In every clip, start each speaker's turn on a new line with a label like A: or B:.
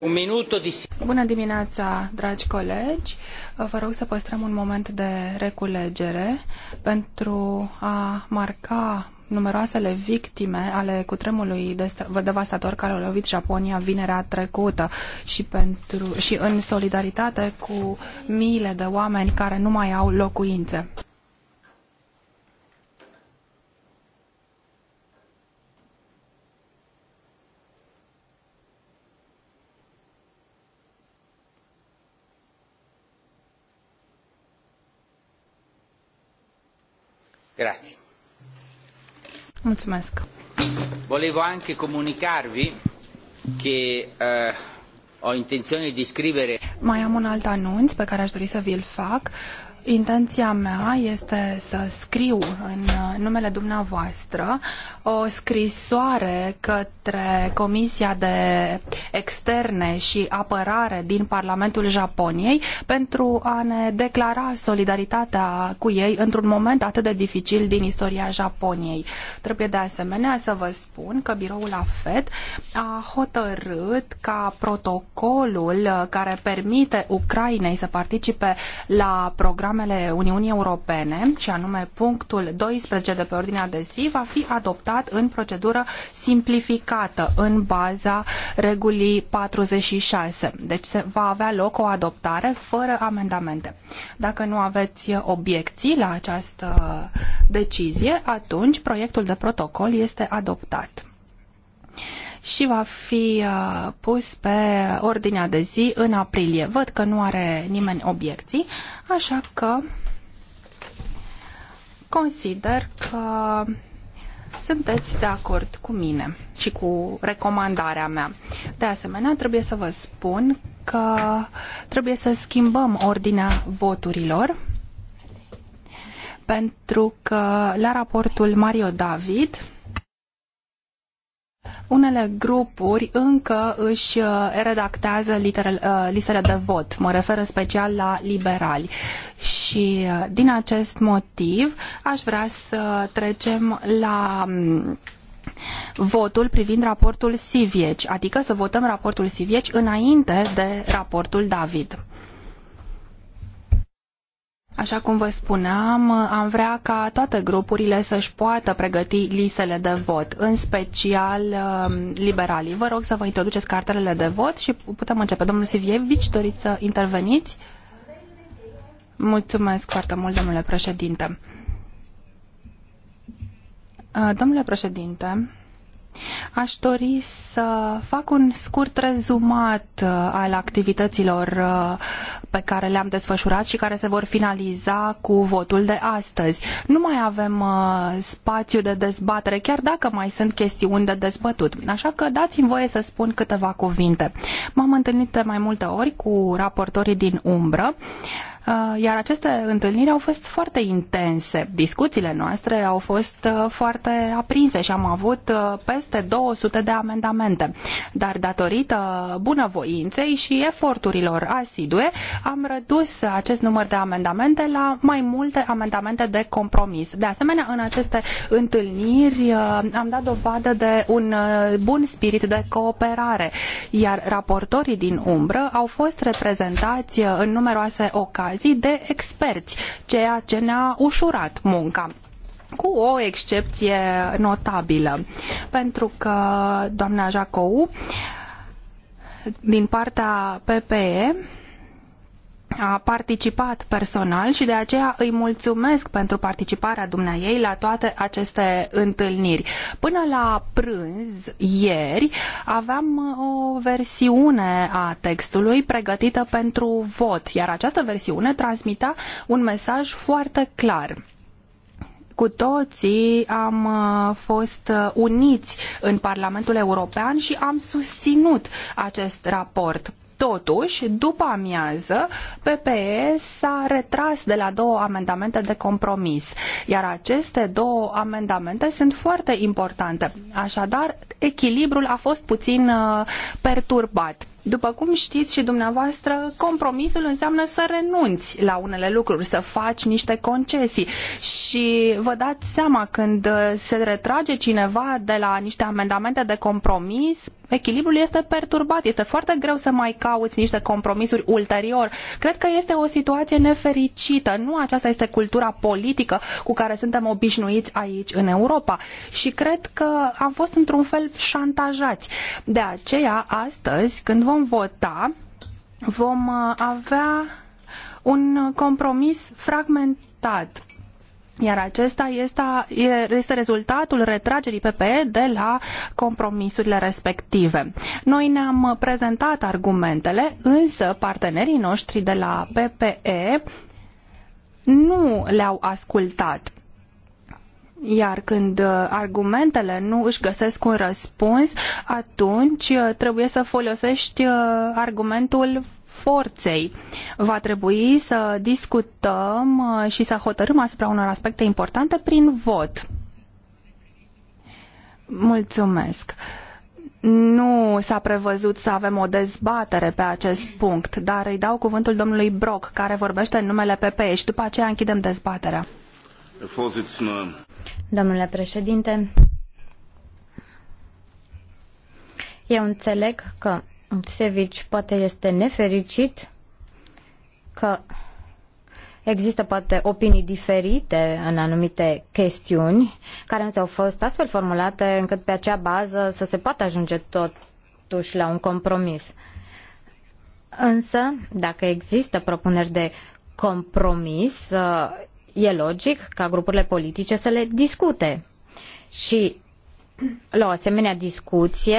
A: Un minut de... Bună dimineața, dragi colegi. Vă rog să păstrăm un moment de reculegere pentru a marca numeroasele victime ale cutremului devastator care a lovit Japonia vinerea trecută și, pentru, și în solidaritate cu miile de oameni care nu mai au locuințe.
B: Volevo anche comunicarvi che eh,
A: ho intenzione di scrivere. Mai am un alt anun pe care a dori să vi-l fac. Uh, Intenția mea este să scriu în numele dumneavoastră o scrisoare către Comisia de Externe și Apărare din Parlamentul Japoniei pentru a ne declara solidaritatea cu ei într-un moment atât de dificil din istoria Japoniei. Trebuie de asemenea să vă spun că biroul AFET a hotărât ca protocolul care permite Ucrainei să participe la programe programele Uniunii Europene, și anume punctul 12 de pe ordinea de zi, va fi adoptat în procedură simplificată, în baza regulii 46. Deci va avea loc o adoptare fără amendamente. Dacă nu aveți obiecții la această decizie, atunci proiectul de protocol este adoptat și va fi uh, pus pe ordinea de zi în aprilie. Văd că nu are nimeni obiecții, așa că consider că sunteți de acord cu mine și cu recomandarea mea. De asemenea, trebuie să vă spun că trebuie să schimbăm ordinea voturilor pentru că la raportul Mario David unele grupuri încă își uh, redactează literele, uh, listele de vot, mă refer în special la liberali. Și uh, din acest motiv aș vrea să trecem la mm, votul privind raportul Sivieci, adică să votăm raportul Sivieci înainte de raportul David. Așa cum vă spuneam, am vrea ca toate grupurile să-și poată pregăti listele de vot, în special um, liberalii. Vă rog să vă introduceți cartelele de vot și putem începe. Domnul Sivievici, doriți să interveniți? Mulțumesc foarte mult, domnule președinte. Uh, domnule președinte, Aș dori să fac un scurt rezumat uh, al activităților uh, pe care le-am desfășurat și care se vor finaliza cu votul de astăzi. Nu mai avem uh, spațiu de dezbatere, chiar dacă mai sunt chestiuni de dezbătut. Așa că dați-mi voie să spun câteva cuvinte. M-am întâlnit de mai multe ori cu raportorii din umbră Uh, iar aceste întâlniri au fost foarte intense. Discuțiile noastre au fost uh, foarte aprinse și am avut uh, peste 200 de amendamente. Dar datorită bunăvoinței și eforturilor asidue, am redus acest număr de amendamente la mai multe amendamente de compromis. De asemenea, în aceste întâlniri am dat dovadă de un bun spirit de cooperare, iar raportorii din umbră au fost reprezentați în numeroase ocazii zi de experți, ceea ce ne-a ușurat munca cu o excepție notabilă, pentru că doamna Jacou din partea PPE a participat personal și de aceea îi mulțumesc pentru participarea dumneaei la toate aceste întâlniri. Până la prânz, ieri, aveam uh, o versiune a textului pregătită pentru vot, iar această versiune transmitea un mesaj foarte clar cu toții am uh, fost uh, uniți în Parlamentul European și am susținut acest raport Totuși, după amiază, PPE s-a retras de la două amendamente de compromis, iar aceste două amendamente sunt foarte importante. Așadar, echilibrul a fost puțin uh, perturbat. După cum știți și dumneavoastră, compromisul înseamnă să renunți la unele lucruri, să faci niște concesii și vă dați seama când uh, se retrage cineva de la niște amendamente de compromis, echilibrul este perturbat, este foarte greu să mai cauți niște compromisuri ulterior. Cred că este o situație nefericită, nu aceasta este cultura politică cu care suntem obișnuiți aici în Europa și cred că am fost într-un fel șantajați. De aceea, astăzi, când vom vota, vom uh, avea un compromis fragmentat iar acesta este, rezultatul retragerii PPE de la compromisurile respective. Noi ne-am prezentat argumentele, însă partenerii noștri de la PPE nu le-au ascultat. Iar când uh, argumentele nu își găsesc un răspuns, atunci uh, trebuie să folosești uh, argumentul forței. Va trebui să discutăm și să hotărâm asupra unor aspecte importante prin vot. Mulțumesc. Nu s-a prevăzut să avem o dezbatere pe acest punct, dar îi dau cuvântul domnului Brok, care vorbește în numele PPE și după aceea
C: închidem dezbaterea. Domnule președinte, eu înțeleg că Sevici poate este nefericit că există poate opinii diferite în anumite chestiuni, care însă au fost astfel formulate încât pe acea bază să se poată ajunge totuși la un compromis. Însă, dacă există propuneri de compromis, e logic ca grupurile politice să le discute. Și la o asemenea discuție,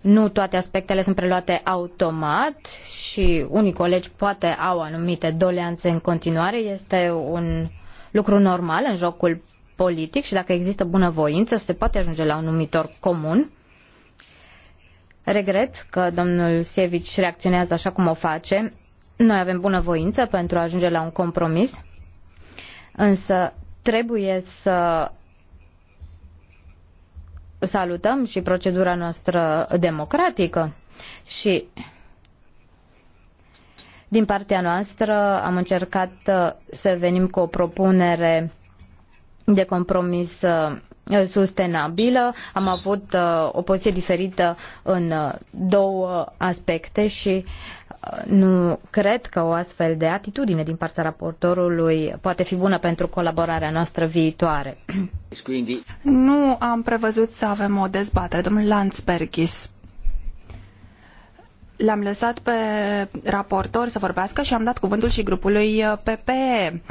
C: nu toate aspectele sunt preluate automat și unii colegi poate au anumite doleanțe în continuare. Este un lucru normal în jocul politic și dacă există bunăvoință se poate ajunge la un numitor comun. Regret că domnul Sievici reacționează așa cum o face noi avem bună voință pentru a ajunge la un compromis, însă trebuie să salutăm și procedura noastră democratică și din partea noastră am încercat uh, să venim cu o propunere de compromis uh, sustenabilă. Am avut uh, o poziție diferită în două aspecte și nu cred că o astfel de atitudine din partea raportorului poate fi bună pentru colaborarea noastră viitoare. Nu am prevăzut să avem o dezbatere, domnul Landsbergis.
A: L-am lăsat pe raportor să vorbească și am dat cuvântul și grupului PPE.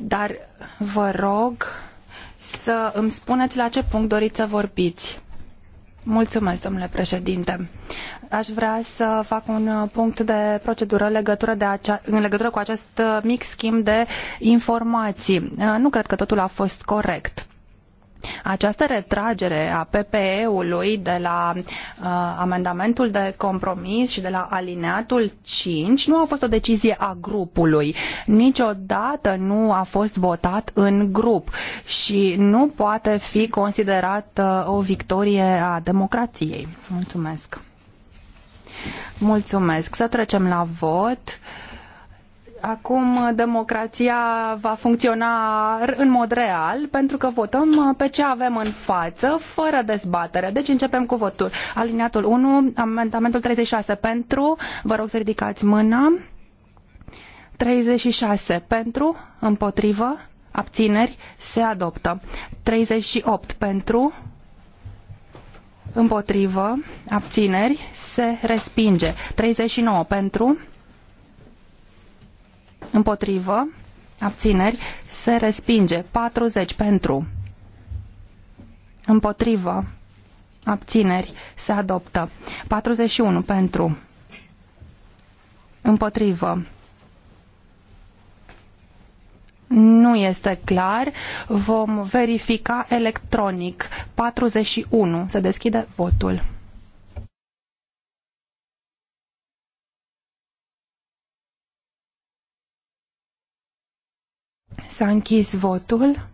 A: Dar vă rog să îmi spuneți la ce punct doriți să vorbiți Mulțumesc, domnule președinte. Aș vrea să fac un uh, punct de procedură în legătură, de acea, în legătură cu acest uh, mic schimb de informații. Uh, nu cred că totul a fost corect această retragere a PPE-ului de la uh, amendamentul de compromis și de la alineatul 5 nu a fost o decizie a grupului. Niciodată nu a fost votat în grup și nu poate fi considerată uh, o victorie a democrației. Mulțumesc. Mulțumesc. Să trecem la vot. Uh, acum uh, democrația va funcționa în mod real pentru că votăm uh, pe ce avem în față, fără dezbatere. Deci începem cu votul. Aliniatul 1, amendamentul 36 pentru, vă rog să ridicați mâna. 36 pentru, împotrivă, abțineri, se adoptă. 38 pentru, împotrivă, abțineri, se respinge. 39 pentru, împotrivă, abțineri, se respinge. 40 pentru, împotrivă, abțineri, se adoptă. 41 pentru, împotrivă. Nu este clar. Vom verifica electronic. 41. Se deschide votul. S-a închis votul.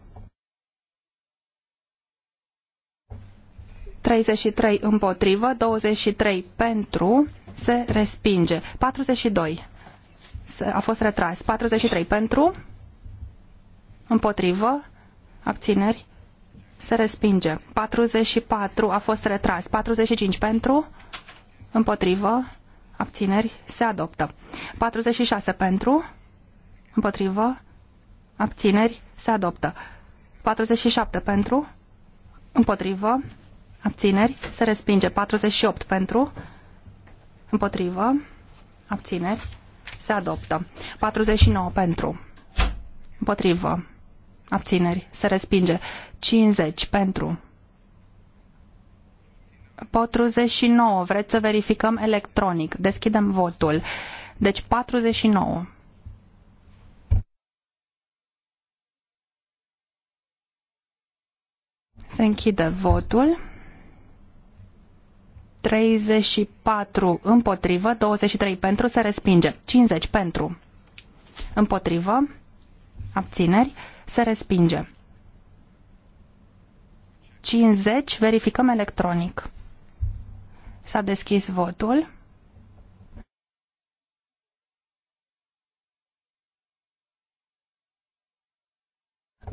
A: 33 împotrivă, 23 pentru, se respinge. 42 a fost retras. 43 pentru, împotrivă, abțineri, se respinge. 44 a fost retras. 45 pentru, împotrivă, abțineri, se adoptă. 46 pentru, împotrivă, Abțineri. Se adoptă. 47 pentru. Împotrivă. Abțineri. Se respinge. 48 pentru. Împotrivă. Abțineri. Se adoptă. 49 pentru. Împotrivă. Abțineri. Se respinge. 50 pentru. 49. Vreți să verificăm electronic. Deschidem votul. Deci 49. Se închide votul. 34 împotrivă, 23 pentru, se respinge. 50 pentru, împotrivă, abțineri, se respinge. 50, verificăm electronic. S-a deschis votul.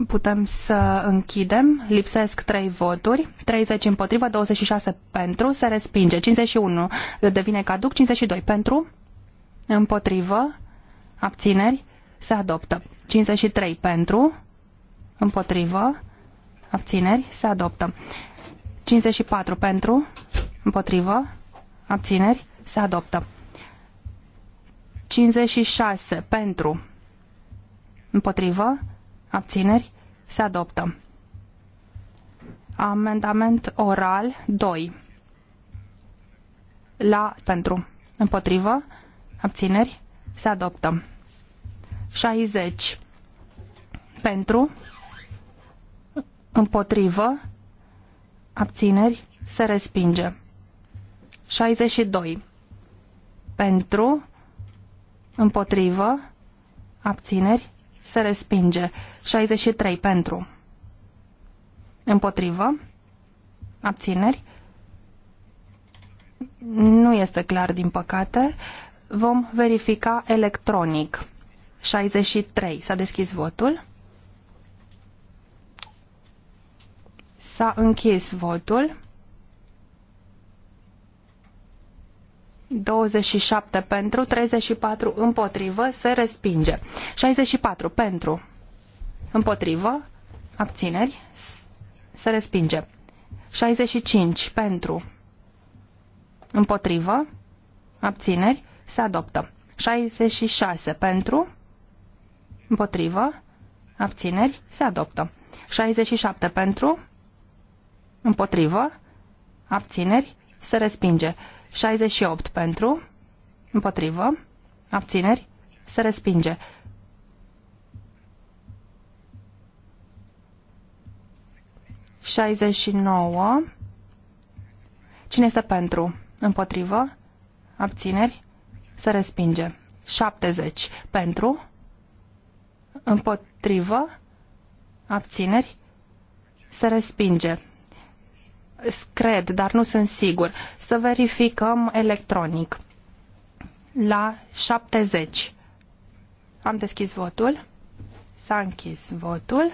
A: Putem să închidem. Lipsesc 3 voturi. 30 împotriva, 26 pentru. Se respinge. 51 devine caduc. 52 pentru. Împotrivă. Abțineri. Se adoptă. 53 pentru. Împotrivă. Abțineri. Se adoptă. 54 pentru. Împotrivă. Abțineri. Se adoptă. 56 pentru. Împotrivă. Abțineri? Se adoptă. Amendament oral 2. La pentru. Împotrivă? Abțineri? Se adoptă. 60. Pentru? Împotrivă? Abțineri? Se respinge. 62. Pentru? Împotrivă? Abțineri? se respinge. 63 pentru. Împotrivă. Abțineri. Nu este clar, din păcate. Vom verifica electronic. 63. S-a deschis votul. S-a închis votul. 27 pentru, 34 împotrivă, se respinge. 64 pentru, împotrivă, abțineri, se respinge. 65 pentru, împotrivă, abțineri, se adoptă. 66 pentru, împotrivă, abțineri, se adoptă. 67 pentru, împotrivă, abțineri, se respinge. 68 pentru, împotrivă, abțineri, se respinge. 69. Cine este pentru? Împotrivă? Abțineri? Se respinge. 70. Pentru? Împotrivă? Abțineri? Se respinge cred, dar nu sunt sigur. Să verificăm electronic. La 70. Am deschis votul. S-a închis votul.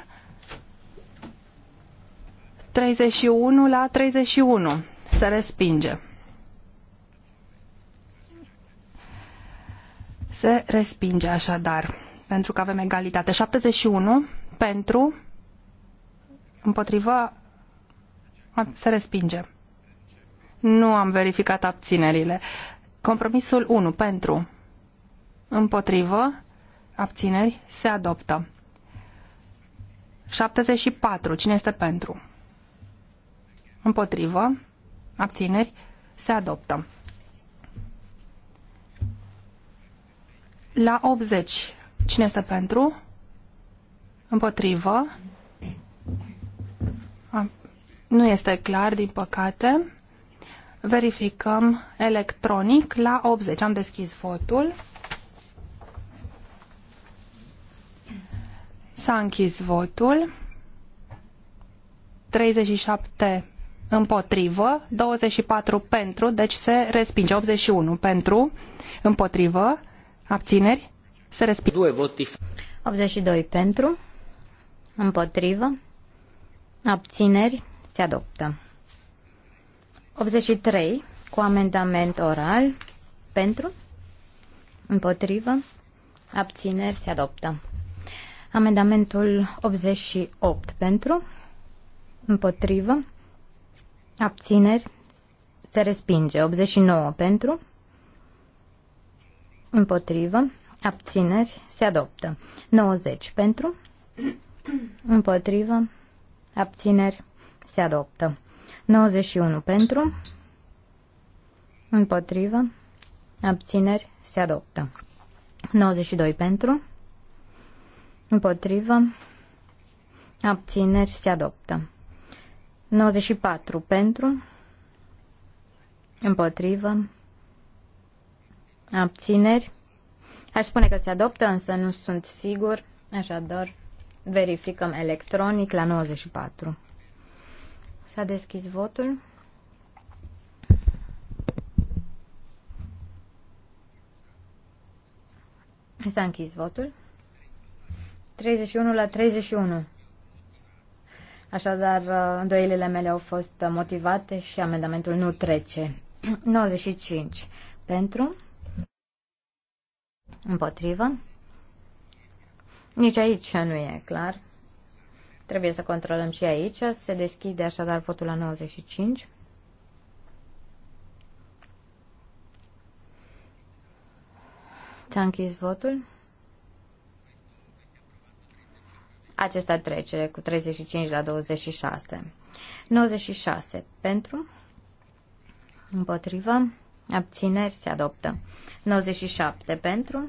A: 31 la 31. Se respinge. Se respinge așadar, pentru că avem egalitate. 71 pentru, împotrivă, se respinge. Nu am verificat abținerile. Compromisul 1 pentru. Împotrivă. Abțineri. Se adoptă. 74. Cine este pentru? Împotrivă. Abțineri. Se adoptă. La 80. Cine este pentru? Împotrivă. Nu este clar, din păcate. Verificăm electronic la 80. Am deschis votul. S-a închis votul. 37 împotrivă, 24 pentru, deci se respinge. 81
C: pentru, împotrivă, abțineri, se respinge. 82 pentru, împotrivă, abțineri, se adoptă. 83 cu amendament oral pentru, împotrivă, abțineri se adoptă. Amendamentul 88 pentru, împotrivă, abțineri se respinge. 89 pentru, împotrivă, abțineri se adoptă. 90 pentru, împotrivă, abțineri se adoptă. 91 pentru, împotrivă, abțineri, se adoptă. 92 pentru, împotrivă, abțineri, se adoptă. 94 pentru, împotrivă, abțineri. Aș spune că se adoptă, însă nu sunt sigur, așadar verificăm electronic la 94. S-a deschis votul. S-a închis votul. 31 la 31. Așadar, uh, îndoielile mele au fost motivate și amendamentul nu trece. 95 pentru, împotrivă. Nici aici nu e clar. Trebuie să controlăm și aici. Se deschide așadar votul la 95. S-a închis votul. Acesta trecere cu 35 la 26. 96 pentru, împotrivă, abțineri se adoptă. 97 pentru,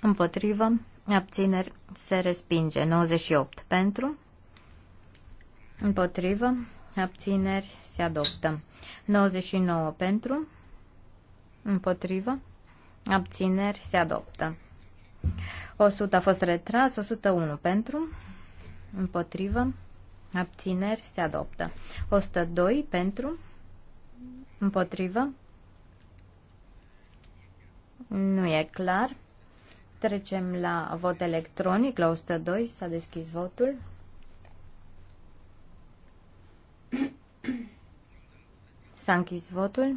C: împotrivă, abțineri se respinge. 98 pentru, împotrivă, abțineri se adoptă. 99 pentru, împotrivă, abțineri se adoptă. 100 a fost retras, 101 pentru, împotrivă, abțineri se adoptă. 102 pentru, împotrivă, nu e clar. Trecem la vot electronic, la 102 s-a deschis votul. S-a închis votul.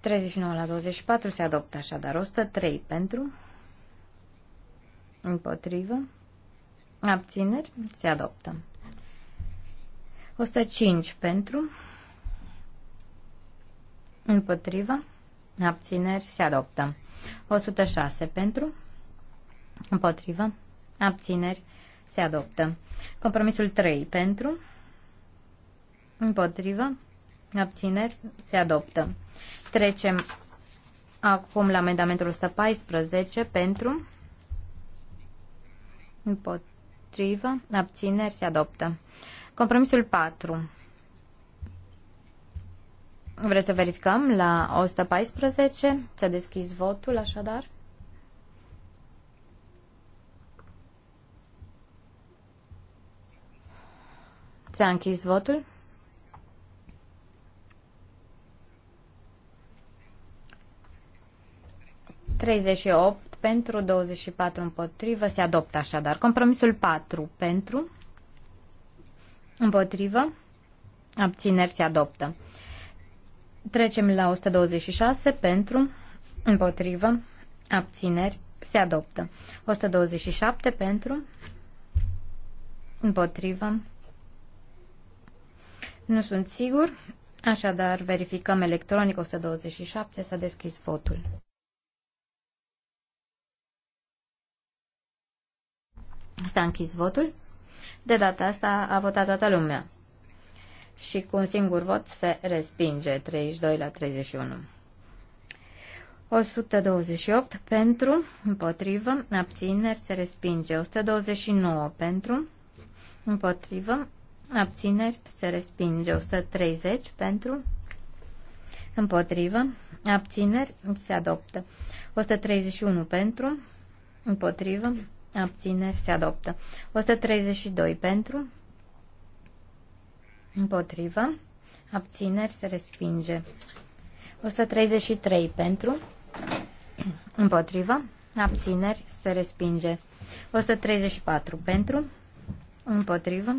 C: 39 la 24 se adoptă așadar 103 pentru, împotrivă, abțineri, se adoptă. 105 pentru, împotrivă, Abțineri se adoptă. 106 pentru. Împotrivă. Abțineri se adoptă. Compromisul 3 pentru. Împotrivă. Abțineri se adoptă. Trecem acum la amendamentul 114 pentru. Împotrivă. Abțineri se adoptă. Compromisul 4 Vreți să verificăm la 114? S-a deschis votul, așadar? S-a închis votul? pentru, 24 împotrivă, se adoptă așadar. Compromisul 4 pentru, împotrivă, abțineri se adoptă. Trecem la 126 pentru, împotrivă, abțineri, se adoptă. 127 pentru, împotrivă, nu sunt sigur, așadar verificăm electronic 127, s-a deschis votul. S-a închis votul. De data asta a votat toată lumea și cu un singur vot se respinge 32 la 31. 128 pentru, împotrivă, abțineri se respinge. 129 pentru, împotrivă, abțineri se respinge. 130 pentru, împotrivă, abțineri se adoptă. 131 pentru, împotrivă, abțineri se adoptă. 132 pentru, Împotrivă. Abțineri se respinge. 133 pentru. Împotrivă. Abțineri se respinge. 134 pentru. Împotrivă.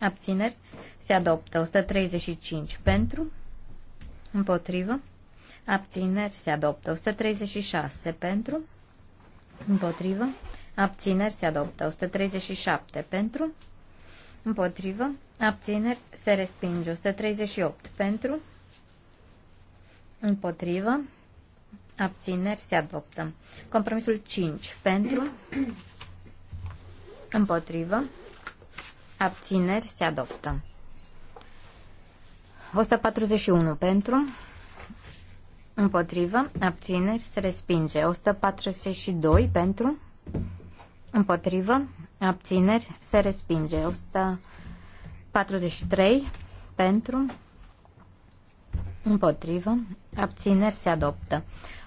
C: Abțineri se adoptă. 135 pentru. Împotrivă. Abțineri se adoptă. 136 pentru. Împotrivă. Abțineri se adoptă. 137 pentru. Împotrivă. Abțineri. Se respinge. 138. Pentru. Împotrivă. Abțineri. Se adoptă. Compromisul 5. Pentru. Împotrivă. Abțineri. Se adoptă. 141 pentru, împotrivă, abțineri, se respinge. 142 pentru, împotrivă, abțineri, se respinge. 143 pentru, împotrivă, abțineri, se adoptă.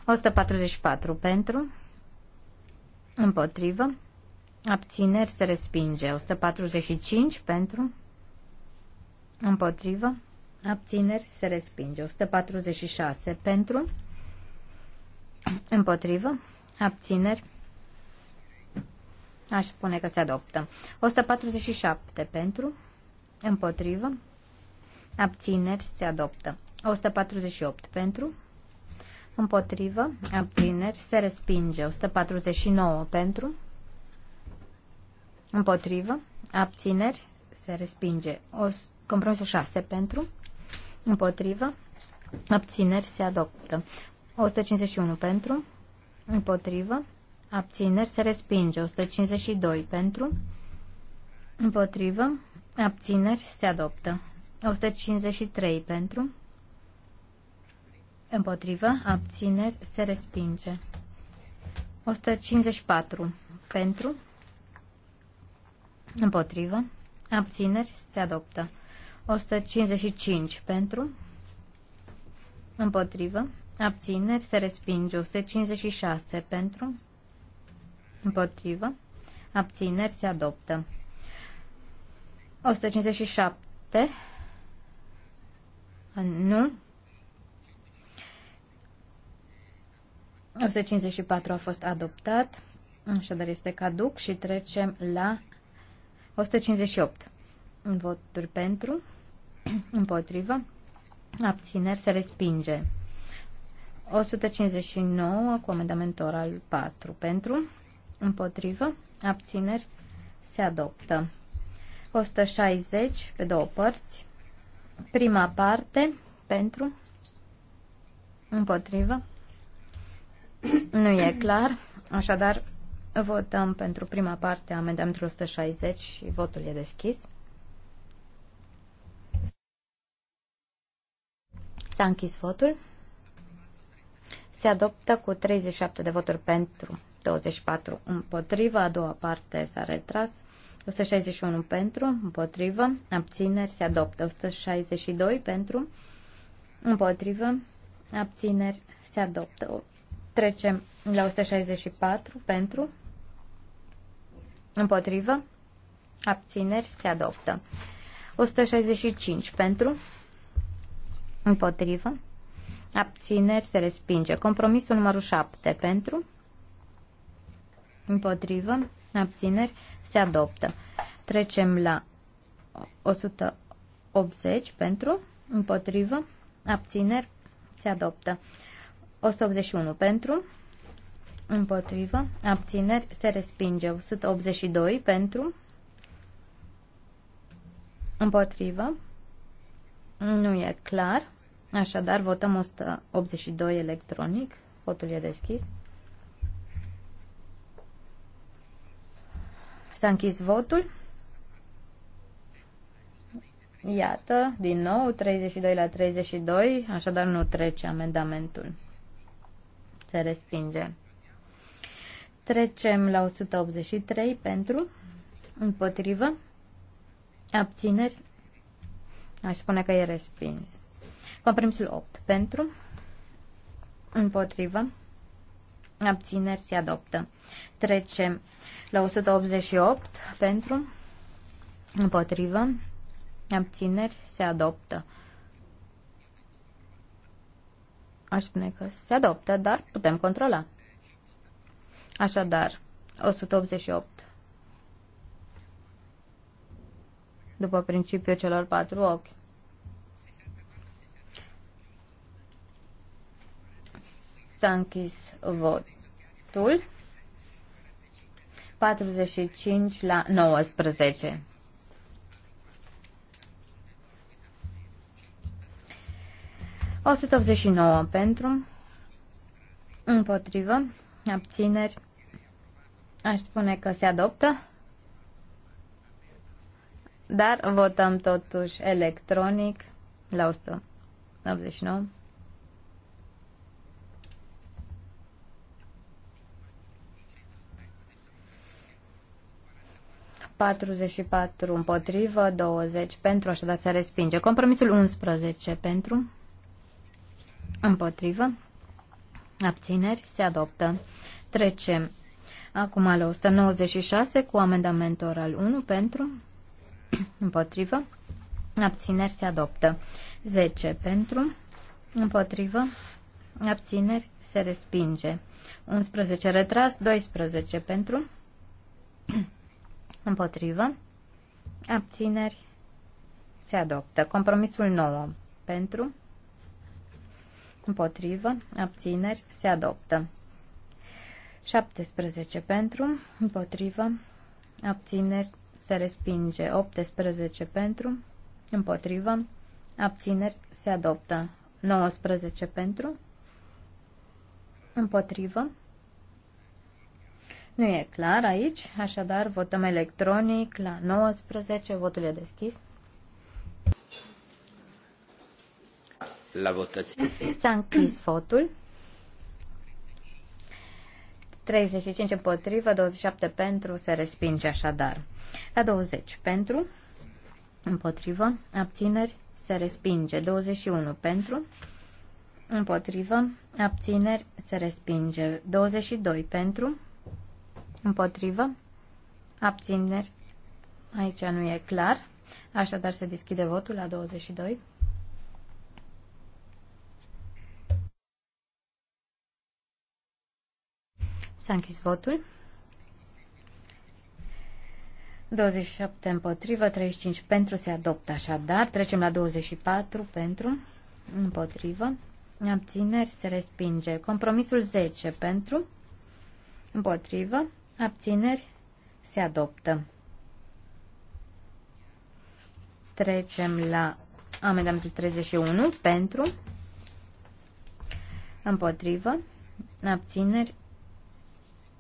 C: 144 pentru, împotrivă, abțineri, se respinge. 145 pentru, împotrivă, abțineri, se respinge. 146 pentru, împotrivă, abțineri, Aș spune că se adoptă. 147 pentru, împotrivă, abțineri, se adoptă. 148 pentru, împotrivă, abțineri, se respinge. 149 pentru, împotrivă, abțineri, se respinge. O, compromisul 6 pentru, împotrivă, abțineri, se adoptă. 151 pentru, împotrivă, abțineri, se respinge. 152 pentru, împotrivă, abțineri, se adoptă. 153 pentru, împotrivă, abțineri, se respinge. 154 pentru, împotrivă, abțineri, se adoptă. 155 pentru, împotrivă, abțineri, se respinge. 156 pentru, Împotrivă. Abțineri se adoptă. 157. Nu. 154 a fost adoptat. Așadar este caduc și trecem la 158. Voturi pentru, împotrivă, abțineri se respinge. 159 cu amendament oral 4 pentru, Împotrivă. Abțineri. Se adoptă. 160 pe două părți. Prima parte pentru. Împotrivă. Nu e clar. Așadar, votăm pentru prima parte a amendamentului 160 și votul e deschis. S-a închis votul. Se adoptă cu 37 de voturi pentru 24 împotrivă, a doua parte s-a retras. 161 pentru, împotrivă, abțineri se adoptă. 162 pentru, împotrivă, abțineri se adoptă. Trecem la 164 pentru, împotrivă, abțineri se adoptă. 165 pentru, împotrivă, abțineri se respinge. Compromisul numărul 7 pentru, Împotrivă. Abțineri. Se adoptă. Trecem la 180 pentru. Împotrivă. Abțineri. Se adoptă. 181 pentru. Împotrivă. Abțineri. Se respinge. 182 pentru. Împotrivă. Nu e clar. Așadar, votăm 182 electronic. Votul e deschis. S-a închis votul. Iată, din nou, 32 la 32, așadar nu trece amendamentul. Se respinge. Trecem la 183 pentru, împotrivă, abțineri. Aș spune că e respins. Compromisul 8 pentru, împotrivă, abțineri se adoptă. Trecem la 188 pentru, împotrivă, abțineri se adoptă. Aș spune că se adoptă, dar putem controla. Așadar, 188. După principiul celor patru ochi. S-a închis votul. 45 la 19. O 189 pentru, împotrivă, abțineri, aș spune că se adoptă, dar votăm totuși electronic la 189. 44 împotrivă, 20 pentru, așadar se respinge. Compromisul 11 pentru, împotrivă, abțineri, se adoptă. Trecem acum la 196 cu amendament oral 1 pentru, împotrivă, abțineri, se adoptă. 10 pentru, împotrivă, abțineri, se respinge. 11 retras, 12 pentru, Împotrivă. Abțineri. Se adoptă. Compromisul 9. Pentru. Împotrivă. Abțineri. Se adoptă. 17 pentru. Împotrivă. Abțineri. Se respinge. 18 pentru. Împotrivă. Abțineri. Se adoptă. 19 pentru. Împotrivă. Nu e clar aici, așadar votăm electronic la 19, votul e deschis. La votație. S-a închis votul. 35 împotrivă, 27 pentru, se respinge așadar. La 20 pentru, împotrivă, abțineri, se respinge. 21 pentru, împotrivă, abțineri, se respinge. 22 pentru, Împotrivă? Abțineri? Aici nu e clar. Așadar se deschide votul la 22. S-a închis votul. 27 împotrivă, 35 pentru, se adoptă așadar. Trecem la 24 pentru, împotrivă. Abțineri se respinge. Compromisul 10 pentru, împotrivă. Abțineri? Se adoptă. Trecem la amendamentul 31 pentru împotrivă abțineri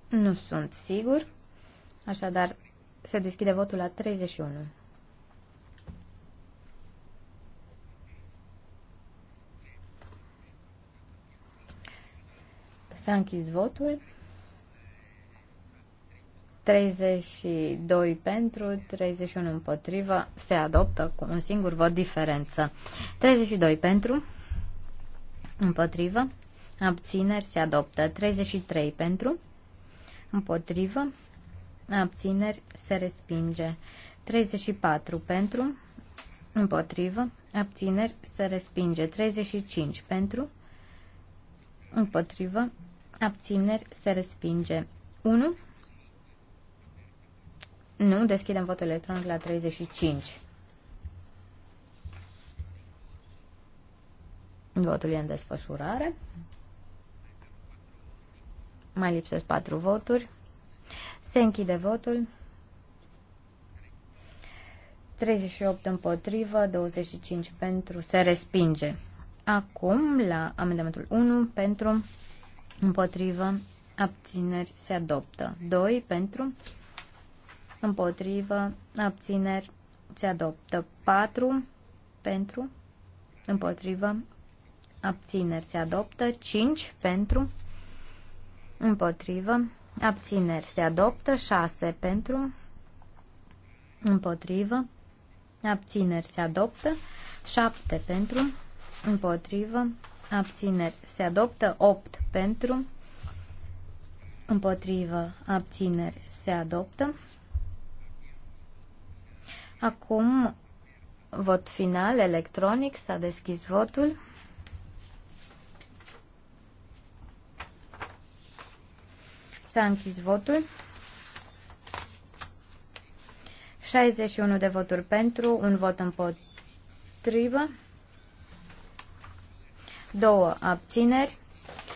C: nu sunt sigur așadar se deschide votul la 31 s-a închis votul 32 pentru, 31 împotrivă, se adoptă cu un singur vot diferență. 32 pentru, împotrivă, abțineri se adoptă. 33 pentru, împotrivă, abțineri se respinge. 34 pentru, împotrivă, abțineri se respinge. 35 pentru, împotrivă, abțineri se respinge. 1 nu, deschidem votul electronic la 35. Votul e în desfășurare. Mai lipsesc 4 voturi. Se închide votul. 38 împotrivă, 25 pentru, se respinge. Acum, la amendamentul 1, pentru, împotrivă, abțineri, se adoptă. 2 pentru, împotrivă, abțineri, se adoptă. 4 pentru, împotrivă, abțineri, se adoptă. 5 pentru, împotrivă, abțineri, se adoptă. 6 pentru, împotrivă, abțineri, se adoptă. 7 pentru, împotrivă, abțineri, se adoptă. 8 pentru, împotrivă, abțineri, se adoptă. Acum, vot final, electronic, s-a deschis votul. S-a închis votul. 61 de voturi pentru, un vot împotrivă, două abțineri.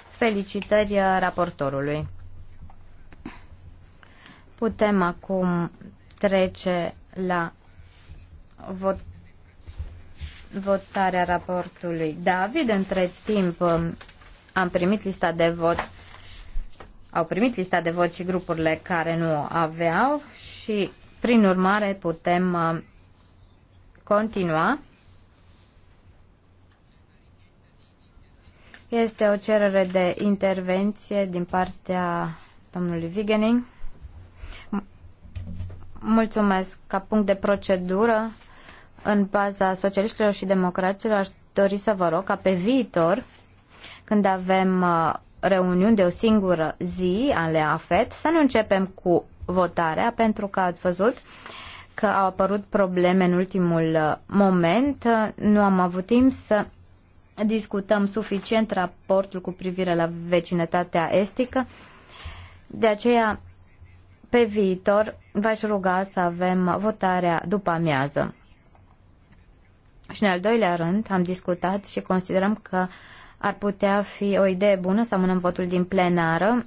C: Felicitări uh, raportorului. Putem acum trece la vot, votarea raportului David. Între timp um, am primit lista de vot au primit lista de vot și grupurile care nu o aveau și prin urmare putem um, continua. Este o cerere de intervenție din partea domnului Vigening. Mulțumesc. Ca punct de procedură în baza socialiștilor și democraților, aș dori să vă rog ca pe viitor, când avem uh, reuniuni de o singură zi ale AFET, să nu începem cu votarea, pentru că ați văzut că au apărut probleme în ultimul uh, moment. Uh, nu am avut timp să discutăm suficient raportul cu privire la vecinătatea estică. De aceea, pe viitor, v-aș ruga să avem votarea după amiază. Și în al doilea rând am discutat și considerăm că ar putea fi o idee bună să amânăm votul din plenară,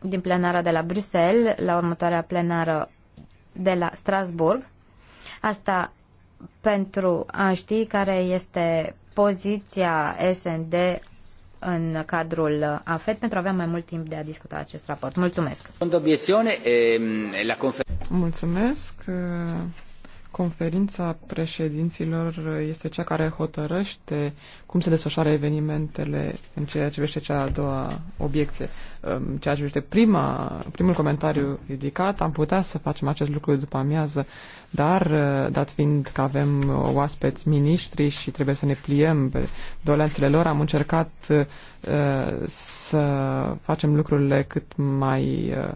C: din plenara de la Bruxelles, la următoarea plenară de la Strasburg. Asta pentru a ști care este poziția SND în cadrul AFET pentru a avea mai mult timp de a discuta acest raport. Mulțumesc!
D: Mulțumesc! Conferința președinților este cea care hotărăște cum se desfășoară evenimentele în ceea ce privește cea a doua obiecție. În ceea ce privește prima, primul comentariu ridicat, am putea să facem acest lucru după amiază, dar dat fiind că avem oaspeți miniștri și trebuie să ne pliem pe doleanțele lor, am încercat uh, să facem lucrurile cât mai uh,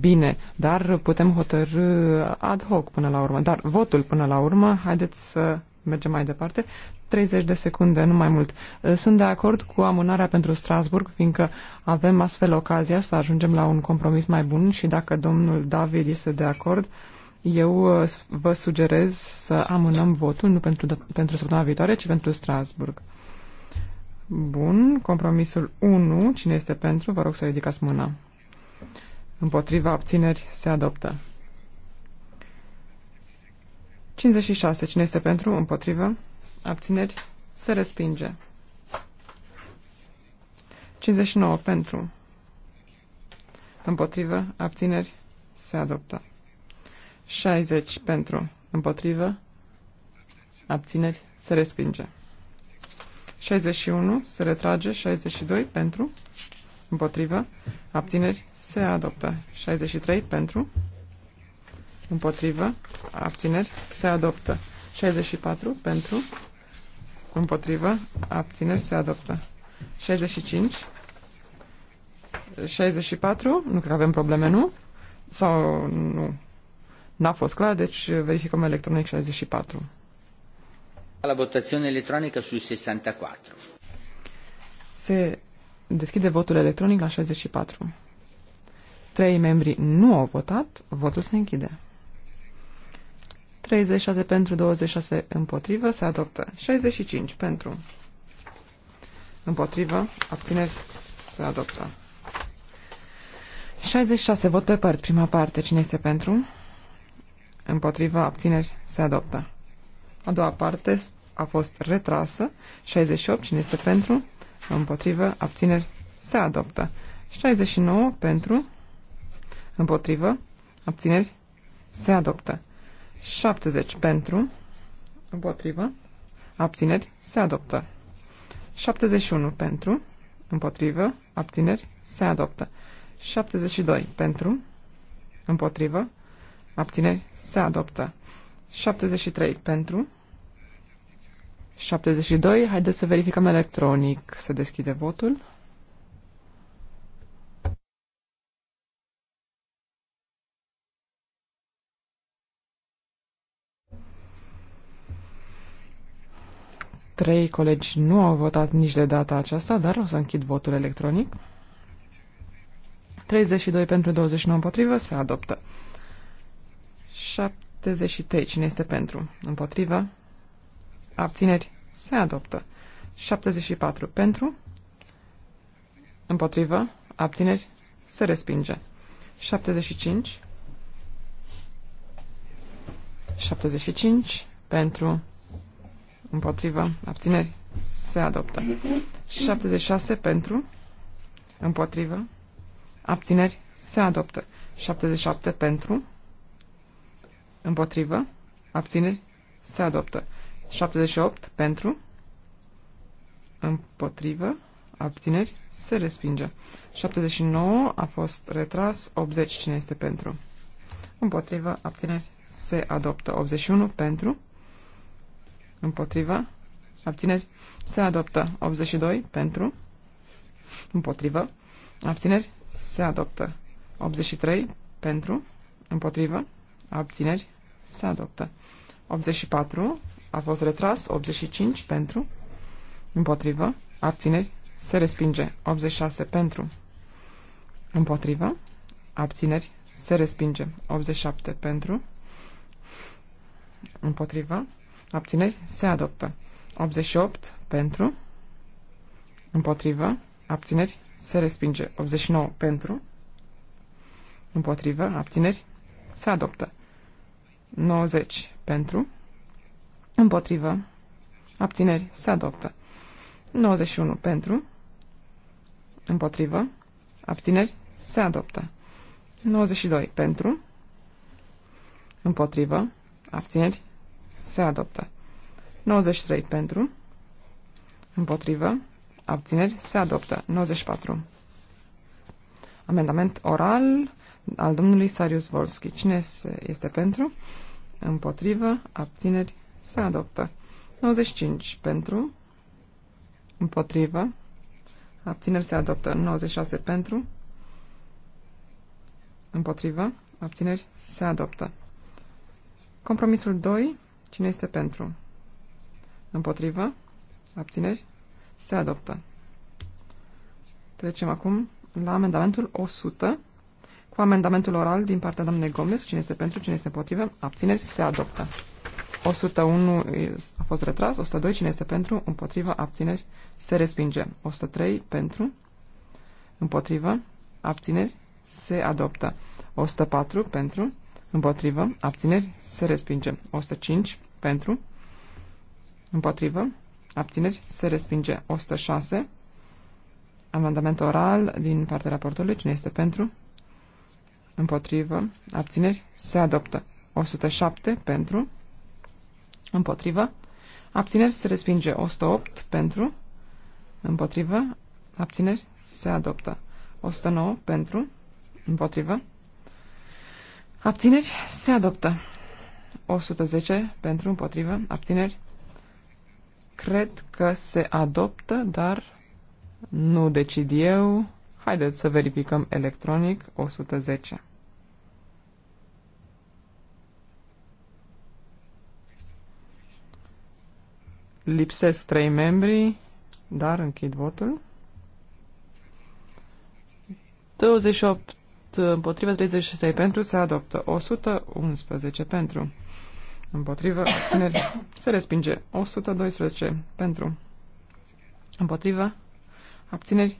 D: bine, dar putem hotărâ ad hoc până la urmă. Dar votul până la urmă, haideți să mergem mai departe. 30 de secunde, nu mai mult. Eh, sunt de acord cu amânarea pentru Strasburg, fiindcă avem astfel ocazia să ajungem la un compromis mai bun și dacă domnul David este de acord, eu eh, vă sugerez să amânăm votul, nu pentru, pentru săptămâna viitoare, ci pentru Strasburg. Bun, compromisul 1, cine este pentru, vă rog să ridicați mâna. Împotriva abțineri se adoptă. 56. Cine este pentru? Împotrivă. Abțineri se respinge. 59. Pentru. Împotrivă. Abțineri se adoptă. 60. Pentru. Împotrivă. Abțineri se respinge. 61 se retrage, 62 pentru, Împotrivă. Abțineri. Se adoptă. 63 pentru. Împotrivă. Abțineri. Se adoptă. 64 pentru. Împotrivă. Abțineri. Se adoptă. 65. 64. Nu cred că avem probleme, nu? Sau nu? N-a fost clar, deci verificăm electronic 64.
A: La votazione elettronica sui 64.
D: Se Deschide votul electronic la 64. Trei membri nu au votat, votul se închide. 36 pentru, 26 împotrivă, se adoptă. 65 pentru, împotrivă, abțineri, se adoptă. 66 vot pe părți, prima parte, cine este pentru? Împotrivă, abțineri, se adoptă. A doua parte a fost retrasă. 68, cine este pentru? împotrivă, abțineri, se adoptă. 69 pentru, împotrivă, abțineri, se adoptă. 70 pentru, împotrivă, abțineri, se adoptă. 71 pentru, împotrivă, abțineri, se adoptă. 72 pentru, împotrivă, abțineri, se adoptă. 73 pentru, 72. Haideți să verificăm electronic. să deschide votul. Trei colegi nu au votat nici de data aceasta, dar o să închid votul electronic. 32 pentru 29 împotrivă se adoptă. 73. Cine este pentru? Împotrivă? abțineri, se adoptă. 74 pentru, împotrivă, abțineri, se respinge. 75 75 pentru împotrivă abțineri se adoptă 76 pentru împotrivă abțineri se adoptă 77 pentru împotrivă abțineri se adoptă 78 pentru, împotrivă, abțineri, se respinge. 79 a fost retras, 80 cine este pentru, împotrivă, abțineri, se adoptă. 81 pentru, împotrivă, abțineri, se adoptă. 82 pentru, împotrivă, abțineri, se adoptă. 83 pentru, împotrivă, abțineri, se adoptă. 84 a fost retras, 85 pentru, împotrivă, abțineri, se respinge, 86 pentru, împotrivă, abțineri, se respinge, 87 pentru, împotrivă, abțineri, se adoptă, 88 pentru, împotrivă, abțineri, se respinge, 89 pentru, împotrivă, abțineri, se adoptă. 90 pentru, împotrivă, abțineri, se adoptă. 91 pentru, împotrivă, abțineri, se adoptă. 92 pentru, împotrivă, abțineri, se adoptă. 93 pentru, împotrivă, abțineri, se adoptă. 94. Amendament oral al domnului Sarius Volski. Cine este pentru? Împotrivă, abțineri, se adoptă. 95 pentru, împotrivă, abțineri se adoptă. 96 pentru, împotrivă, abțineri se adoptă. Compromisul 2, cine este pentru? Împotrivă, abțineri se adoptă. Trecem acum la amendamentul 100 cu amendamentul oral din partea doamnei Gomes. Cine este pentru, cine este împotrivă, abțineri, se adoptă. 101 a fost retras, 102 cine este pentru, împotrivă, abțineri, se respinge. 103 pentru, împotrivă, abțineri, se adoptă. 104 pentru, împotrivă, abțineri, se respinge. 105 pentru, împotrivă, abțineri, se respinge. 106, amendament oral din partea raportului, cine este pentru, Împotrivă. Abțineri. Se adoptă. 107 pentru. Împotrivă. Abțineri se respinge. 108 pentru. Împotrivă. Abțineri se adoptă. 109 pentru. Împotrivă. Abțineri se adoptă. 110 pentru împotrivă. Abțineri. Cred că se adoptă, dar nu decid eu. Haideți să verificăm electronic 110. Lipsesc trei membri, dar închid votul. 28 împotrivă, 33 pentru, se adoptă 111 pentru. Împotrivă, abțineri, se respinge 112 pentru. Împotrivă, abțineri,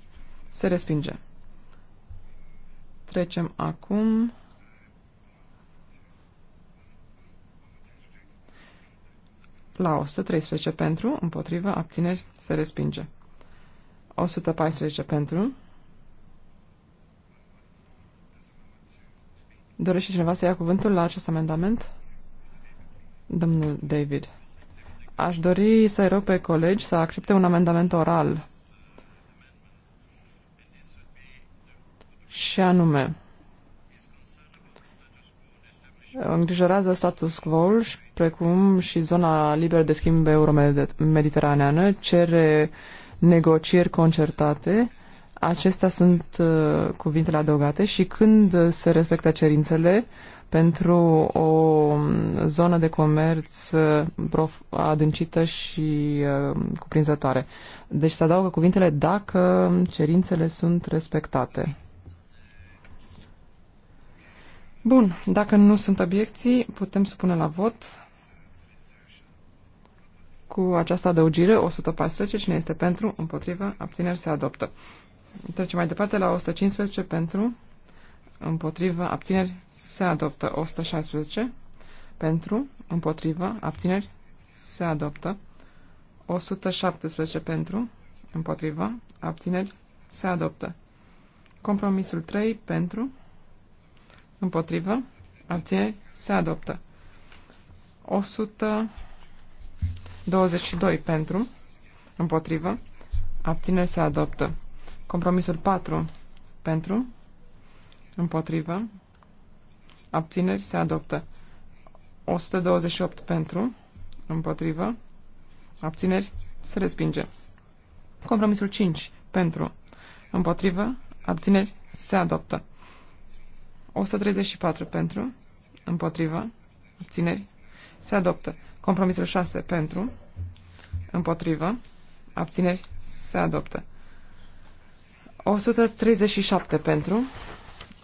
D: se respinge. Trecem acum la 113 pentru, împotrivă, abțineri, se respinge. 114 pentru. Dorește cineva să ia cuvântul la acest amendament? Domnul David. Aș dori să-i rog pe colegi să accepte un amendament oral. Și anume, îngrijorează status quo și precum și zona liberă de schimb euromediteraneană cere negocieri concertate. Acestea sunt uh, cuvintele adăugate și când se respectă cerințele pentru o um, zonă de comerț uh, adâncită și uh, cuprinzătoare. Deci se adaugă cuvintele dacă cerințele sunt respectate. Bun, dacă nu sunt obiecții, putem supune la vot cu această adăugire 114. Cine este pentru, împotrivă, abțineri se adoptă. Trecem mai departe la 115 pentru, împotrivă, abțineri se adoptă. 116 pentru, împotrivă, abțineri se adoptă. 117 pentru, împotrivă, abțineri se adoptă. Compromisul 3 pentru, Împotrivă. Abțineri. Se adoptă. 122 pentru. Împotrivă. Abțineri. Se adoptă. Compromisul 4 pentru. Împotrivă. Abțineri. Se adoptă. 128 pentru. Împotrivă. Abțineri. Se respinge. Compromisul 5 pentru. Împotrivă. Abțineri. Se adoptă. 134 pentru, împotrivă, abțineri, se adoptă. Compromisul 6 pentru, împotrivă, abțineri, se adoptă. 137 pentru,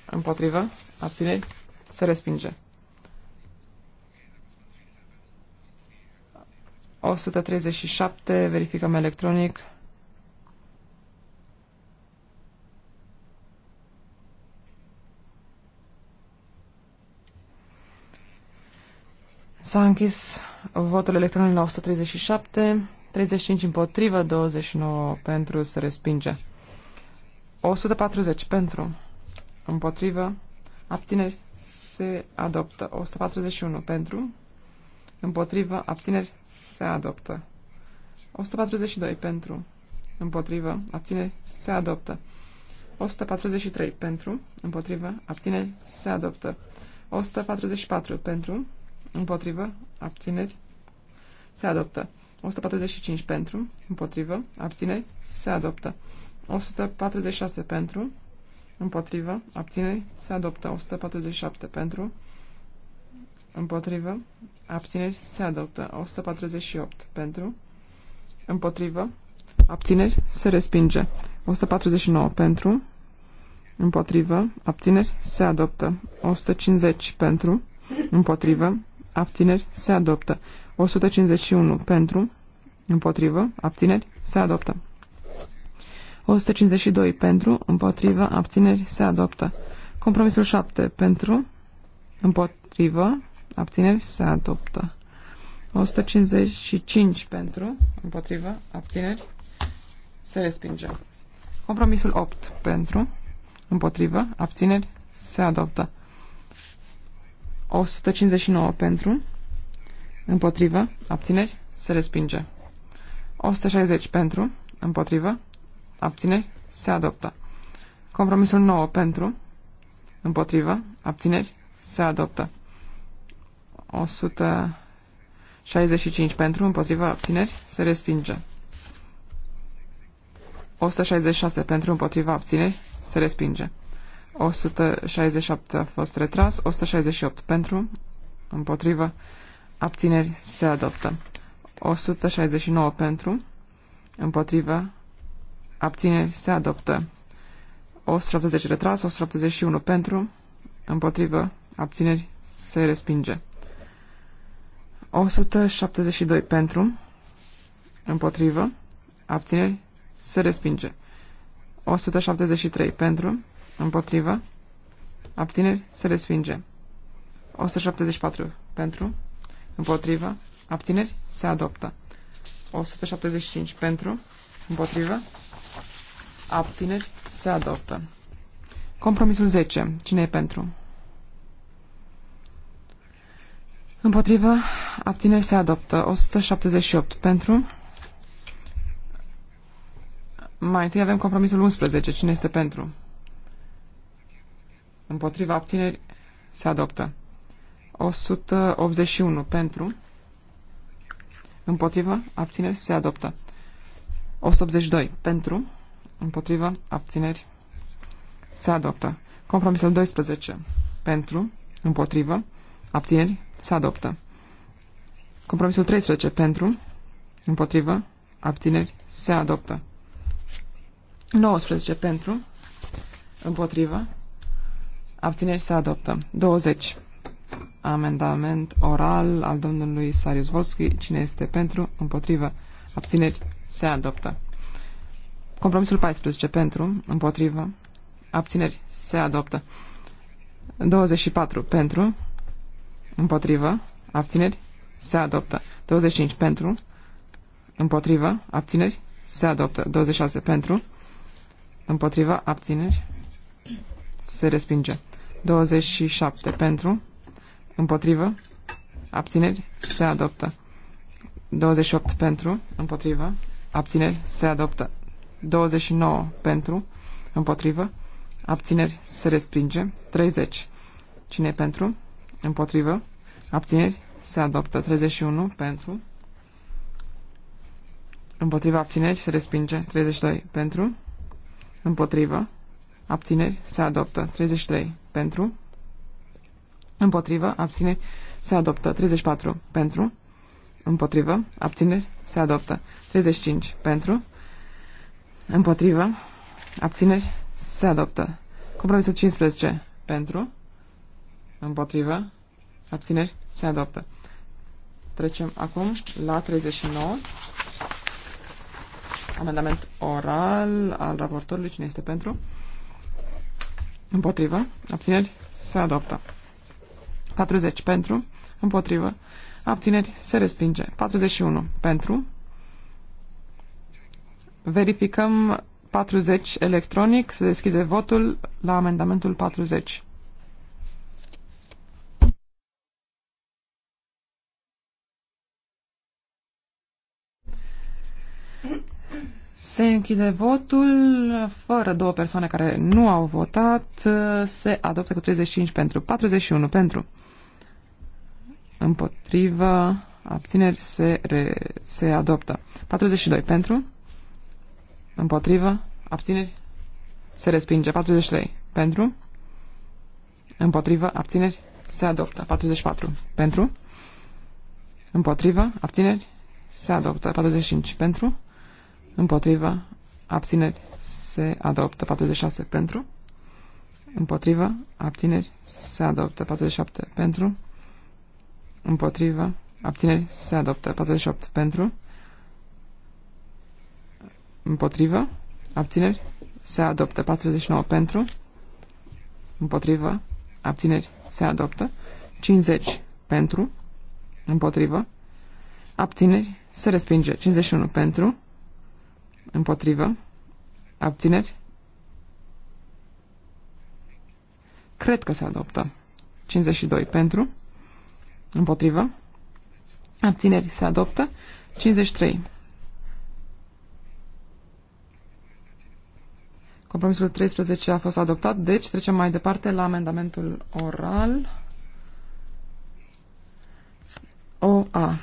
D: împotrivă, abțineri, se respinge. 137, verificăm electronic. S-a închis votul electronic la 137, 35 împotrivă, 29 pentru să respinge. 140 pentru, împotrivă, abțineri se adoptă. 141 pentru, împotrivă, abțineri se adoptă. 142 pentru, împotrivă, abțineri se adoptă. 143 pentru, împotrivă, abțineri se adoptă. 144 pentru, Împotrivă. Abțineri. Se adoptă. 145 pentru. Împotrivă. Abțineri. Se adoptă. 146 pentru. Împotrivă. Abțineri. Se adoptă. 147 pentru. Împotrivă. Abțineri. Se adoptă. 148 pentru. Împotrivă. Abțineri. Se respinge. 149 pentru. Împotrivă. Abțineri. Se adoptă. 150 pentru. Împotrivă abțineri, se adoptă. 151 pentru, împotrivă, abțineri, se adoptă. 152 pentru, împotrivă, abțineri, se adoptă. Compromisul 7 pentru, împotrivă, abțineri, se adoptă. 155 pentru, împotrivă, abțineri, se respinge. Compromisul 8 pentru, împotrivă, abțineri, se adoptă. 159 pentru, împotrivă, abțineri, se respinge. 160 pentru, împotrivă, abțineri, se adoptă. Compromisul 9 pentru, împotrivă, abțineri, se adoptă. 165 pentru, împotrivă, abțineri, se respinge. 166 pentru, împotrivă, abțineri, se respinge. 167 a fost retras, 168 pentru, împotrivă, abțineri se adoptă. 169 pentru, împotrivă, abțineri se adoptă. 170 retras, 171 pentru, împotrivă, abțineri se respinge. 172 pentru, împotrivă, abțineri se respinge. 173 pentru, Împotrivă. Abțineri. Se respinge. 174 pentru. Împotrivă. Abțineri. Se adoptă. 175 pentru. Împotrivă. Abțineri. Se adoptă. Compromisul 10. Cine e pentru? Împotrivă. Abțineri. Se adoptă. 178 pentru. Mai întâi avem compromisul 11. Cine este pentru? împotriva abțineri se adoptă. 181 pentru, împotriva abțineri se adoptă. 182 pentru, împotriva abțineri se adoptă. Compromisul 12 pentru, împotriva abțineri se adoptă. Compromisul 13 pentru, împotriva abțineri se adoptă. 19 pentru, împotriva Abțineri se adoptă. 20. Amendament oral al domnului Sarius Volski. Cine este pentru? Împotrivă. Abțineri se adoptă. Compromisul 14 pentru, împotrivă, abțineri se adoptă. 24 pentru, împotrivă, abțineri se adoptă. 25 pentru, împotrivă, abțineri se adoptă. 26 pentru, împotrivă, abțineri se respinge. 27 pentru, împotrivă, abțineri, se adoptă. 28 pentru, împotrivă, abțineri, se adoptă. 29 pentru, împotrivă, abțineri, se respinge. 30. Cine pentru? Împotrivă. Abțineri, se adoptă. 31 pentru. Împotriva abțineri se respinge. 32 pentru. Împotrivă. Abțineri se adoptă. 33 pentru, împotrivă, abțineri, se adoptă. 34 pentru, împotrivă, abțineri, se adoptă. 35 pentru, împotrivă, abțineri, se adoptă. Compromisul 15 pentru, împotrivă, abțineri, se adoptă. Trecem acum la 39. Amendament oral al raportorului. Cine este pentru? Împotrivă. Abțineri. Se adoptă. 40 pentru. Împotrivă. Abțineri. Se respinge. 41 pentru. Verificăm 40 electronic. Se deschide votul la amendamentul 40. Se închide votul fără două persoane care nu au votat. Se adoptă cu 35 pentru, 41 pentru. Împotrivă, abțineri se, re, se adoptă. 42 pentru, împotrivă, abțineri se respinge. 43 pentru, împotrivă, abțineri se adoptă. 44 pentru, împotrivă, abțineri se adoptă. 45 pentru, Împotriva. Abțineri. Se adoptă. 46 pentru. Împotriva. Abțineri. Se adoptă. 47 pentru. Împotriva. Abțineri. Se adoptă. 48 pentru. Împotriva. Abțineri. Se adoptă. 49 pentru. Împotriva. Abțineri. Se adoptă. 50 pentru. Împotriva. Abțineri. Se respinge. 51 pentru. Împotrivă? Abțineri? Cred că se adoptă. 52 pentru. Împotrivă? Abțineri se adoptă. 53. Compromisul 13 a fost adoptat, deci trecem mai departe la amendamentul oral. OA.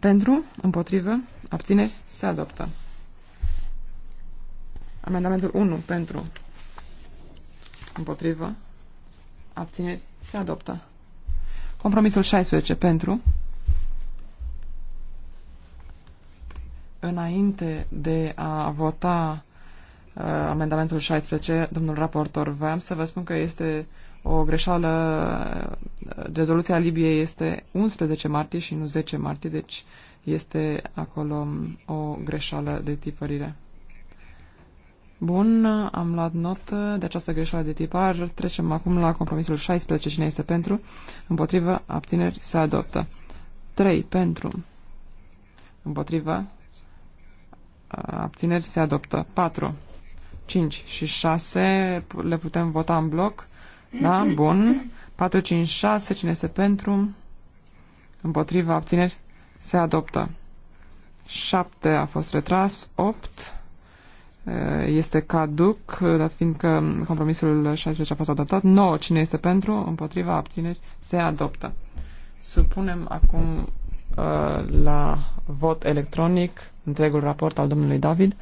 D: Pentru, împotrivă, abțineri, se adoptă. Amendamentul 1 pentru împotrivă abțineri se adoptă. Compromisul 16 pentru înainte de a vota uh, amendamentul 16, domnul raportor, voiam să vă spun că este o greșeală. Uh, rezoluția Libiei este 11 martie și nu 10 martie, deci este acolo um, o greșeală de tipărire. Bun, am luat notă de această greșeală de tipar. Trecem acum la compromisul 16. Cine este pentru? Împotrivă, abțineri, se adoptă. 3. Pentru. Împotrivă, abțineri, se adoptă. 4. 5 și 6 le putem vota în bloc. Da? Bun. 4, 5, 6. Cine este pentru? Împotrivă, abțineri, se adoptă. 7 a fost retras. 8 Eh, este caduc, eh, dat fiindcă compromisul 16 a fost adoptat. 9. Cine este pentru, împotriva, abțineri, se adoptă. Supunem acum eh, la vot electronic întregul raport al domnului David.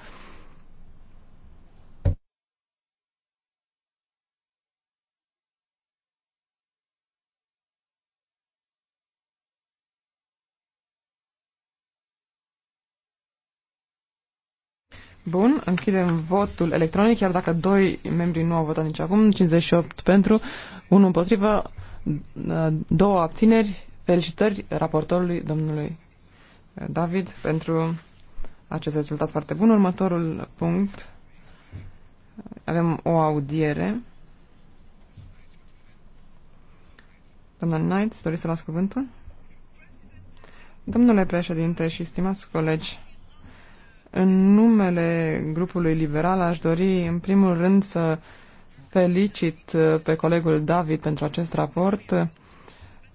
B: Bun, închidem votul
D: electronic, chiar dacă doi membri nu au votat nici acum, 58 pentru, 1 împotrivă, două abțineri, felicitări raportorului domnului David pentru acest rezultat foarte bun. Următorul punct, avem o audiere. Doamna Knight, doriți să luați cuvântul? Domnule președinte și stimați colegi, în numele grupului liberal aș dori în primul rând să felicit uh, pe colegul David pentru acest raport uh,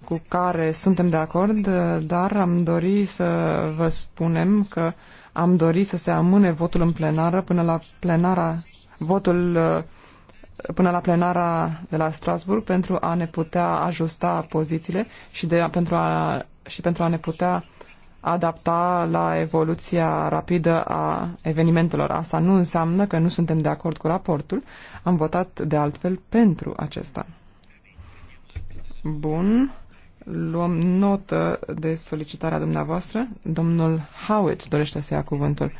D: cu care suntem de acord, uh, dar am dori să vă spunem că am dori să se amâne votul în plenară până la plenara votul până la plenara de la Strasburg pentru a ne putea ajusta pozițiile și de, pentru a, și pentru a ne putea adapta la evoluția rapidă a evenimentelor. Asta nu înseamnă că nu suntem de acord cu raportul. Am votat de altfel pentru acesta. Bun. Luăm notă de solicitarea dumneavoastră. Domnul Howitt dorește să ia cuvântul.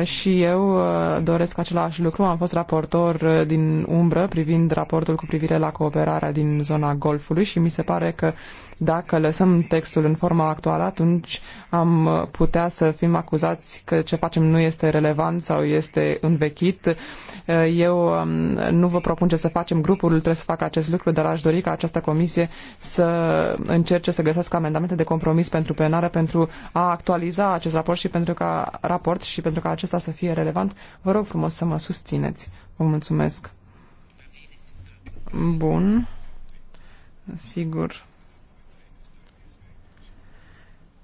D: Uh, și eu uh, doresc același lucru. Am fost raportor uh, din umbră privind raportul cu privire la cooperarea din zona Golfului și mi se pare că uh, dacă lăsăm textul în forma actuală, atunci am putea să fim acuzați că ce facem nu este relevant sau este învechit. Eu um, nu vă propun ce să facem, grupul trebuie să facă acest lucru, dar aș dori ca această comisie să încerce să găsească amendamente de compromis pentru plenară, pentru a actualiza acest raport și pentru ca raport și pentru ca acesta să fie relevant. Vă rog frumos să mă susțineți. Vă mulțumesc. Bun. Sigur.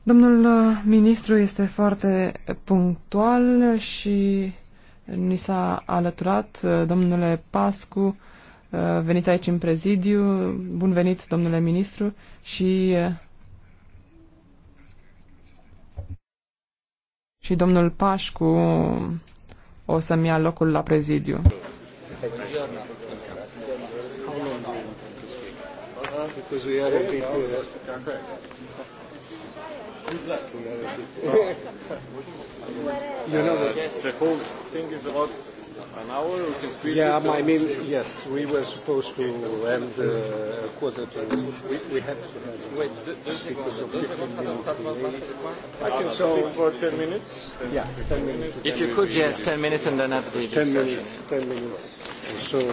D: Domnul uh, ministru este foarte punctual și ni s-a alăturat. Uh, domnule Pascu, uh, veniți aici în prezidiu. Bun venit, domnule ministru. Și, și domnul Pașcu o să-mi ia locul la prezidiu.
B: Because we you know that. the whole thing is about an hour. We can squeeze yeah, it. I mean,
C: yes, we were supposed to end the
B: quarter to. We, we had to have. Wait, fifteen minutes. I can so for ten minutes. yeah, ten minutes. If you could, yes, ten minutes, and then have the discussion. Ten minutes. Ten minutes. So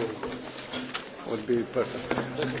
B: would be perfect. Thank you.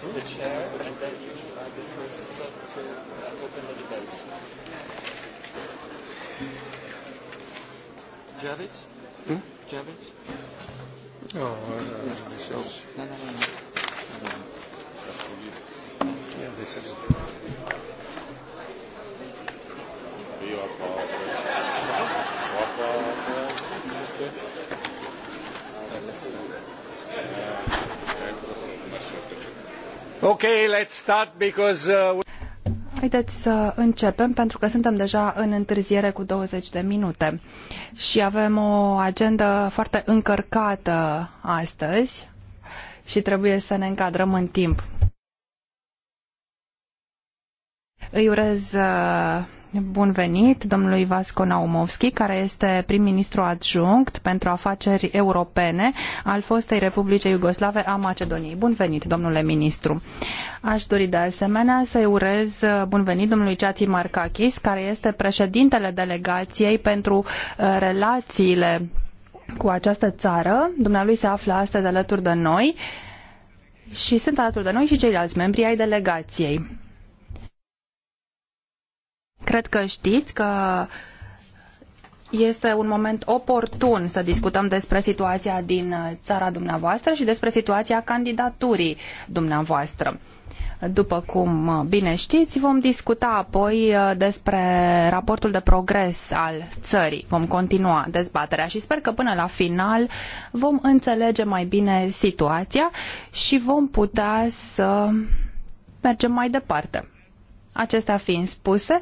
B: it's the chair, and then you are the first to uh, open the debate. Javits? Hmm? Javits? No, oh, uh, this is... No, no, no, no. Yeah, this is... Viva Okay, let's start because, uh...
A: Haideți să începem pentru că suntem deja în întârziere cu 20 de minute și avem o agendă foarte încărcată astăzi și trebuie să ne încadrăm în timp. Îi urez uh, Bun venit domnului Vasco Naumovski, care este prim-ministru adjunct pentru afaceri europene al fostei Republice Iugoslave a Macedoniei. Bun venit, domnule ministru. Aș dori de asemenea să-i urez bun venit domnului Ceații Marcachis, care este președintele delegației pentru uh, relațiile cu această țară. Dumnealui se află astăzi alături de noi și sunt alături de noi și ceilalți membri ai delegației. Cred că știți că este un moment oportun să discutăm despre situația din uh, țara dumneavoastră și despre situația candidaturii dumneavoastră. După cum uh, bine știți, vom discuta apoi uh, despre raportul de progres al țării. Vom continua dezbaterea și sper că până la final vom înțelege mai bine situația și vom putea să mergem mai departe. Acestea fiind spuse,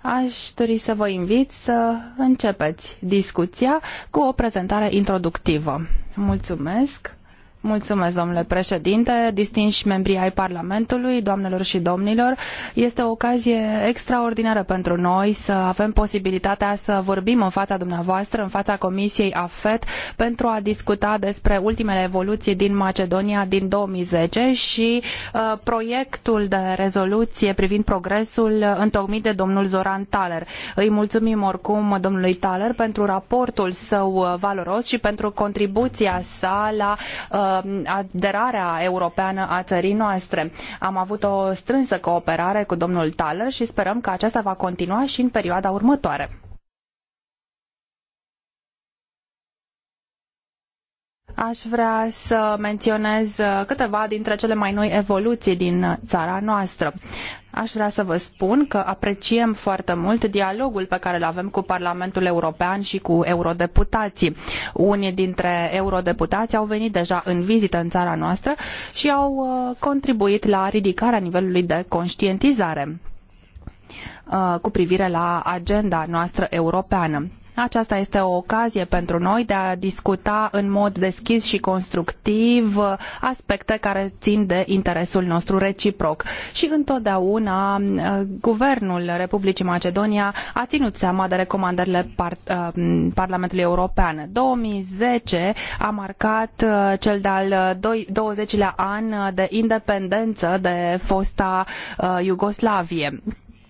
A: aș dori să vă invit să începeți discuția cu o prezentare introductivă. Mulțumesc! Mulțumesc, domnule președinte, distinși membrii ai Parlamentului, doamnelor și domnilor. Este o ocazie extraordinară pentru noi să avem posibilitatea să vorbim în fața dumneavoastră, în fața Comisiei AFET, pentru a discuta despre ultimele evoluții din Macedonia din 2010 și uh, proiectul de rezoluție privind progresul întocmit de domnul Zoran Thaler. Îi mulțumim oricum domnului Thaler pentru raportul său uh, valoros și pentru contribuția sa la uh, aderarea europeană a țării noastre. Am avut o strânsă cooperare cu domnul Thaler și sperăm că aceasta va continua și în perioada următoare. aș vrea să menționez uh, câteva dintre cele mai noi evoluții din uh, țara noastră. Aș vrea să vă spun că apreciem foarte mult dialogul pe care îl avem cu Parlamentul European și cu eurodeputații. Unii dintre eurodeputați au venit deja în vizită în țara noastră și au uh, contribuit la ridicarea nivelului de conștientizare cu privire la agenda noastră europeană. Aceasta este o ocazie pentru noi de a discuta în mod deschis și constructiv aspecte care țin de interesul nostru reciproc. Și întotdeauna uh, guvernul Republicii Macedonia a ținut seama de recomandările par uh, Parlamentului European. 2010 a marcat uh, cel de-al 20-lea an de independență de fosta Iugoslavie.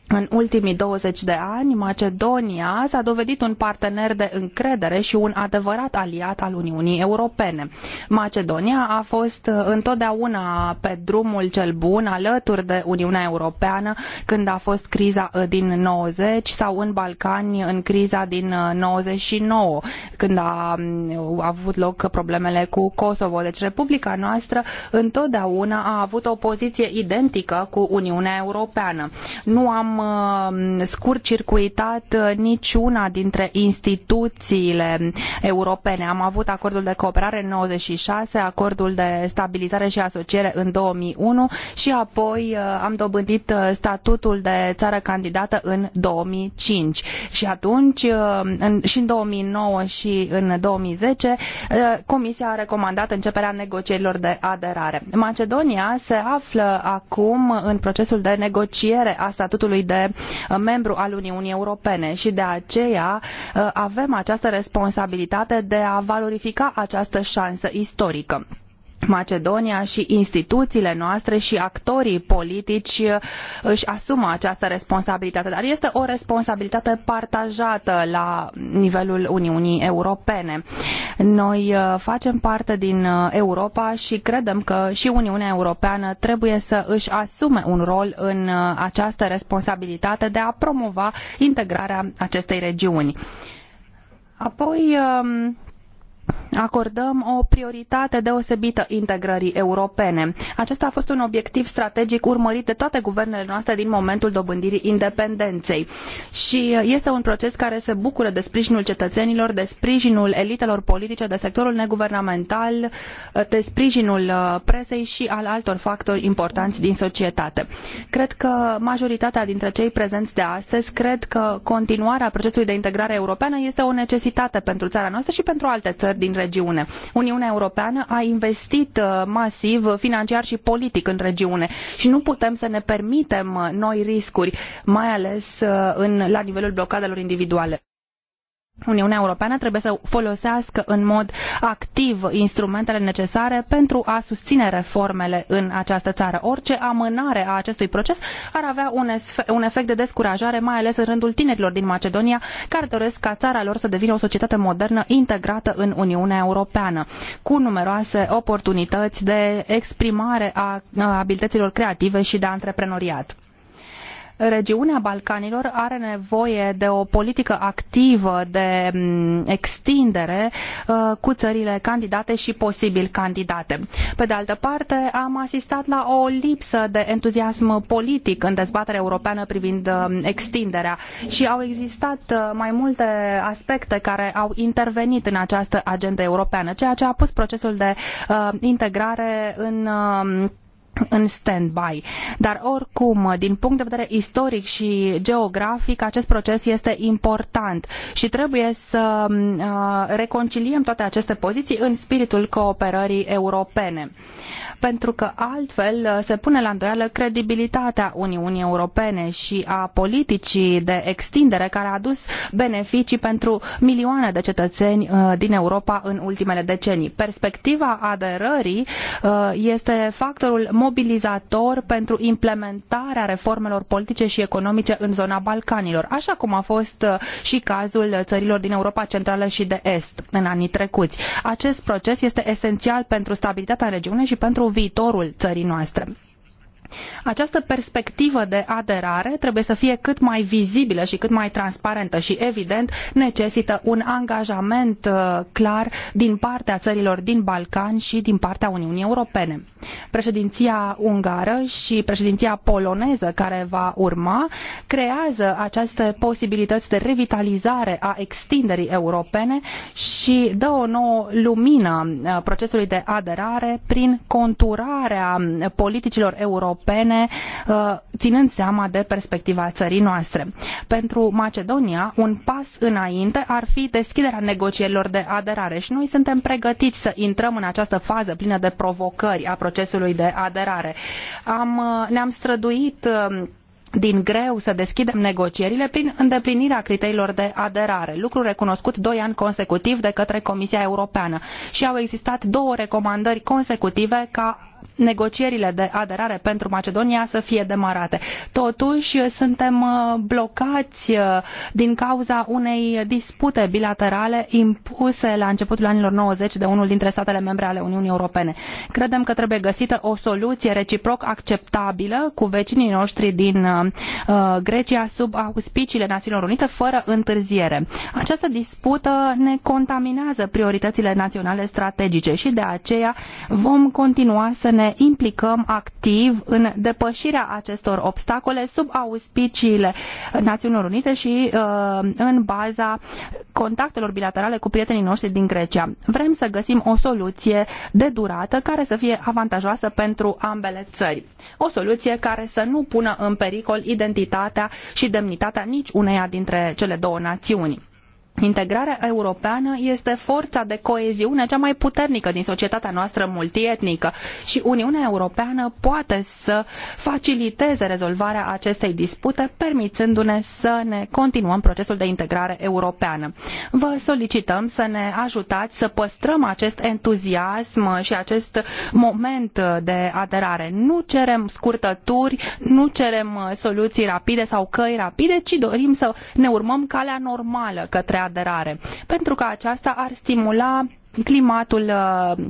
A: În ultimii 20 de ani, Macedonia s-a dovedit un partener de încredere și un adevărat aliat al Uniunii Europene. Macedonia a fost uh, întotdeauna pe drumul cel bun alături de Uniunea Europeană când a fost criza uh, din 90 sau în Balcani în criza din 99 uh, când mm, a avut loc problemele cu Kosovo. Deci Republica noastră întotdeauna a avut o poziție identică cu Uniunea Europeană. Nu am am mm, scurt circuitat uh, niciuna dintre instituțiile europene. Am avut acordul de cooperare în 96, acordul de stabilizare și asociere în 2001 și apoi uh, am dobândit uh, statutul de țară candidată în 2005. Și atunci, în, și în 2009 și în 2010, Comisia a recomandat începerea negocierilor de aderare. Macedonia se află acum în procesul de negociere a statutului de uh, membru al Uniunii Europene și de aceea uh, avem această responsabilitate de a valorifica această șansă istorică. Macedonia și instituțiile noastre și actorii politici uh, își asumă această responsabilitate, dar este o responsabilitate partajată la nivelul Uniunii Europene. Noi uh, facem parte din uh, Europa și credem că și Uniunea Europeană trebuie să își asume un rol în această responsabilitate de a promova integrarea acestei regiuni. Apoi, um, acordăm o prioritate deosebită integrării europene. Acesta a fost un obiectiv strategic urmărit de toate guvernele noastre din momentul dobândirii independenței și este un proces care se bucură de sprijinul cetățenilor, de sprijinul elitelor politice, de sectorul neguvernamental, de sprijinul uh, presei și al altor factori importanți din societate. Cred că majoritatea dintre cei prezenți de astăzi cred că continuarea procesului de integrare europeană este o necesitate pentru țara noastră și pentru alte țări țări din regiune. Uniunea Europeană a investit uh, masiv financiar și politic în regiune și nu putem să ne permitem uh, noi riscuri, mai ales uh, în, la nivelul blocadelor individuale. Uniunea Europeană trebuie să folosească în mod activ instrumentele necesare pentru a susține reformele în această țară. Orice amânare a acestui proces ar avea un, efect de descurajare, mai ales în rândul tinerilor din Macedonia, care doresc ca țara lor să devină o societate modernă integrată în Uniunea Europeană, cu numeroase oportunități de exprimare a abilităților creative și de antreprenoriat. Regiunea Balcanilor are nevoie de o politică activă de mm, extindere uh, cu țările candidate și posibil candidate. Pe de altă parte, am asistat la o lipsă de entuziasm politic în dezbaterea europeană privind uh, extinderea și au existat uh, mai multe aspecte care au intervenit în această agendă europeană, ceea ce a pus procesul de integrare în în stand-by. Dar oricum, din punct de vedere istoric și geografic, acest proces este important și trebuie să mm, uh, reconciliem toate aceste poziții în spiritul cooperării europene pentru că altfel uh, se pune la îndoială credibilitatea Uniunii Europene și a politicii de extindere care a adus beneficii pentru milioane de cetățeni uh, din Europa în ultimele decenii. Perspectiva aderării uh, este factorul mobilizator pentru implementarea reformelor politice și economice în zona Balcanilor, așa cum a fost și cazul țărilor din Europa Centrală și de Est în anii trecuți. Acest proces este esențial pentru stabilitatea regiunii și pentru pentru viitorul țării noastre. Această perspectivă de aderare trebuie să fie cât mai vizibilă și cât mai transparentă și, evident, necesită un angajament uh, clar din partea țărilor din Balcani și din partea Uniunii Europene. Președinția ungară și președinția poloneză care va urma creează aceste posibilități de revitalizare a extinderii europene și dă o nouă lumină uh, procesului de aderare prin conturarea politicilor europene europene, uh, ținând seama de perspectiva țării noastre. Pentru Macedonia, un pas înainte ar fi deschiderea negocierilor de aderare și noi suntem pregătiți să intrăm în această fază plină de provocări a procesului de aderare. Am, uh, ne-am străduit uh, din greu să deschidem negocierile prin îndeplinirea criteriilor de aderare, lucru recunoscut doi ani consecutiv de către Comisia Europeană. Și au existat două recomandări consecutive ca negocierile de aderare pentru Macedonia să fie demarate. Totuși, suntem uh, blocați uh, din cauza unei dispute bilaterale impuse la începutul anilor 90 de unul dintre statele membre ale Uniunii Europene. Credem că trebuie găsită o soluție reciproc acceptabilă cu vecinii noștri din uh, Grecia sub auspiciile Națiunilor Unite fără întârziere. Această dispută ne contaminează prioritățile naționale strategice și de aceea vom continua să ne ne implicăm activ în depășirea acestor obstacole sub auspiciile Națiunilor Unite și uh, în baza contactelor bilaterale cu prietenii noștri din Grecia. Vrem să găsim o soluție de durată care să fie avantajoasă pentru ambele țări. O soluție care să nu pună în pericol identitatea și demnitatea nici uneia dintre cele două națiuni. Integrarea europeană este forța de coeziune cea mai puternică din societatea noastră multietnică și Uniunea Europeană poate să faciliteze rezolvarea acestei dispute, permițându-ne să ne continuăm procesul de integrare europeană. Vă solicităm să ne ajutați să păstrăm acest entuziasm și acest moment de aderare. Nu cerem scurtături, nu cerem soluții rapide sau căi rapide, ci dorim să ne urmăm calea normală către aderare, pentru că aceasta ar stimula climatul uh,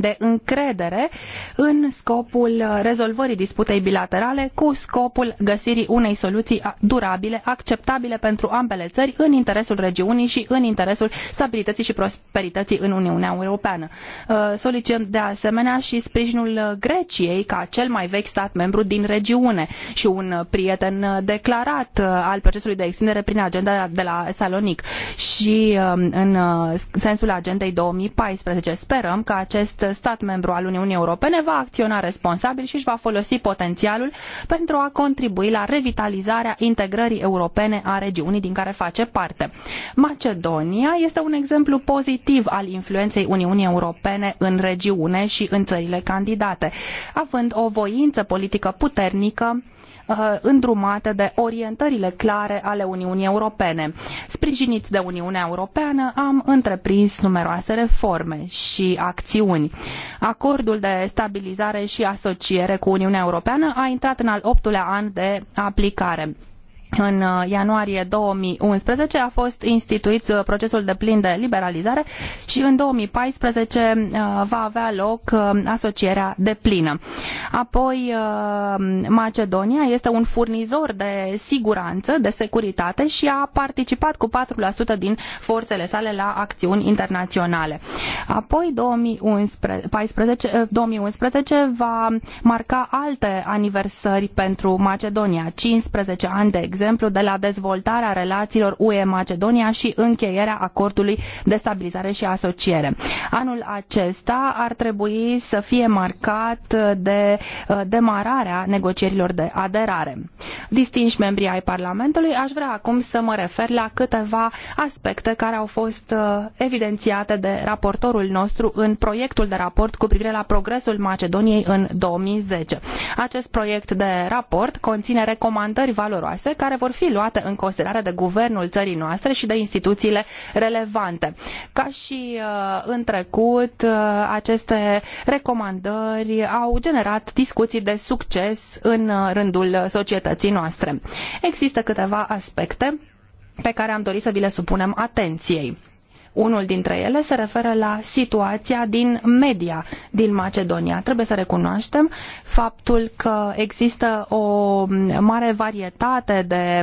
A: de încredere în scopul rezolvării disputei bilaterale cu scopul găsirii unei soluții durabile, acceptabile pentru ambele țări în interesul regiunii și în interesul stabilității și prosperității în Uniunea Europeană. Uh, solicităm de asemenea și sprijinul Greciei ca cel mai vechi stat membru din regiune și un prieten declarat uh, al procesului de extindere prin agenda de la Salonic și um, în uh, sensul agendei 2014. Sperăm că acest stat membru al Uniunii Europene va acționa responsabil și își va folosi potențialul pentru a contribui la revitalizarea integrării europene a regiunii din care face parte. Macedonia este un exemplu pozitiv al influenței Uniunii Europene în regiune și în țările candidate, având o voință politică puternică Uh, îndrumate de orientările clare ale Uniunii Europene. Sprijiniți de Uniunea Europeană, am întreprins numeroase reforme și acțiuni. Acordul de stabilizare și asociere cu Uniunea Europeană a intrat în al optulea an de aplicare în uh, ianuarie 2011 a fost instituit uh, procesul de plin de liberalizare și în 2014 uh, va avea loc asocierea de plină. Apoi Macedonia este un furnizor de siguranță, de securitate și a participat cu 4% din forțele sale la acțiuni internaționale. Apoi 2011, 2011 va marca alte aniversări pentru Macedonia, 15 ani de exemplu exemplu, de la dezvoltarea relațiilor UE-Macedonia și încheierea acordului de stabilizare și asociere. Anul acesta ar trebui să fie marcat de uh, demararea negocierilor de aderare. Distinși membrii ai Parlamentului, aș vrea acum să mă refer la câteva aspecte care au fost uh, evidențiate de raportorul nostru în proiectul de raport cu privire la progresul Macedoniei în 2010. Acest proiect de raport conține recomandări valoroase care care vor fi luate în considerare de guvernul țării noastre și de instituțiile relevante. Ca și uh, în trecut, uh, aceste recomandări au generat discuții de succes în uh, rândul societății noastre. Există câteva aspecte pe care am dorit să vi le supunem atenției. Unul dintre ele se referă la situația din media din Macedonia. Trebuie să recunoaștem faptul că există o mare varietate de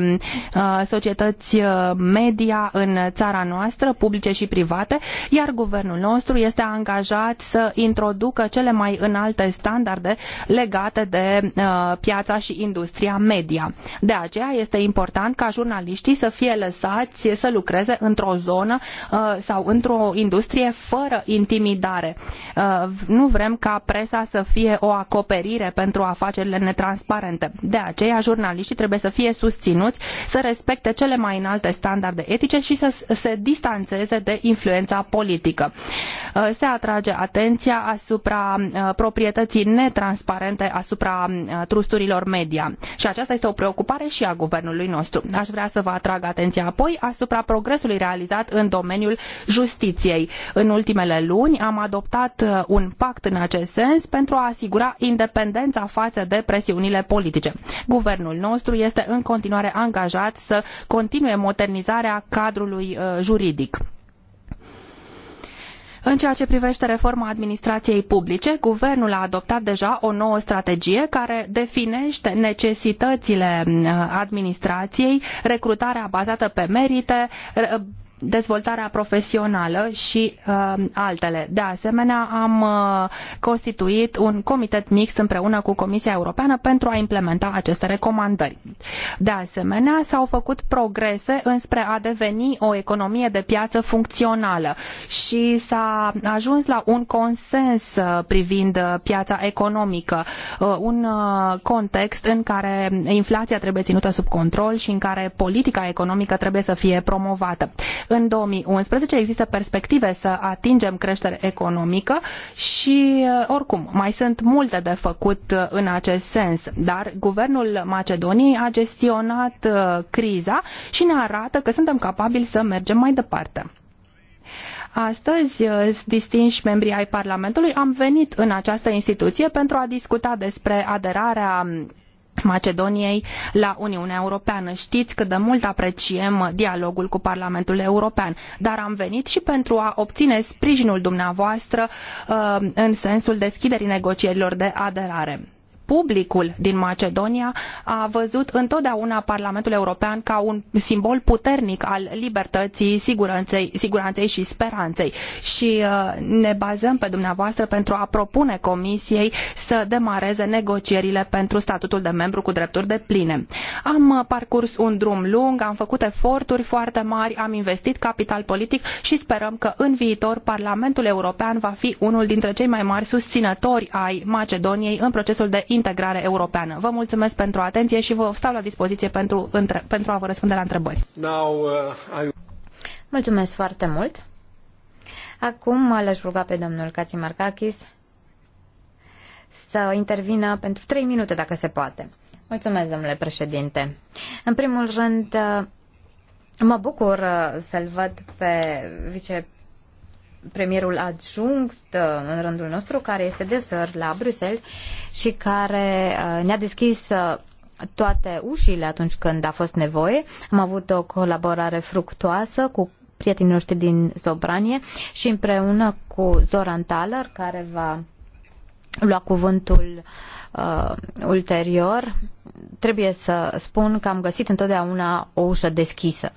A: uh, societăți uh, media în țara noastră, publice și private, iar guvernul nostru este angajat să introducă cele mai înalte standarde legate de uh, piața și industria media. De aceea este important ca jurnaliștii să fie lăsați să lucreze într-o zonă sau într-o industrie fără intimidare. Uh, nu vrem ca presa să fie o acoperire pentru afacerile netransparente. De aceea, jurnaliștii trebuie să fie susținuți să respecte cele mai înalte standarde etice și să se distanțeze de influența politică. Uh, se atrage atenția asupra uh, proprietății netransparente asupra trusturilor media. Și aceasta este o preocupare și a guvernului nostru. Aș vrea să vă atrag atenția apoi asupra progresului realizat în domeniul justiției. În ultimele luni am adoptat uh, un pact în acest sens pentru a asigura independența față de presiunile politice. Guvernul nostru este în continuare angajat să continue modernizarea cadrului uh, juridic. În ceea ce privește reforma administrației publice, guvernul a adoptat deja o nouă strategie care definește necesitățile uh, administrației, recrutarea bazată pe merite, dezvoltarea profesională și uh, altele. De asemenea, am uh, constituit un comitet mixt împreună cu Comisia Europeană pentru a implementa aceste recomandări. De asemenea, s-au făcut progrese înspre a deveni o economie de piață funcțională și s-a ajuns la un consens uh, privind uh, piața economică, uh, un uh, context în care inflația trebuie ținută sub control și în care politica economică trebuie să fie promovată. În 2011 există perspective să atingem creștere economică și uh, oricum mai sunt multe de făcut uh, în acest sens, dar guvernul Macedoniei a gestionat uh, criza și ne arată că suntem capabili să mergem mai departe. Astăzi, distinși membrii ai Parlamentului, am venit în această instituție pentru a discuta despre aderarea um, Macedoniei la Uniunea Europeană. Știți cât de mult apreciem dialogul cu Parlamentul European, dar am venit și pentru a obține sprijinul dumneavoastră uh, în sensul deschiderii negocierilor de aderare publicul din Macedonia a văzut întotdeauna Parlamentul European ca un simbol puternic al libertății, siguranței, siguranței și speranței. Și uh, ne bazăm pe dumneavoastră pentru a propune Comisiei să demareze negocierile pentru statutul de membru cu drepturi de pline. Am uh, parcurs un drum lung, am făcut eforturi foarte mari, am investit capital politic și sperăm că în viitor Parlamentul European va fi unul dintre cei mai mari susținători ai Macedoniei în procesul de integrare europeană. Vă mulțumesc pentru atenție și vă stau la dispoziție pentru,
C: pentru a vă răspunde la întrebări. Now, uh, I... Mulțumesc foarte mult. Acum l-aș ruga pe domnul Kacimarkakis să intervină pentru trei minute, dacă se poate. Mulțumesc, domnule președinte. În primul rând, uh, mă bucur uh, să-l văd pe vicepreședinte premierul adjunct uh, în rândul nostru, care este deseori la Bruxelles și care uh, ne-a deschis uh, toate ușile atunci când a fost nevoie. Am avut o colaborare fructuoasă cu prietenii noștri din Sobranie și împreună cu Zoran Thaler, care va lua cuvântul uh, ulterior, trebuie să spun că am găsit întotdeauna o ușă deschisă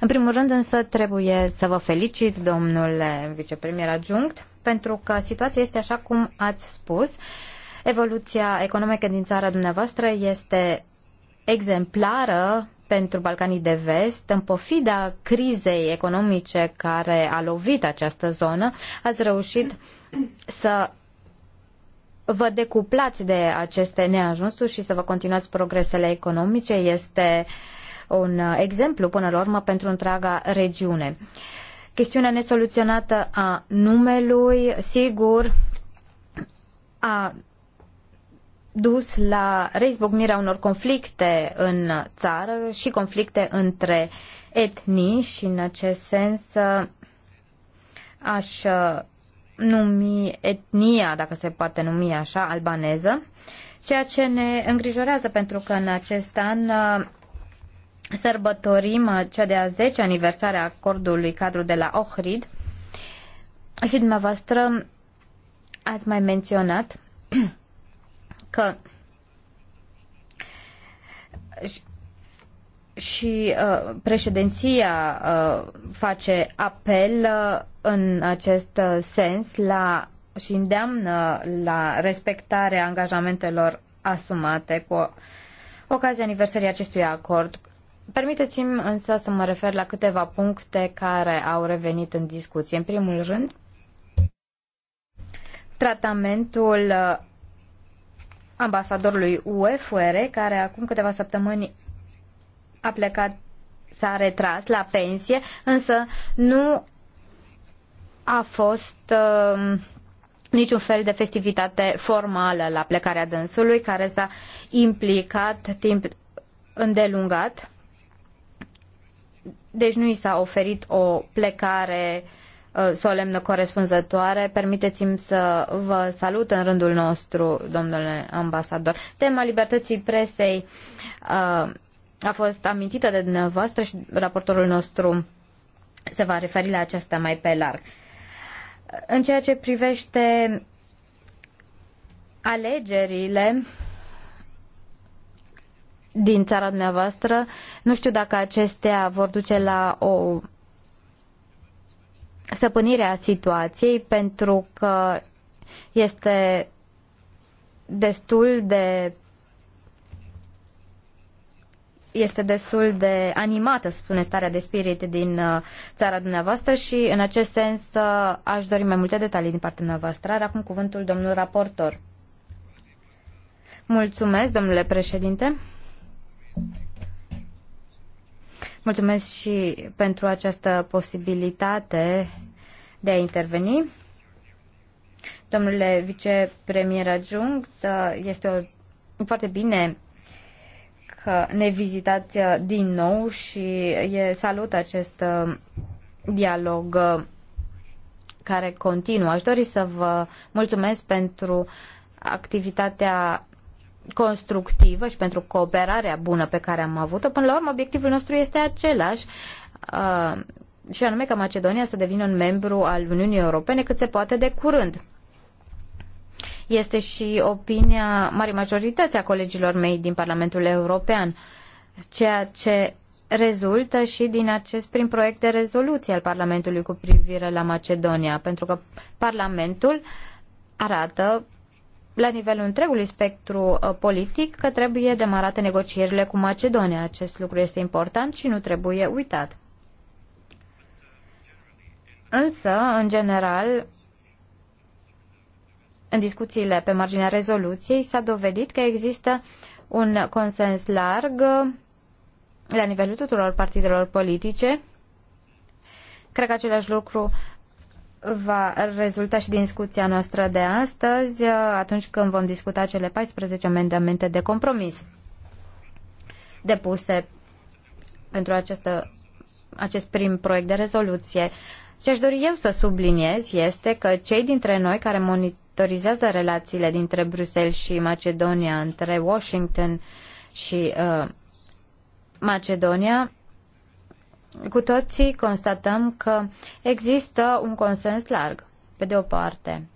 C: în primul rând însă trebuie să vă felicit, domnule vicepremier adjunct, pentru că situația este așa cum ați spus. Evoluția economică din țara dumneavoastră este exemplară pentru Balcanii de Vest, în pofida crizei economice care a lovit această zonă, ați reușit să vă decuplați de aceste neajunsuri și să vă continuați progresele economice. Este uh, un uh, exemplu până la urmă pentru întreaga regiune. Chestiunea nesoluționată a numelui, sigur, a dus la reizbucnirea unor conflicte în țară și conflicte între etnii și în acest sens aș uh, numi etnia, dacă se poate numi așa, albaneză, ceea ce ne îngrijorează pentru că în acest an uh, sărbătorim uh, cea de-a 10 aniversare a acordului cadru de la Ohrid și dumneavoastră ați mai menționat că și, și uh, președinția uh, face apel uh, în acest uh, sens la și îndeamnă la respectarea angajamentelor asumate cu ocazia aniversării acestui acord Permiteți-mi însă să mă refer la câteva puncte care au revenit în discuție. În primul rând, tratamentul uh, ambasadorului UE, Fuere, care acum câteva săptămâni a plecat, s-a retras la pensie, însă nu a fost uh, niciun fel de festivitate formală la plecarea dânsului, care s-a implicat timp îndelungat deci nu i s-a oferit o plecare uh, solemnă corespunzătoare. Permiteți-mi să vă salut în rândul nostru, domnule ambasador. Tema libertății presei uh, a fost amintită de dumneavoastră și raportorul nostru se va referi la aceasta mai pe larg. În ceea ce privește alegerile, din țara dumneavoastră. Nu știu dacă acestea vor duce la o stăpânire a situației, pentru că este destul de este destul de animată, spune starea de spirit din uh, țara dumneavoastră și în acest sens uh, aș dori mai multe detalii din partea dumneavoastră. Are acum cuvântul domnul raportor. Mulțumesc, domnule președinte. Mulțumesc și pentru această posibilitate de a interveni. Domnule vicepremier adjunct, este o, foarte bine că ne vizitați din nou și e, salut acest uh, dialog uh, care continuă. Aș dori să vă mulțumesc pentru activitatea constructivă și pentru cooperarea bună pe care am avut-o. Până la urmă, obiectivul nostru este același, uh, și anume ca Macedonia să devină un membru al Uniunii Europene cât se poate de curând. Este și opinia marii majorități a colegilor mei din Parlamentul European, ceea ce rezultă și din acest prim proiect de rezoluție al Parlamentului cu privire la Macedonia, pentru că Parlamentul arată la nivelul întregului spectru uh, politic că trebuie demarate negocierile cu Macedonia. Acest lucru este important și nu trebuie uitat. Însă, în general, în discuțiile pe marginea rezoluției s-a dovedit că există un consens larg uh, la nivelul tuturor partidelor politice. Cred că același lucru va rezulta și din discuția noastră de astăzi, uh, atunci când vom discuta cele 14 amendamente de compromis depuse pentru această, acest prim proiect de rezoluție. Ce aș dori eu să subliniez este că cei dintre noi care monitorizează relațiile dintre Bruxelles și Macedonia, între Washington și uh, Macedonia, cu toții constatăm că există un consens larg, pe de o parte.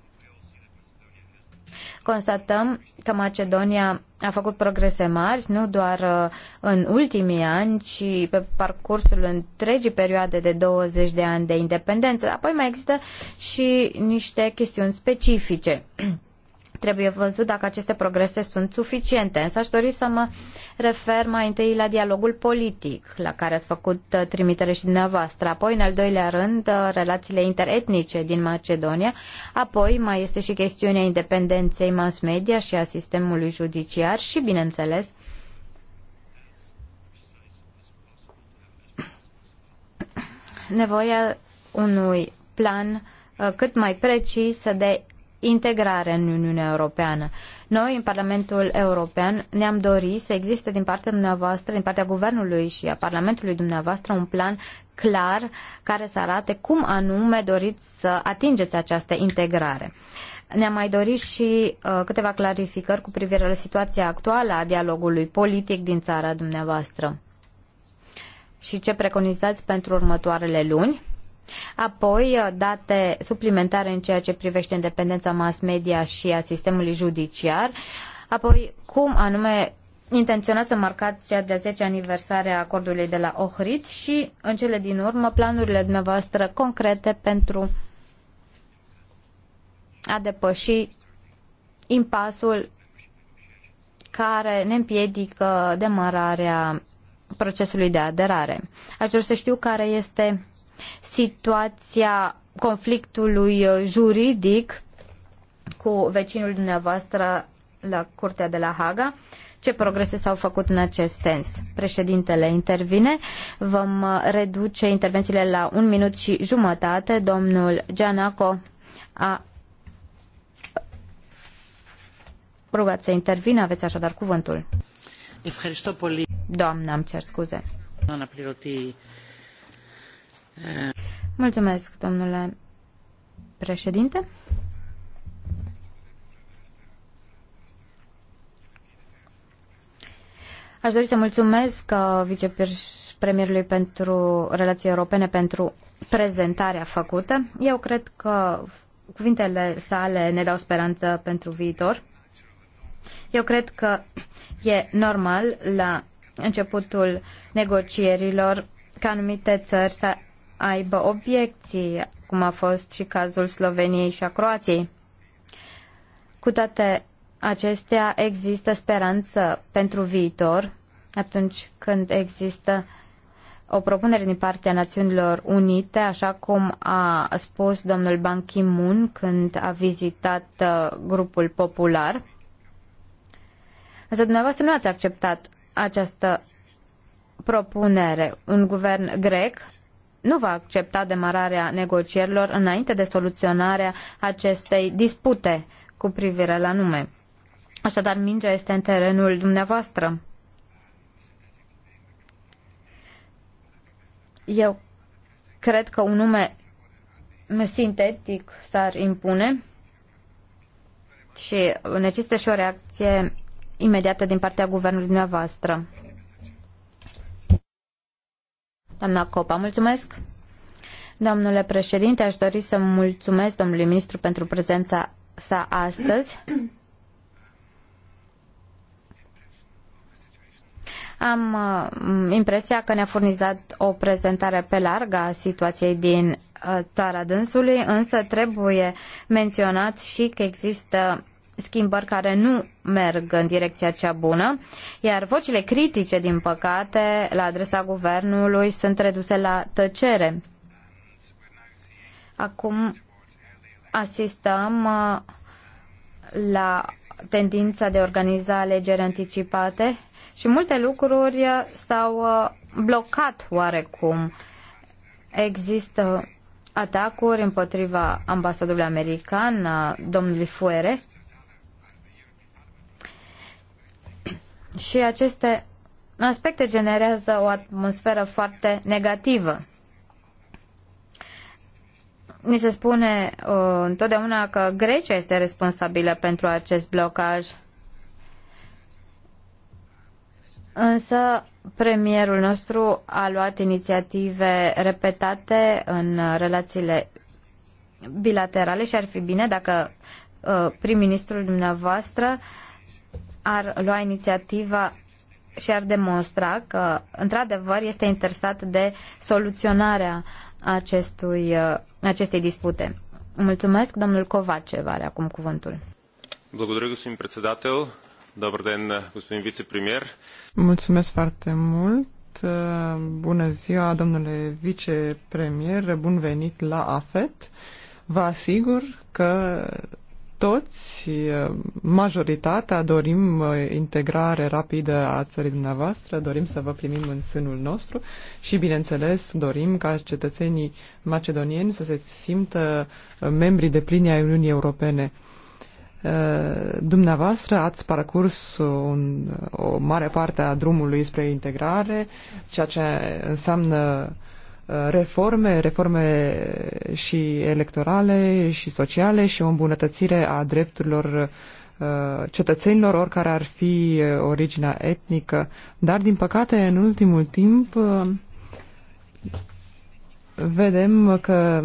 C: Constatăm că Macedonia a făcut progrese mari, nu doar uh, în ultimii ani, ci pe parcursul întregii perioade de 20 de ani de independență. Apoi mai există și niște chestiuni specifice. Trebuie văzut dacă aceste progrese sunt suficiente, însă aș dori să mă refer mai întâi la dialogul politic, la care ați făcut uh, trimitere și dumneavoastră, apoi, în al doilea rând, uh, relațiile interetnice din Macedonia, apoi mai este și chestiunea independenței mass media și a sistemului judiciar și, bineînțeles, nevoia unui plan uh, cât mai precis de integrare în Uniunea Europeană. Noi, în Parlamentul European, ne-am dorit să existe din partea dumneavoastră, din partea Guvernului și a Parlamentului dumneavoastră, un plan clar care să arate cum anume doriți să atingeți această integrare. Ne-am mai dorit și uh, câteva clarificări cu privire la situația actuală a dialogului politic din țara dumneavoastră. Și ce preconizați pentru următoarele luni? Apoi, uh, date suplimentare în ceea ce privește independența mass media și a sistemului judiciar. Apoi, cum anume intenționați să marcați cea de-a 10 aniversare a acordului de la Ohrid și, în cele din urmă, planurile dumneavoastră concrete pentru a depăși impasul care ne împiedică demararea procesului de aderare. Aș vrea să știu care este situația conflictului uh, juridic cu vecinul dumneavoastră la Curtea de la Haga. Ce progrese s-au făcut în acest sens? Președintele intervine. Vom uh, reduce intervențiile la un minut și jumătate. Domnul Gianaco a rugat să intervină. Aveți așadar cuvântul. Doamna, îmi cer scuze.
A: Doamna Pliroti,
C: Mulțumesc, domnule președinte. Aș dori să mulțumesc uh, vicepremierului pentru relații europene pentru prezentarea făcută. Eu cred că cuvintele sale ne dau speranță pentru viitor. Eu cred că e normal la începutul negocierilor ca anumite țări să aibă obiecții, cum a fost și cazul Sloveniei și a Croației. Cu toate acestea, există speranță pentru viitor atunci când există o propunere din partea Națiunilor Unite, așa cum a spus domnul Ban Ki-moon când a vizitat uh, grupul popular. Însă dumneavoastră nu ați acceptat această propunere. Un guvern grec nu va accepta demararea negocierilor înainte de soluționarea acestei dispute cu privire la nume. Așadar, mingea este în terenul dumneavoastră. Eu cred că un nume sintetic s-ar impune și necesită și o reacție imediată din partea guvernului dumneavoastră. Doamna Copa, mulțumesc. Domnule președinte, aș dori să mulțumesc domnului ministru pentru prezența sa astăzi. Am uh, impresia că ne-a furnizat o prezentare pe larg a situației din uh, țara dânsului, însă trebuie menționat și că există schimbări care nu merg în direcția cea bună, iar vocile critice, din păcate, la adresa guvernului sunt reduse la tăcere. Acum asistăm uh, la tendința de a organiza alegeri anticipate și multe lucruri uh, s-au uh, blocat oarecum. Există atacuri împotriva ambasadorului american, domnului Fuere, Și aceste aspecte generează o atmosferă foarte negativă. Mi se spune uh, întotdeauna că Grecia este responsabilă pentru acest blocaj. Însă premierul nostru a luat inițiative repetate în relațiile bilaterale și ar fi bine dacă uh, prim-ministrul dumneavoastră uh, ar lua inițiativa și ar demonstra că, într-adevăr, este interesat de soluționarea acestui, uh, acestei dispute. Mulțumesc, domnul Covace, are acum cuvântul.
B: Благодаря, господин председател. Добър ден, господин вице-премьер.
D: Mulțumesc foarte mult. Bună ziua, domnule vicepremier. Bun venit la AFET. Vă asigur că toți, eh, majoritatea, dorim eh, integrare rapidă a țării dumneavoastră, dorim să vă primim în sânul nostru și, bineînțeles, dorim ca cetățenii macedonieni să se simtă eh, membri de plini ai Uniunii Europene. Dumneavoastră ați parcurs un, o mare parte a drumului spre integrare, ceea ce înseamnă uh, reforme, reforme și electorale și sociale și o îmbunătățire a drepturilor uh, cetățenilor, oricare ar fi uh, originea etnică. Dar, din păcate, în ultimul timp uh, vedem că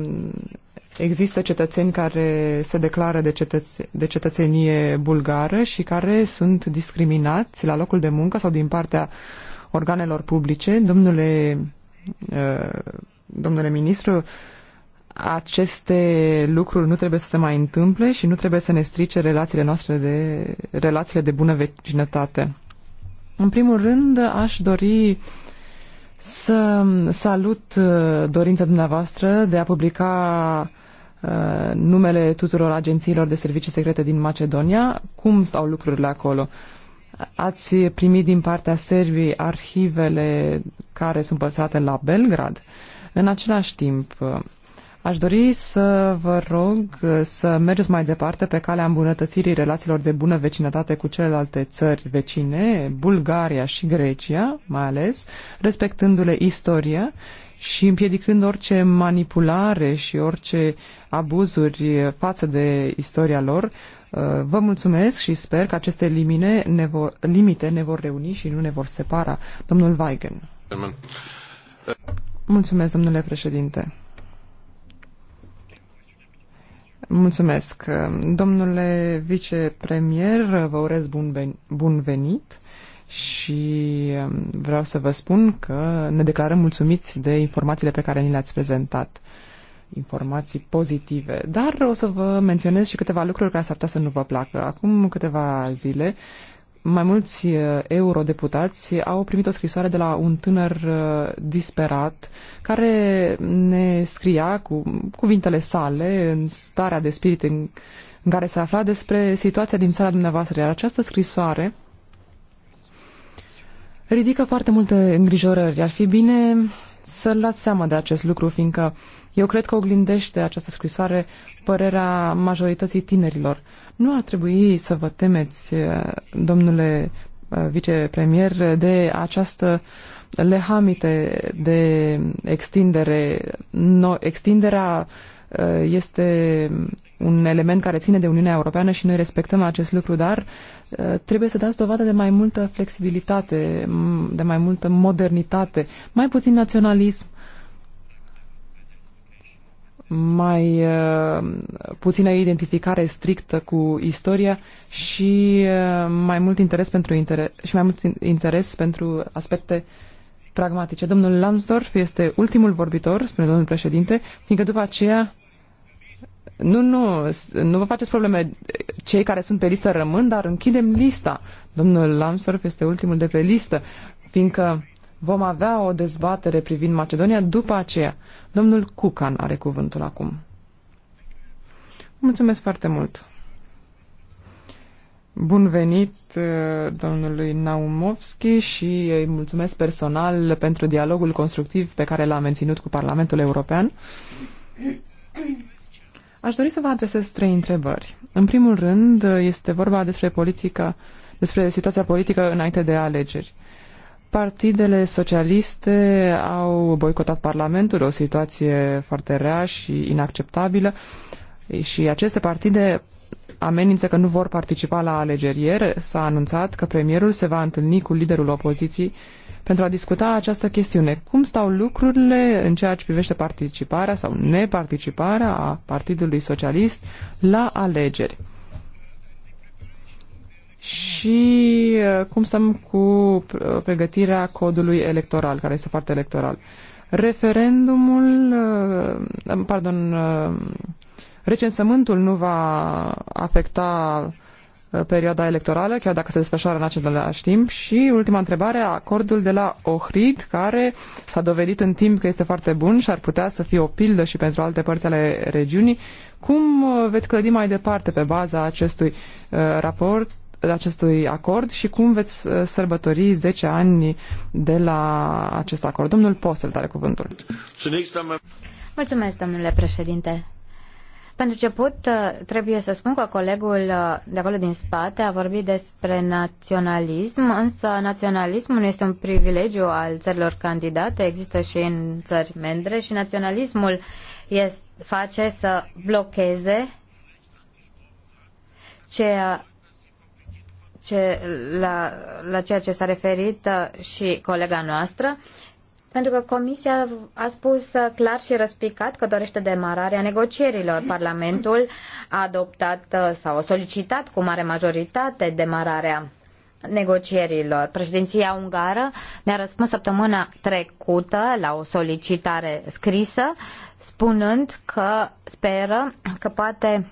D: există cetățeni care se declară de, cetăț- de cetățenie bulgară și care sunt discriminați la locul de muncă sau din partea organelor publice. Domnule Uh, domnule ministru, aceste lucruri nu trebuie să se mai întâmple și nu trebuie să ne strice relațiile noastre de relațiile de bună vecinătate. În primul rând, aș dori să salut uh, dorința dumneavoastră de a publica uh, numele tuturor agențiilor de servicii secrete din Macedonia, cum stau lucrurile acolo ați primit din partea Serbiei arhivele care sunt păstrate la Belgrad. În același timp, aș dori să vă rog să mergeți mai departe pe calea îmbunătățirii relațiilor de bună vecinătate cu celelalte țări vecine, Bulgaria și Grecia, mai ales, respectându-le istoria și împiedicând orice manipulare și orice abuzuri față de istoria lor, Uh, vă mulțumesc și sper că aceste limite ne vor, limite ne vor reuni și nu ne vor separa. Domnul Weigen. Mulțumesc, domnule președinte. Mulțumesc. Domnule vicepremier, vă urez bun, bun venit și um, vreau să vă spun că ne declarăm mulțumiți de informațiile pe care ni le-ați prezentat informații pozitive. Dar o să vă menționez și câteva lucruri care s-ar putea să nu vă placă. Acum câteva zile, mai mulți uh, eurodeputați au primit o scrisoare de la un tânăr uh, disperat care ne scria cu cuvintele sale în starea de spirit în, în care se afla despre situația din țara dumneavoastră. Iar această scrisoare ridică foarte multe îngrijorări. Ar fi bine să luați seama de acest lucru, fiindcă uh, eu cred că oglindește această scrisoare părerea majorității tinerilor. Nu ar trebui să vă temeți, eh, domnule eh, vicepremier, de această lehamite de extindere. No, extinderea eh, este un element care ține de Uniunea Europeană și noi respectăm acest lucru, dar trebuie să dați dovadă de mai multă flexibilitate, de mai multă modernitate, mai puțin naționalism, mai uh, puțină identificare strictă cu istoria și uh, mai mult interes pentru inter- și mai mult interes pentru aspecte pragmatice. Domnul Lansdorf este ultimul vorbitor, spune domnul președinte, fiindcă după aceea nu, nu, nu vă faceți probleme. Cei care sunt pe listă rămân, dar închidem lista. Domnul Lansdorf este ultimul de pe listă, fiindcă vom avea o dezbatere privind Macedonia după aceea. Domnul Cucan are cuvântul acum. Mulțumesc foarte mult! Bun venit uh, domnului Naumovski și îi mulțumesc personal pentru dialogul constructiv pe care l-a menținut cu Parlamentul European. Aș dori să vă adresez trei întrebări. În primul rând, este vorba despre politica, despre situația politică înainte de alegeri. Partidele socialiste au boicotat Parlamentul, o situație foarte rea și inacceptabilă și aceste partide amenință că nu vor participa la alegeri. S-a anunțat că premierul se va întâlni cu liderul opoziției pentru a discuta această chestiune. Cum stau lucrurile în ceea ce privește participarea sau neparticiparea a Partidului Socialist la alegeri? și uh, cum stăm cu uh, pregătirea codului electoral, care este foarte electoral. Referendumul, uh, pardon, recensământul nu va afecta perioada electorală, chiar dacă se desfășoară în același timp. Și ultima întrebare, acordul de la Ohrid, care s-a dovedit în timp că este foarte bun și ar putea să fie o pildă și pentru alte părți ale regiunii. Cum veți clădi mai departe pe baza acestui uh, raport acestui acord și cum veți uh, sărbători 10 ani de la acest acord. Domnul Posel, tare cuvântul.
C: Mulțumesc, domnule președinte. Pentru început, uh, trebuie să spun că colegul uh, de acolo din spate a vorbit despre naționalism, însă naționalismul nu este un privilegiu al țărilor candidate, există și în țări mendre și naționalismul este, face să blocheze ceea ce, la, la ceea ce s-a referit uh, și colega noastră, pentru că Comisia a spus uh, clar și răspicat că dorește demararea negocierilor. Parlamentul a adoptat uh, sau a solicitat cu mare majoritate demararea negocierilor. Președinția ungară mi-a răspuns săptămâna trecută la o solicitare scrisă, spunând că speră că poate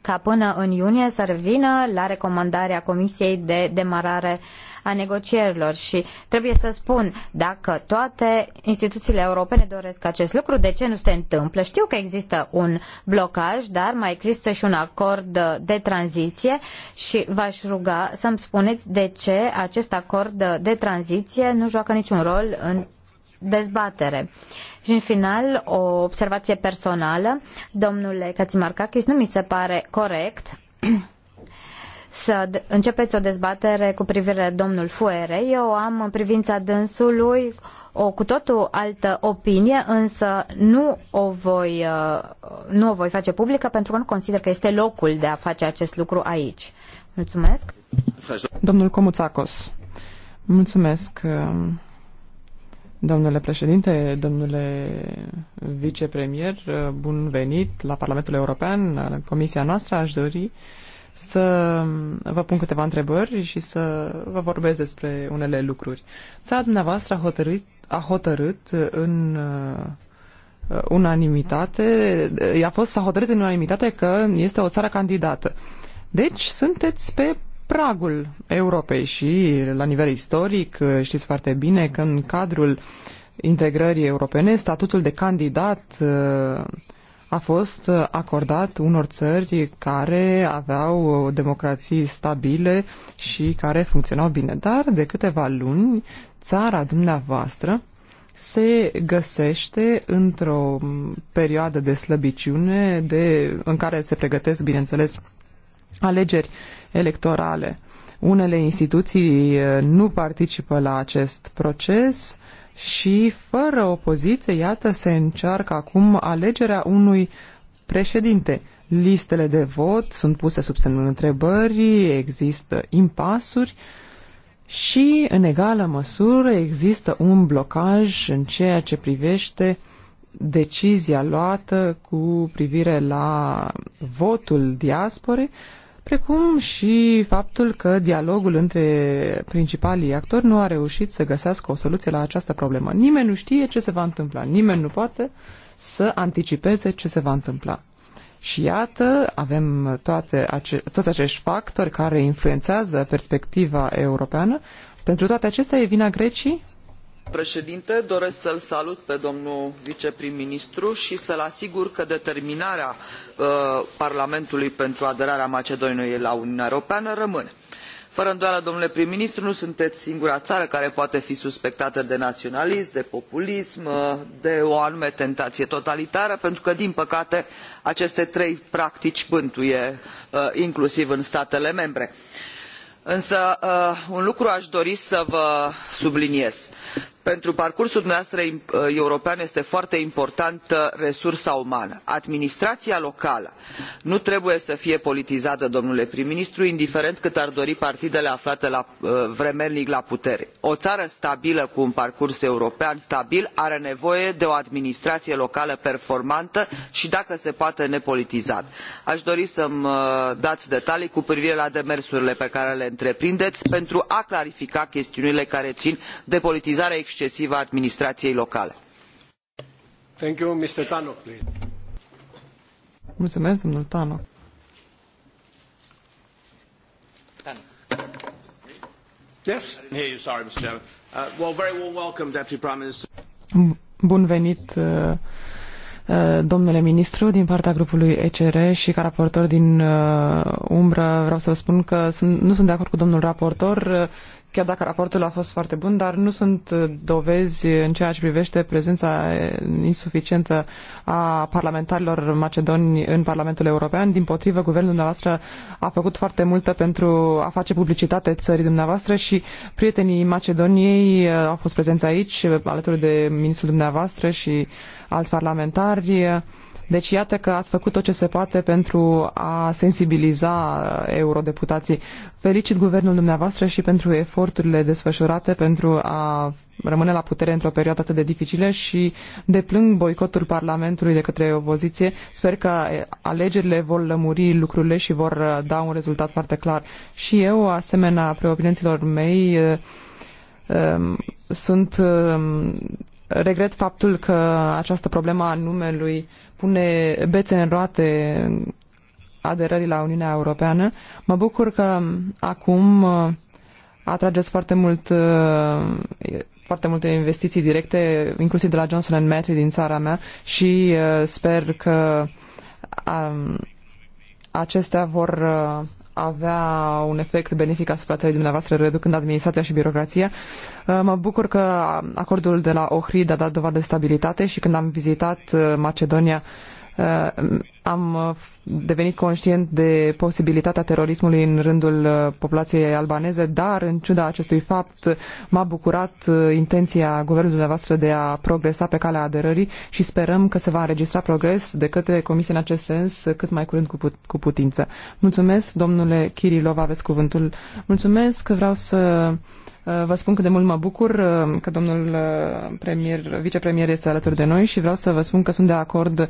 C: ca până în iunie să revină la recomandarea Comisiei de demarare a negocierilor și trebuie să spun, dacă toate instituțiile europene doresc acest lucru, de ce nu se întâmplă? Știu că există un blocaj, dar mai există și un acord de tranziție și v-aș ruga să-mi spuneți de ce acest acord de tranziție nu joacă niciun rol în dezbatere. Și în final, o observație personală. Domnule Kacimarkakis, nu mi se pare corect să începeți o dezbatere cu privire domnul Fuere. Eu am în privința dânsului o cu totul altă opinie, însă nu o voi, uh, nu o voi face publică pentru că nu consider că este locul de a face acest lucru aici.
D: Mulțumesc. Domnul Comuțacos, mulțumesc. Uh, Domnule președinte, domnule vicepremier, bun venit la Parlamentul European, la Comisia noastră. Aș dori să vă pun câteva întrebări și să vă vorbesc despre unele lucruri. Țara dumneavoastră a hotărât, a hotărât în uh, unanimitate, i-a fost, s-a hotărât în unanimitate că este o țară candidată. Deci sunteți pe pragul Europei și la nivel istoric știți foarte bine că în cadrul integrării europene statutul de candidat uh, a fost acordat unor țări care aveau democrații stabile și care funcționau bine. Dar de câteva luni țara dumneavoastră se găsește într-o perioadă de slăbiciune de, în care se pregătesc, bineînțeles, alegeri electorale. Unele instituții eh, nu participă la acest proces și fără opoziție, iată, se încearcă acum alegerea unui președinte. Listele de vot sunt puse sub semnul întrebării, există impasuri și, în egală măsură, există un blocaj în ceea ce privește decizia luată cu privire la votul diaspore, precum și faptul că dialogul între principalii actori nu a reușit să găsească o soluție la această problemă. Nimeni nu știe ce se va întâmpla, nimeni nu poate să anticipeze ce se va întâmpla. Și iată, avem toate ace- toți acești factori care influențează perspectiva europeană. Pentru toate acestea e vina Grecii?
B: președinte, doresc să-l salut pe domnul viceprim-ministru și să-l asigur că determinarea uh, Parlamentului pentru aderarea Macedoniei la Uniunea Europeană rămâne. Fără îndoială, domnule prim-ministru, nu sunteți singura țară care poate fi suspectată de naționalism, de populism, uh, de o anume tentație totalitară, pentru că, din păcate, aceste trei practici bântuie uh, inclusiv în statele membre însă uh, un lucru a dori să vă subliniez pentru parcursul dumneavoastră uh, european este foarte importantă resursa umană. administraia locală nu trebuie să fie politizată domnule prim ministru indiferent cât ar dori partidele aflate la, uh, vremelnic la putere. o ară stabilă cu un parcurs european stabil are nevoie de o administraie locală performantă i dacă se poate nepolitizată. a dori să mi uh, dai detalii cu privire la demersurile pe care le întreprindei pentru a clarifica chestiunile care in de politizarea excesivă a administrației locale. Thank you, Mr. Tano, please.
D: Mulțumesc, domnul Tano.
C: Yes? I hear you. sorry, Mr. Chairman. Uh, well, very well welcome, Deputy Prime Minister.
D: Bun venit, uh, uh, domnule ministru, din partea grupului ECR și ca raportor din uh, umbră vreau să vă spun că sunt, nu sunt de acord cu domnul raportor. Uh, chiar dacă raportul a fost foarte bun, dar nu sunt uh, dovezi în ceea ce privește prezența uh, insuficientă a parlamentarilor macedoni în Parlamentul European. Din potrivă, guvernul dumneavoastră a făcut foarte multă pentru a face publicitate țării dumneavoastră și prietenii Macedoniei uh, au fost prezenți aici, alături de ministrul dumneavoastră și alți parlamentari. Deci iată că ați făcut tot ce se poate pentru a sensibiliza eurodeputații. Felicit guvernul dumneavoastră și pentru eforturile desfășurate pentru a rămâne la putere într-o perioadă atât de dificilă și deplâng boicotul Parlamentului de către opoziție. Sper că alegerile vor lămuri lucrurile și vor uh, da un rezultat foarte clar. Și eu, asemenea preopinenților mei, uh, um, sunt um, regret faptul că această problemă a numelui pune bețe în roate aderării la Uniunea Europeană. Mă bucur că acum uh, atrageți foarte mult uh, foarte multe investiții directe, inclusiv de la Johnson Matthew din țara mea și uh, sper că um, acestea vor avea un efect benefic asupra țării dumneavoastră, reducând administrația și birocrația. Uh, mă bucur că acordul de la Ohrid a dat dovadă de stabilitate și când am vizitat uh, Macedonia Uh, am uh, devenit conștient de posibilitatea terorismului în rândul uh, populației albaneze, dar în ciuda acestui fapt m-a bucurat intenția guvernului dumneavoastră de a progresa pe calea aderării și sperăm că se va înregistra progres de către Comisie în acest sens cât mai curând cu, put- putință. Mulțumesc, domnule Kirilov, aveți cuvântul. Mulțumesc, vreau să Uh, vă spun că de mult mă bucur uh, că domnul uh, premier, vicepremier este alături de noi și vreau să vă spun că sunt de acord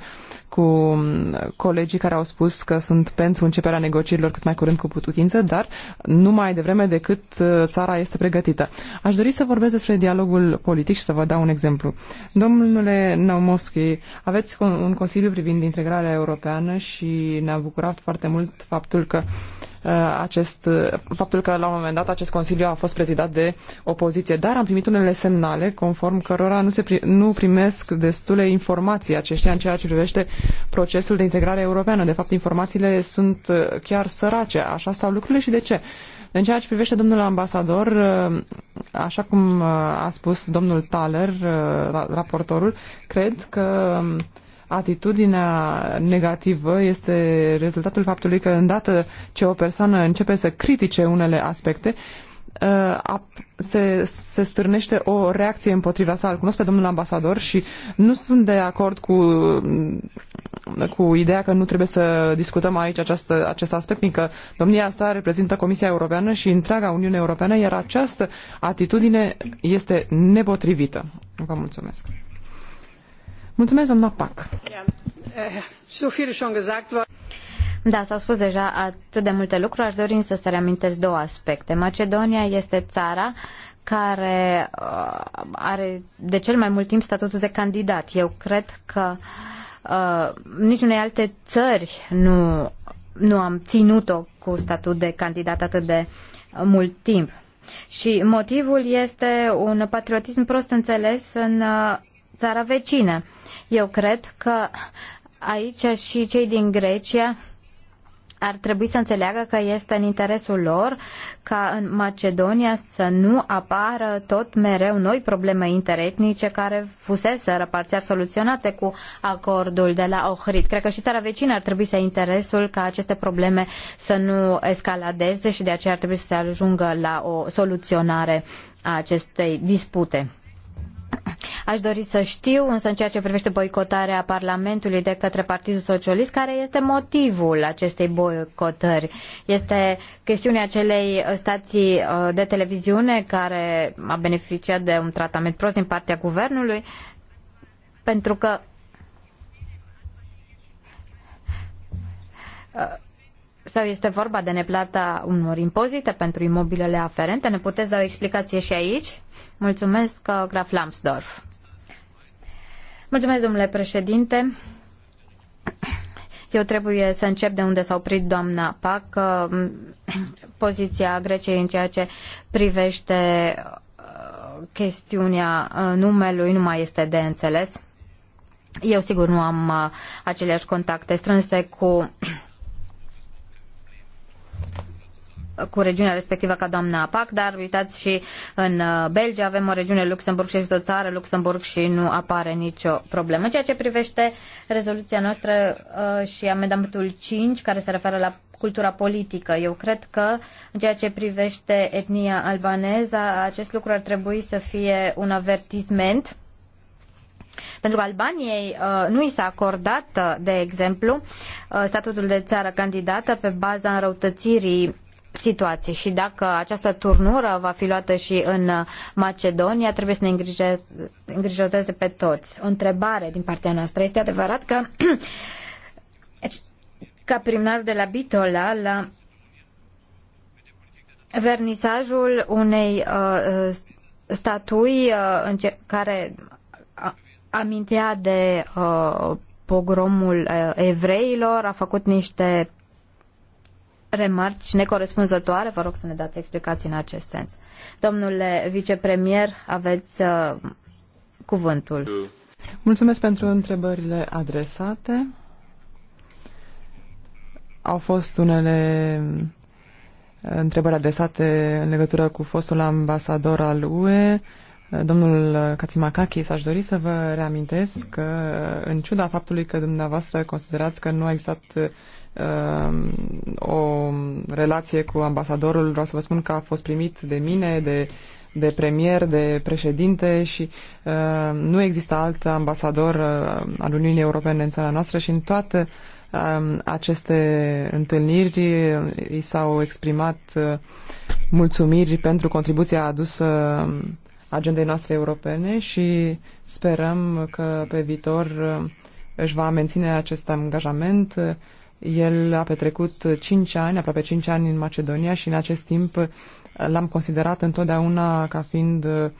D: cu um, colegii care au spus că sunt pentru începerea negocierilor cât mai curând cu putință, dar nu mai devreme decât țara este pregătită. Aș dori să vorbesc despre dialogul politic și să vă dau un exemplu. Domnule Naumovski, aveți un Consiliu privind integrarea europeană și ne-a bucurat foarte mult faptul că uh, Uh, acest, uh, faptul că la un moment dat acest Consiliu a fost prezidat de opoziție. Dar am primit unele semnale conform cărora nu, se pri, nu primesc destule informații aceștia în ceea ce privește procesul de integrare europeană. De fapt, informațiile sunt uh, chiar sărace. Așa stau lucrurile și de ce? În ceea ce privește domnul ambasador, așa cum a spus domnul Thaler, raportorul, cred că um, atitudinea negativă este rezultatul faptului că îndată ce o persoană începe să critique unele aspecte, uh, se, se stârnește o reacție împotriva sa. Îl cunosc pe domnul ambasador și nu sunt de acord cu, cu ideea că nu trebuie să discutăm aici această, acest aspect, fiindcă domnia sa reprezintă Comisia Europeană și întreaga Uniune Europeană, iar această atitudine este nepotrivită. Vă mulțumesc.
C: Da, s-au spus deja atât de multe lucruri, aș dori însă să reamintesc două aspecte. Macedonia este țara care uh, are de cel mai mult timp statutul de candidat. Eu cred că uh, niciunei alte țări nu, nu am ținut-o cu statut de candidat atât de mult timp. Și motivul este un patriotism prost înțeles în uh, țara vecină. Eu cred că aici și cei din Grecia ar trebui să înțeleagă că este în interesul lor ca în Macedonia să nu apară tot mereu noi probleme interetnice care fusese parțial soluționate cu acordul de la Ohrid. Cred că și țara vecină ar trebui să ai interesul ca aceste probleme să nu escaladeze și de aceea ar trebui să se ajungă la o soluționare a acestei dispute. Aș dori să știu, însă în ceea ce privește boicotarea Parlamentului de către Partidul Socialist, care este motivul acestei boicotări? Este chestiunea acelei stații uh, de televiziune care a beneficiat de un tratament prost din partea guvernului? Pentru că uh, sau este vorba de neplata unor impozite pentru imobilele aferente? Ne puteți da o explicație și aici? Mulțumesc, uh, Graf Lambsdorff. Mulțumesc, domnule președinte. Eu trebuie să încep de unde s-a oprit doamna PAC, uh, poziția Greciei în ceea ce privește uh, chestiunea numelui nu mai este de înțeles. Eu sigur nu am aceleași contacte strânse cu cu regiunea respectivă ca doamna PAC, dar uitați și în uh, Belgia avem o regiune Luxemburg și este o țară Luxemburg și nu apare nicio problemă. ceea ce privește rezoluția noastră uh, și amendamentul 5 care se referă la cultura politică, eu cred că în ceea ce privește etnia albaneză, acest lucru ar trebui să fie un avertisment pentru că Albaniei uh, nu i s-a acordat, de exemplu, statutul de țară candidată pe baza înrăutățirii situații și dacă această turnură va fi luată și în Macedonia, trebuie să ne îngrijoreze pe toți. O întrebare din partea noastră. Este adevărat că ca primarul de la Bitola la vernisajul unei uh, statui uh, ce, care amintea de uh, pogromul uh, evreilor, a făcut niște remarci necorespunzătoare, vă rog să ne dați explicații în acest sens. Domnule vicepremier, aveți uh,
D: cuvântul. Mulțumesc pentru întrebările adresate. Au fost unele uh, întrebări adresate în legătură cu fostul ambasador al UE. Uh, domnul Katsimakakis, aș dori să vă reamintesc că, uh, în ciuda faptului că dumneavoastră considerați că nu a existat Um, o relație cu ambasadorul. Vreau să vă spun că a fost primit de mine, de, de premier, de președinte și uh, nu există alt ambasador uh, al Uniunii Europene în țara noastră și în toate uh, aceste întâlniri uh, i s-au exprimat uh, mulțumiri pentru contribuția adusă agendei noastre europene și sperăm că pe viitor uh, își va menține acest angajament uh, el a petrecut 5 ani, aproape 5 ani în Macedonia și în acest timp l-am considerat întotdeauna ca fiind uh,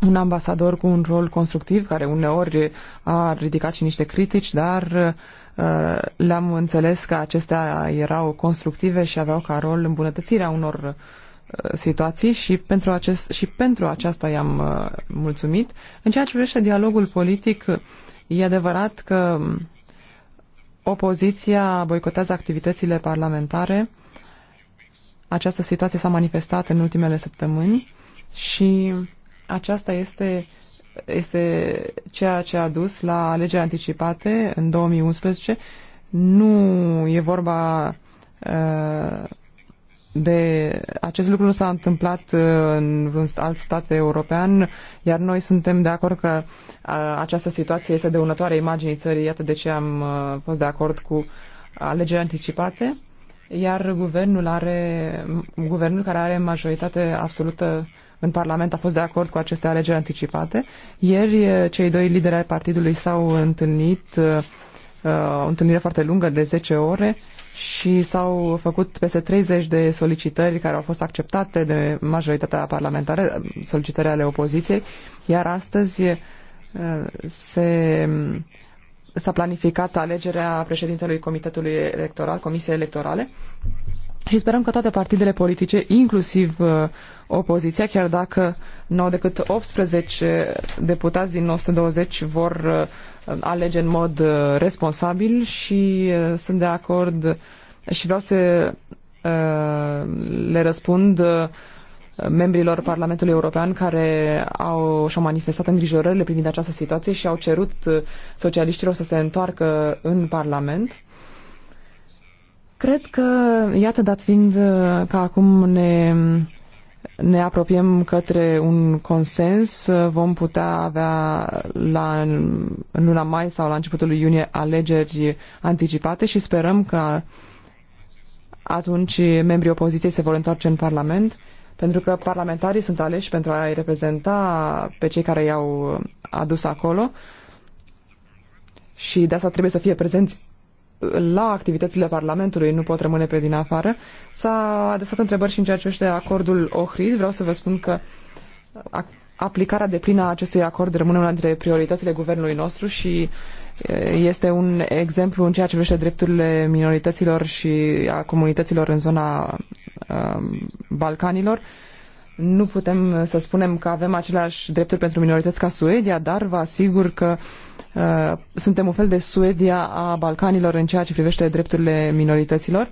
D: un ambasador cu un rol constructiv, care uneori a ridicat și niște critici, dar uh, le-am înțeles că acestea erau constructive și aveau ca rol îmbunătățirea unor uh, situații și pentru, acest, și pentru aceasta i-am mulțumit. În ceea ce privește dialogul politic, e adevărat că opoziția boicotează activitățile parlamentare. Această situație s-a manifestat în ultimele săptămâni și aceasta este, este ceea ce a dus la alegeri anticipate în 2011. Nu e vorba uh, de acest lucru nu s-a întâmplat uh, în vreun alt stat european, iar noi suntem de acord că uh, această situație este dăunătoare imaginii țării, iată de ce am uh, fost de acord cu alegeri anticipate, iar guvernul, are, guvernul care are majoritate absolută în Parlament a fost de acord cu aceste alegeri anticipate. Ieri cei doi lideri ai partidului s-au întâlnit, o întâlnire foarte lungă de 10 ore, și s-au făcut peste 30 de solicitări care au fost acceptate de majoritatea parlamentară, solicitări ale opoziției, iar astăzi uh, se, s-a planificat alegerea președintelui Comitetului Electoral, Comisiei Electorale, și sperăm că toate partidele politice, inclusiv uh, opoziția, chiar dacă nu au decât 18 deputați din 120, vor uh, alege în mod uh, responsabil și uh, sunt de acord și vreau să uh, le răspund membrilor Parlamentului European care au, și-au manifestat îngrijorările privind această situație și au cerut socialiștilor să se întoarcă în Parlament. Cred că, iată, dat fiind că acum ne ne apropiem către un consens, vom putea avea la, în luna mai sau la începutul lui iunie alegeri anticipate și sperăm că atunci membrii opoziției se vor întoarce în Parlament, pentru că parlamentarii sunt aleși pentru a-i reprezenta pe cei care i-au adus acolo și de asta trebuie să fie prezenți la activitățile Parlamentului nu pot rămâne pe din afară. S-a adresat întrebări și în ceea ce este acordul Ohrid. Vreau să vă spun că aplicarea de plină a acestui acord rămâne una dintre prioritățile guvernului nostru și este un exemplu în ceea ce privește drepturile minorităților și a comunităților în zona um, Balcanilor. Nu putem să spunem că avem aceleași drepturi pentru minorități ca Suedia, dar vă asigur că uh, Uh, suntem un fel de Suedia a Balcanilor în ceea ce privește drepturile minorităților,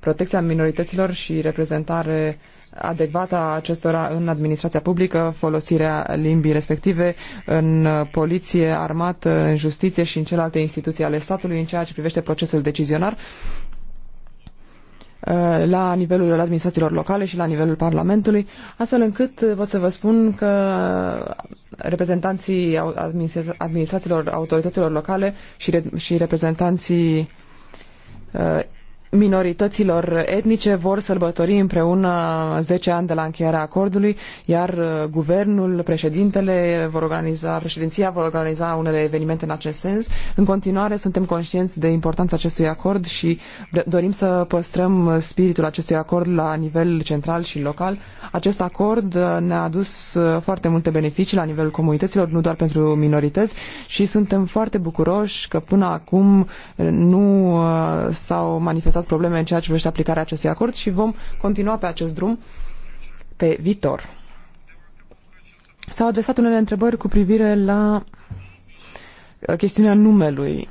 D: protecția minorităților și reprezentare adecvată a acestora în administrația publică, folosirea limbii respective în poliție, armată, în justiție și în celelalte instituții ale statului în ceea ce privește procesul decizionar Uh, la nivelul administrațiilor locale și la nivelul Parlamentului, astfel încât uh, pot să vă spun că uh, reprezentanții administrațiilor autorităților locale și reprezentanții minorităților etnice vor sărbători împreună 10 ani de la încheierea acordului, iar uh, guvernul, președintele vor organiza, președinția vor organiza unele evenimente în acest sens. În continuare, suntem conștienți de importanța acestui acord și dorim să păstrăm uh, spiritul acestui acord la nivel central și local. Acest acord uh, ne-a adus foarte multe beneficii la nivelul comunităților, nu doar pentru minorități și suntem foarte bucuroși că până acum nu s-au manifestat existat probleme în ceea ce privește aplicarea acestui acord și vom continua pe acest drum pe viitor. S-au adresat unele întrebări cu privire la uh, chestiunea numelui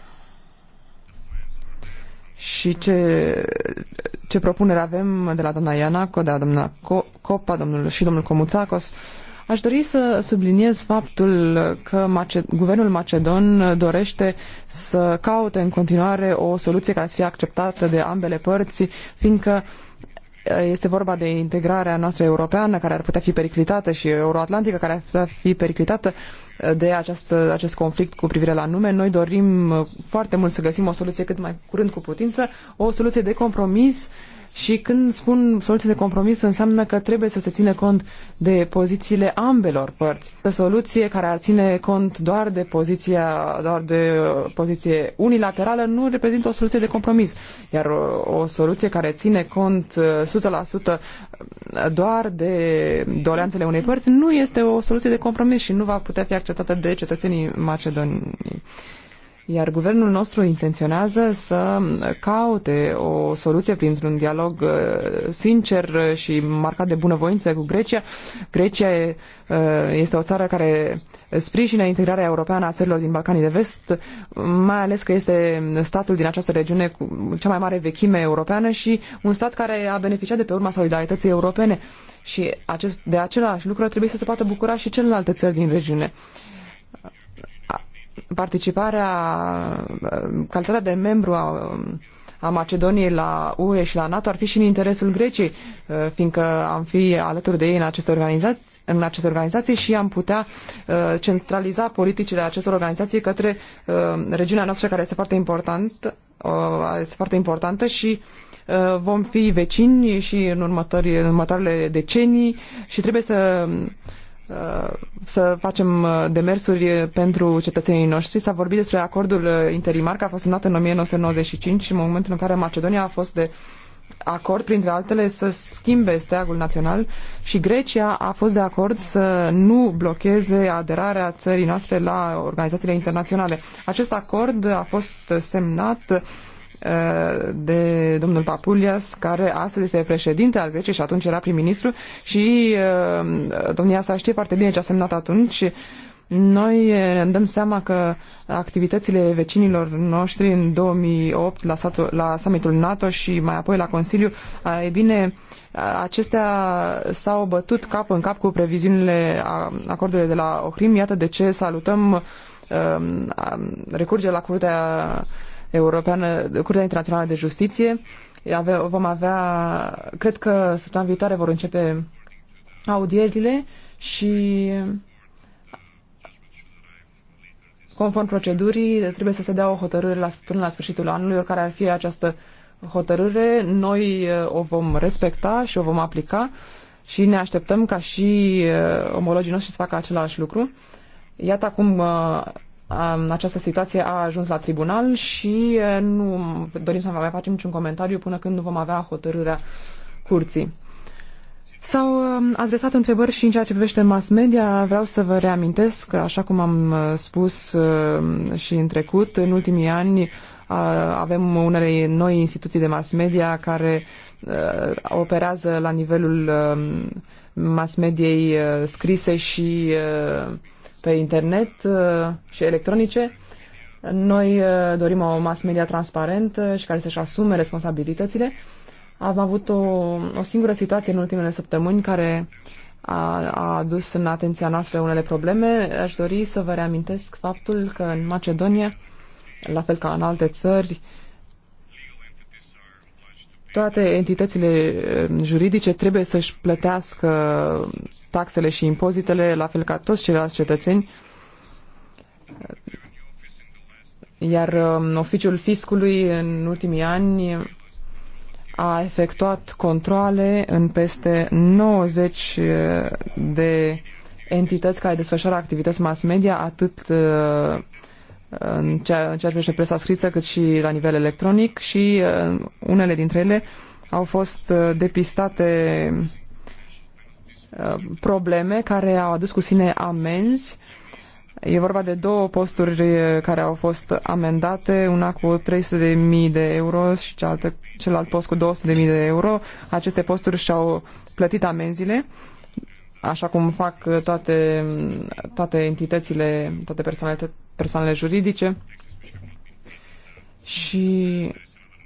D: și ce, ce propunere avem de la doamna Ianaco, de la doamna Copa domnul, și domnul Comuțacos Aș dori să subliniez faptul că Mace- guvernul macedon dorește să caute în continuare o soluție care să fie acceptată de ambele părți, fiindcă este vorba de integrarea noastră europeană care ar putea fi periclitată și euroatlantică care ar putea fi periclitată de acest acest conflict cu privire la nume. Noi dorim foarte mult să găsim o soluție cât mai curând cu putință, o soluție de compromis uh, și când spun soluții de compromis, înseamnă că trebuie să se ține cont de pozițiile ambelor părți. O soluție care ar ține cont doar de poziția, doar de uh, poziție unilaterală nu reprezintă o soluție de compromis. Iar uh, o soluție care ține cont uh, 100% doar de doleanțele unei părți nu este o soluție de compromis și nu va putea fi acceptată de cetățenii macedonii. Iar guvernul nostru intenționează să caute o soluție printr-un dialog uh, sincer și marcat de bunăvoință cu Grecia. Grecia uh, este o țară care sprijină integrarea europeană a țărilor din Balcanii de Vest, mai ales că este statul din această regiune cu cea mai mare vechime europeană și un stat care a beneficiat de pe urma solidarității europene. Și acest, de același lucru trebuie să se poată bucura și celelalte țări din regiune. Uh, participarea, calitatea de membru a, a Macedoniei la UE și la NATO ar fi și în interesul Greciei, uh, fiindcă am fi alături de ei în aceste organizații, în aceste organizații și am putea uh, centraliza politicile acestor organizații către uh, regiunea noastră care este foarte important, este foarte importantă și vom fi vecini și în, următoare, în următoarele decenii și trebuie să Uh, să facem uh, demersuri uh, pentru cetățenii noștri. S-a vorbit despre acordul interimar care a fost semnat în 1995 în momentul în care Macedonia a fost de acord, printre altele, să schimbe steagul național și Grecia a fost de acord să nu blocheze aderarea țării noastre la organizațiile internaționale. Acest acord a fost semnat Uh, de domnul Papulias, care astăzi este președinte al Greciei și atunci era prim-ministru și uh, domnia sa știe foarte bine ce a semnat atunci. Noi eh, ne dăm seama că activitățile vecinilor noștri în 2008 la, satul, la summitul NATO și mai apoi la Consiliu, eh, e bine, eh, acestea s-au bătut cap în cap cu previziunile acordurilor de la Ohrim. Iată de ce salutăm recurgerea la Curtea Europeană, Curtea Internațională de Justiție. Ave, vom avea, cred că săptămâna viitoare vor începe audierile și conform procedurii trebuie să se dea o hotărâre la, până la sfârșitul anului, oricare ar fi această hotărâre. Noi uh, o vom respecta și o vom aplica și ne așteptăm ca și uh, omologii noștri să facă același lucru. Iată acum uh, această situație a ajuns la tribunal și nu dorim să mai facem niciun comentariu până când nu vom avea hotărârea curții. S-au adresat întrebări și în ceea ce privește mass media. Vreau să vă reamintesc, așa cum am uh, spus uh, și în trecut, în ultimii ani avem unele noi instituții de mass media care uh, operează la nivelul um, mass mediei scrise și pe internet uh, și electronice. Noi uh, dorim o mass media transparentă uh, și care să-și asume responsabilitățile. Am avut o, o singură situație în ultimele săptămâni care a, a adus în atenția noastră unele probleme. Aș dori să vă reamintesc faptul că în Macedonia, la fel ca în alte țări, uh, toate entitățile eh, juridice trebuie să-și plătească taxele și impozitele, la fel ca toți ceilalți cetățeni. Iar mm, oficiul fiscului în ultimii ani a efectuat controle în peste 90 eh, de entități care desfășoară activități mass media, atât eh, în ceea, în ceea ce privește presa scrisă, cât și la nivel electronic și uh, unele dintre ele au fost uh, depistate uh, probleme care au adus cu sine amenzi. E vorba de două posturi care au fost amendate, una cu 300.000 de euro și cealaltă, celălalt post cu 200.000 de euro. Aceste posturi și-au plătit amenzile, așa cum fac toate, toate entitățile, toate personalitățile persoanele juridice și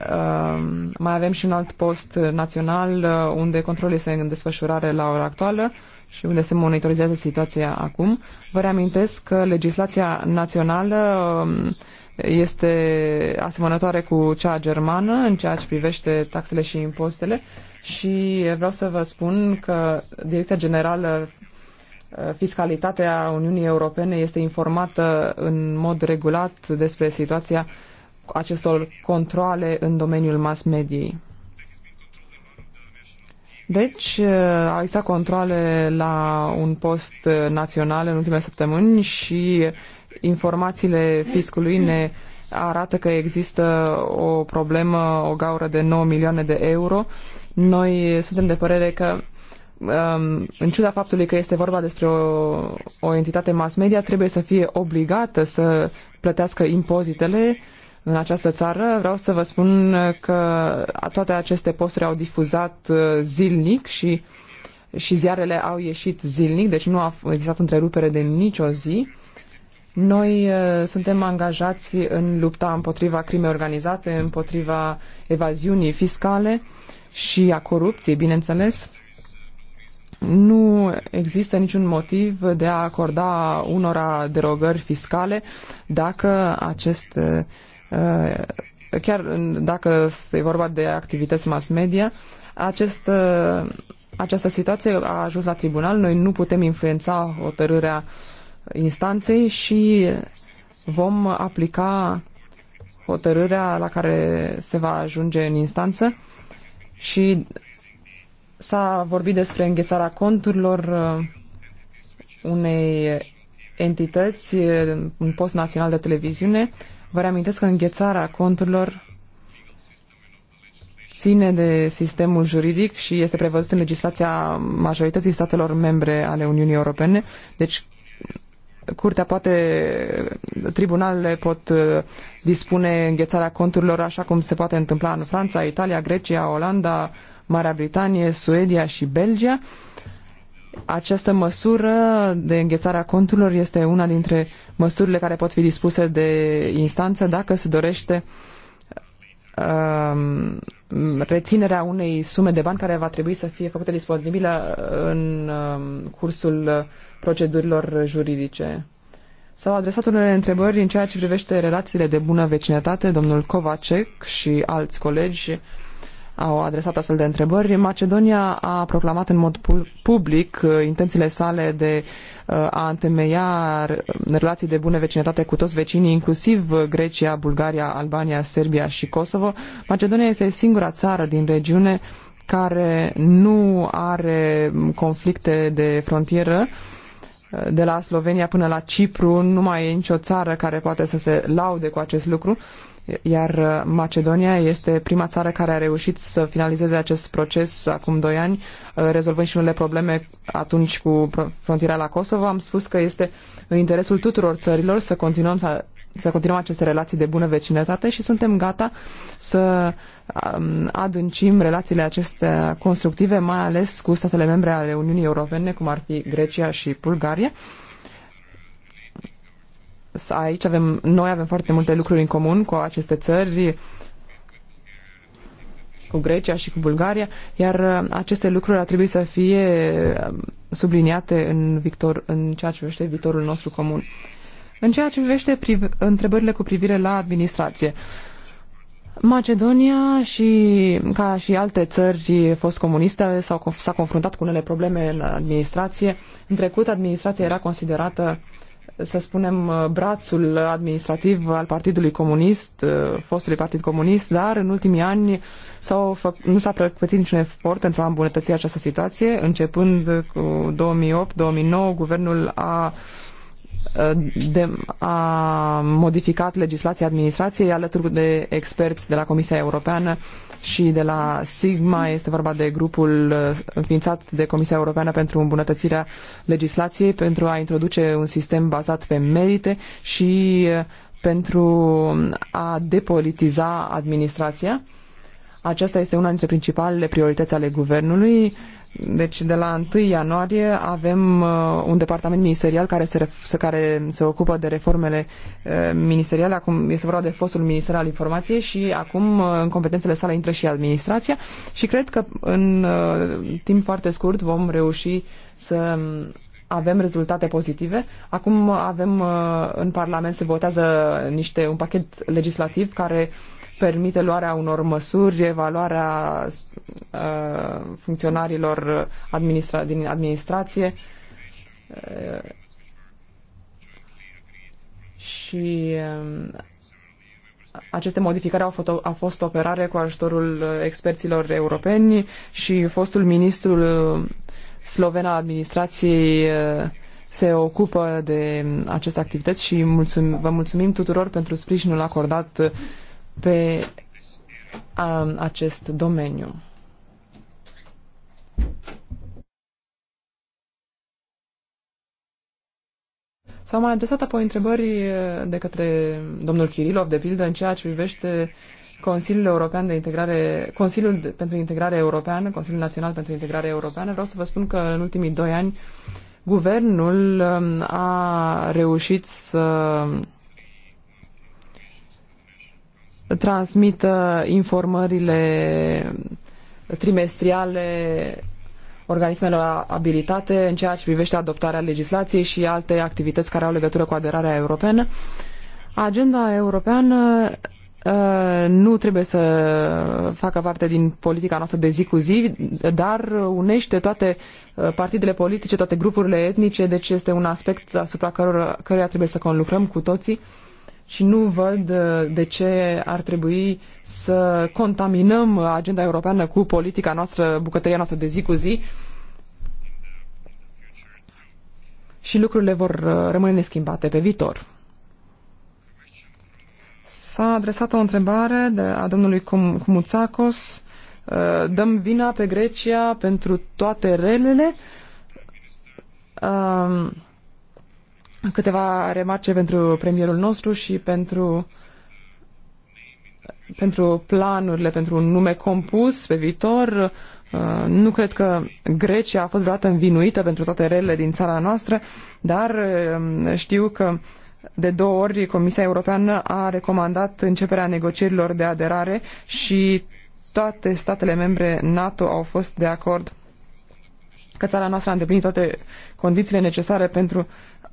D: uh, mai avem și un alt post național uh, unde controlul este în desfășurare la ora actuală și unde se monitorizează situația acum. Vă reamintesc că legislația națională uh, este asemănătoare cu cea germană în ceea ce privește taxele și impozitele și vreau să vă spun că Direcția Generală fiscalitatea Uniunii Europene este informată în mod regulat despre situația acestor controle în domeniul mass mediei. Deci, uh, au existat controle la un post național în ultimele săptămâni și informațiile fiscului ne arată că există o problemă, o gaură de 9 milioane de euro. Noi suntem de părere că în ciuda faptului că este vorba despre o, o entitate mass media, trebuie să fie obligată să plătească impozitele în această țară. Vreau să vă spun că toate aceste posturi au difuzat uh, zilnic și, și ziarele au ieșit zilnic, deci nu a existat întrerupere de nicio zi. Noi uh, suntem angajați în lupta împotriva crimei organizate, împotriva evaziunii fiscale și a corupției, bineînțeles. Uh, nu există niciun motiv de a acorda unora derogări fiscale dacă acest uh, chiar dacă e vorba de activități mass media, acest, uh, această situație a ajuns la tribunal, noi nu putem influența hotărârea instanței și vom aplica hotărârea la care se va ajunge în instanță și S-a vorbit despre înghețarea conturilor uh, unei entități, uh, un post național de televiziune. Vă reamintesc că înghețarea conturilor ține de sistemul juridic și este prevăzut în legislația majorității statelor membre ale Uniunii Europene. Deci, curtea poate, tribunalele pot uh, dispune înghețarea conturilor așa cum se poate întâmpla în Franța, Italia, Grecia, Olanda, Marea Britanie, Suedia și Belgia. Această măsură de înghețare a conturilor este una dintre măsurile care pot fi dispuse de instanță dacă se dorește um, reținerea unei sume de bani care va trebui să fie făcută disponibilă în um, cursul procedurilor juridice. S-au adresat unele întrebări în ceea ce privește relațiile de bună vecinătate. Domnul Kovacek și alți colegi au adresat astfel de întrebări. Macedonia a proclamat în mod public uh, intențiile sale de uh, a întemeia relații de bună vecinătate cu toți vecinii, inclusiv uh, Grecia, Bulgaria, Albania, Serbia și Kosovo. Macedonia este singura țară din regiune care nu are um, conflicte de frontieră de la Slovenia până la Cipru, nu mai e nicio țară care poate să se laude cu acest lucru iar uh, Macedonia este prima țară care a reușit să finalizeze acest proces acum doi ani, uh, rezolvând și unele probleme atunci cu frontiera la Kosovo. Am spus că este în interesul tuturor țărilor să continuăm să să continuăm aceste relații de bună vecinătate și suntem gata să um, adâncim relațiile acestea constructive, mai ales cu statele membre ale Uniunii Europene, cum ar fi Grecia și Bulgaria aici avem, noi avem foarte multe lucruri în comun cu aceste țări, cu Grecia și cu Bulgaria, iar uh, aceste lucruri ar trebui să fie um, subliniate în, victor, în ceea ce privește viitorul nostru comun. În ceea ce privește priv- întrebările cu privire la administrație, Macedonia și ca și alte țări fost comuniste s-a confruntat cu unele probleme în administrație. În trecut, administrația era considerată să spunem, uh, brațul administrativ al Partidului Comunist, uh, fostului Partid Comunist, dar în ultimii ani s-au fă- nu s-a pregătit niciun efort pentru a îmbunătăți această situație. Începând cu 2008-2009, guvernul a Uh, de, a modificat legislația administrației alături de experți de la Comisia Europeană și de la SIGMA. Este vorba de grupul uh, înființat de Comisia Europeană pentru îmbunătățirea legislației, pentru a introduce un sistem bazat pe merite și uh, pentru a depolitiza administrația. Aceasta este una dintre principalele priorități ale guvernului deci de la 1 ianuarie avem uh, un departament ministerial care se, ref- care se ocupă de reformele uh, ministeriale. Acum este vorba de fostul minister al informației și acum uh, în competențele sale intră și administrația și cred că în uh, timp foarte scurt vom reuși să um, avem rezultate pozitive. Acum avem uh, în Parlament se votează niște un pachet legislativ care uh, permite luarea unor măsuri, evaluarea uh, funcționarilor administra- din administrație uh, și uh, aceste modificări au, fost, au fost operare cu ajutorul experților europeni și fostul ministru sloven al administrației uh, se ocupă de aceste activități și mulțumim, vă mulțumim tuturor pentru sprijinul acordat uh, pe a, um, acest domeniu. S-au mai adresat apoi întrebări de către domnul Kirilov, de pildă, în ceea ce privește Consiliul European de Integrare, Consiliul pentru Integrare Europeană, Consiliul Național pentru Integrare Europeană. Vreau să vă spun că în ultimii doi ani guvernul um, a reușit să transmită informările trimestriale organismelor abilitate în ceea ce privește adoptarea legislației și alte activități care au legătură cu aderarea europeană. Agenda europeană ă, nu trebuie să facă parte din politica noastră de zi cu zi, dar unește toate ă, partidele politice, toate grupurile etnice, deci este un aspect asupra căruia, trebuie să conlucrăm cu toții și nu văd uh, de ce ar trebui să contaminăm agenda europeană cu politica noastră, bucătăria noastră de zi cu zi și lucrurile vor uh, rămâne neschimbate pe viitor. S-a adresat o întrebare de, a domnului Cumuțacos. Uh, dăm vina pe Grecia pentru toate relele? câteva remarce pentru premierul nostru și pentru, pentru planurile, pentru un nume compus pe viitor. Uh, nu cred că Grecia a fost vreodată învinuită pentru toate relele din țara noastră, dar um, știu că de două ori Comisia Europeană a recomandat începerea negocierilor de aderare și toate statele membre NATO au fost de acord că țara noastră a îndeplinit toate condițiile necesare pentru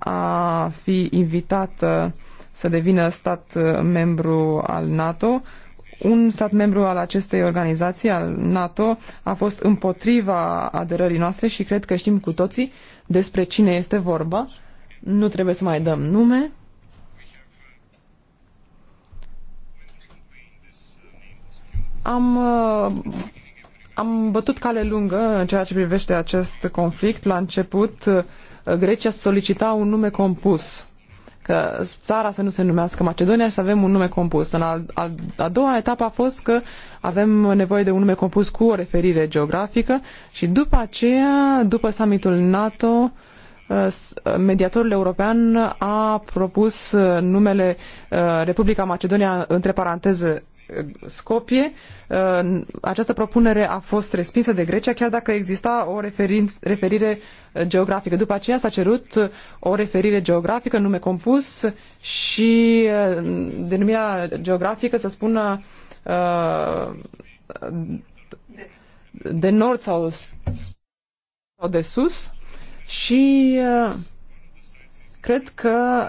D: a fi invitată să devină stat membru al NATO. Un stat membru al acestei organizații, al NATO, a fost împotriva aderării noastre și cred că știm cu toții despre cine este vorba. Nu trebuie să mai dăm nume. Am, am bătut cale lungă în ceea ce privește acest conflict. La început Uh, Grecia solicita un nume compus că țara să nu se numească Macedonia și să avem un nume compus. În al, al, a doua etapă a fost că avem nevoie de un nume compus cu o referire geografică și după aceea, după summitul NATO, uh, mediatorul european a propus uh, numele Republica Macedonia între paranteze Scopie, uh, această propunere a fost respinsă de Grecia, chiar dacă exista o referire geografică. După aceea s-a cerut o referire geografică, nume compus și uh, denumirea geografică să spună uh, de nord sau, sau de sus și cred că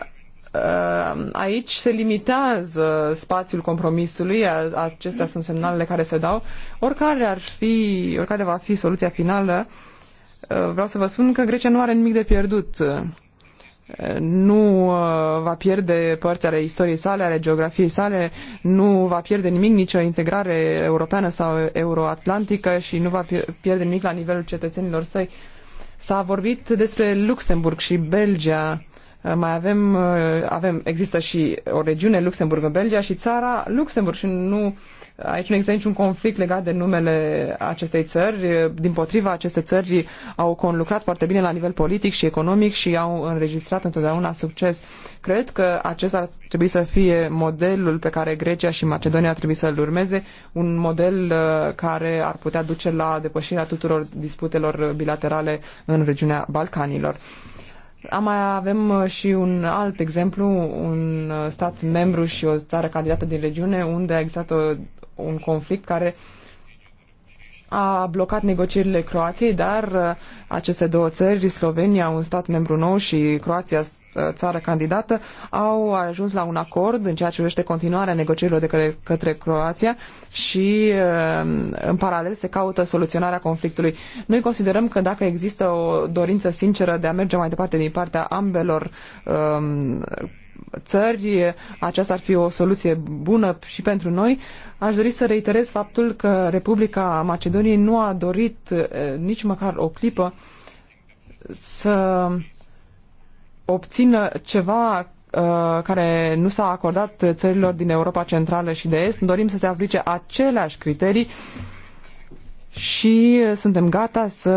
D: Uh, aici se limitează spațiul compromisului, acestea sunt semnalele care se dau. Oricare ar fi, oricare va fi soluția finală, uh, vreau să vă spun că Grecia nu are nimic de pierdut. Uh, nu va pierde părți ale istoriei sale, ale geografiei sale, nu va pierde nimic, nicio integrare europeană sau euroatlantică și nu va pierde nimic la nivelul cetățenilor săi. S-a vorbit despre Luxemburg și Belgia Uh, mai avem, uh, avem, există și o regiune, Luxemburg în Belgia și țara Luxemburg și nu, aici nu există niciun conflict legat de numele acestei țări. Uh, din potriva, aceste țări au conlucrat foarte bine la nivel politic și economic și au înregistrat întotdeauna succes. Cred că acesta ar trebui să fie modelul pe care Grecia și Macedonia ar trebui să-l urmeze, un model care ar putea duce la depășirea tuturor disputelor bilaterale în regiunea Balcanilor mai avem uh, și un alt exemplu, un uh, stat membru și o țară candidată din regiune unde a existat o, uh, un conflict care a blocat negocierile Croației, dar uh, aceste două țări, Slovenia, un stat membru nou și Croația, uh, țară candidată, au ajuns la un acord în ceea ce privește continuarea negocierilor de către, către Croația și uh, în paralel se caută soluționarea conflictului. Noi considerăm că dacă există o dorință sinceră de a merge mai departe din partea ambelor um, țări, aceasta ar fi o soluție bună și pentru noi. Aș dori să reiterez faptul că Republica Macedoniei nu a dorit eh, nici măcar o clipă să obțină ceva eh, care nu s-a acordat țărilor din Europa Centrală și de Est. Dorim să se aplice aceleași criterii și suntem gata să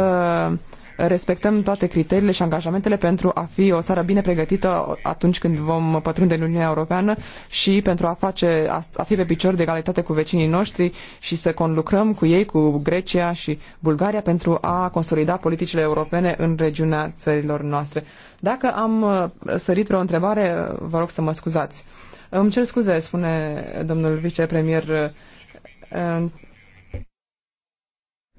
D: respectăm toate criteriile și angajamentele pentru a fi o țară bine pregătită atunci când vom pătrunde în Uniunea Europeană și pentru a, face, a, fi pe picior de egalitate cu vecinii noștri și să conlucrăm cu ei, cu Grecia și Bulgaria pentru a consolida politicile europene în regiunea țărilor noastre. Dacă am uh, sărit vreo întrebare, uh, vă rog să mă scuzați. Îmi cer scuze, spune domnul vicepremier uh,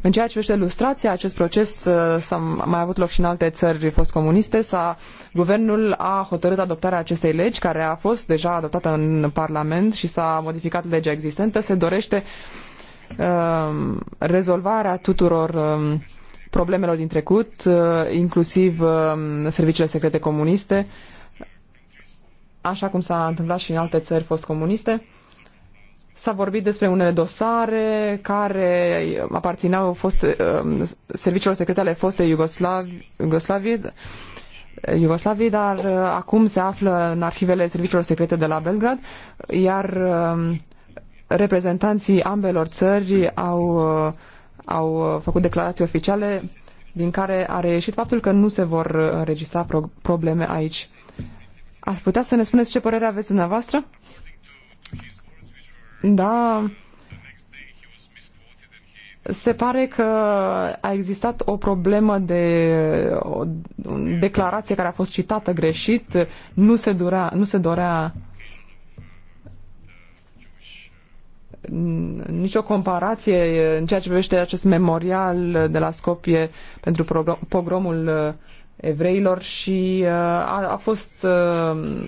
D: în ceea ce privește lustrația, acest proces uh, s-a mai avut loc și în alte țări fost comuniste. S-a, guvernul a hotărât adoptarea acestei legi, care a fost deja adoptată în Parlament și s-a modificat legea existentă. Se dorește uh, rezolvarea tuturor uh, problemelor din trecut, uh, inclusiv um, serviciile secrete comuniste, așa cum s-a întâmplat și în alte țări fost comuniste S-a vorbit despre unele dosare care aparțineau fost, uh, serviciilor secrete ale fostei Iugoslavi, Iugoslavie, dar uh, acum se află în arhivele serviciilor secrete de la Belgrad, iar uh, reprezentanții ambelor țări au, uh, au uh, făcut declarații oficiale din care a reieșit faptul că nu se vor înregistra pro probleme aici. Ați putea să ne spuneți ce părere aveți dumneavoastră? Da, se pare că a existat o problemă de o declarație care a fost citată greșit, nu se, durea, nu se dorea nicio comparație în ceea ce privește acest memorial de la Scopie pentru pogromul evreilor și uh, a, a fost uh,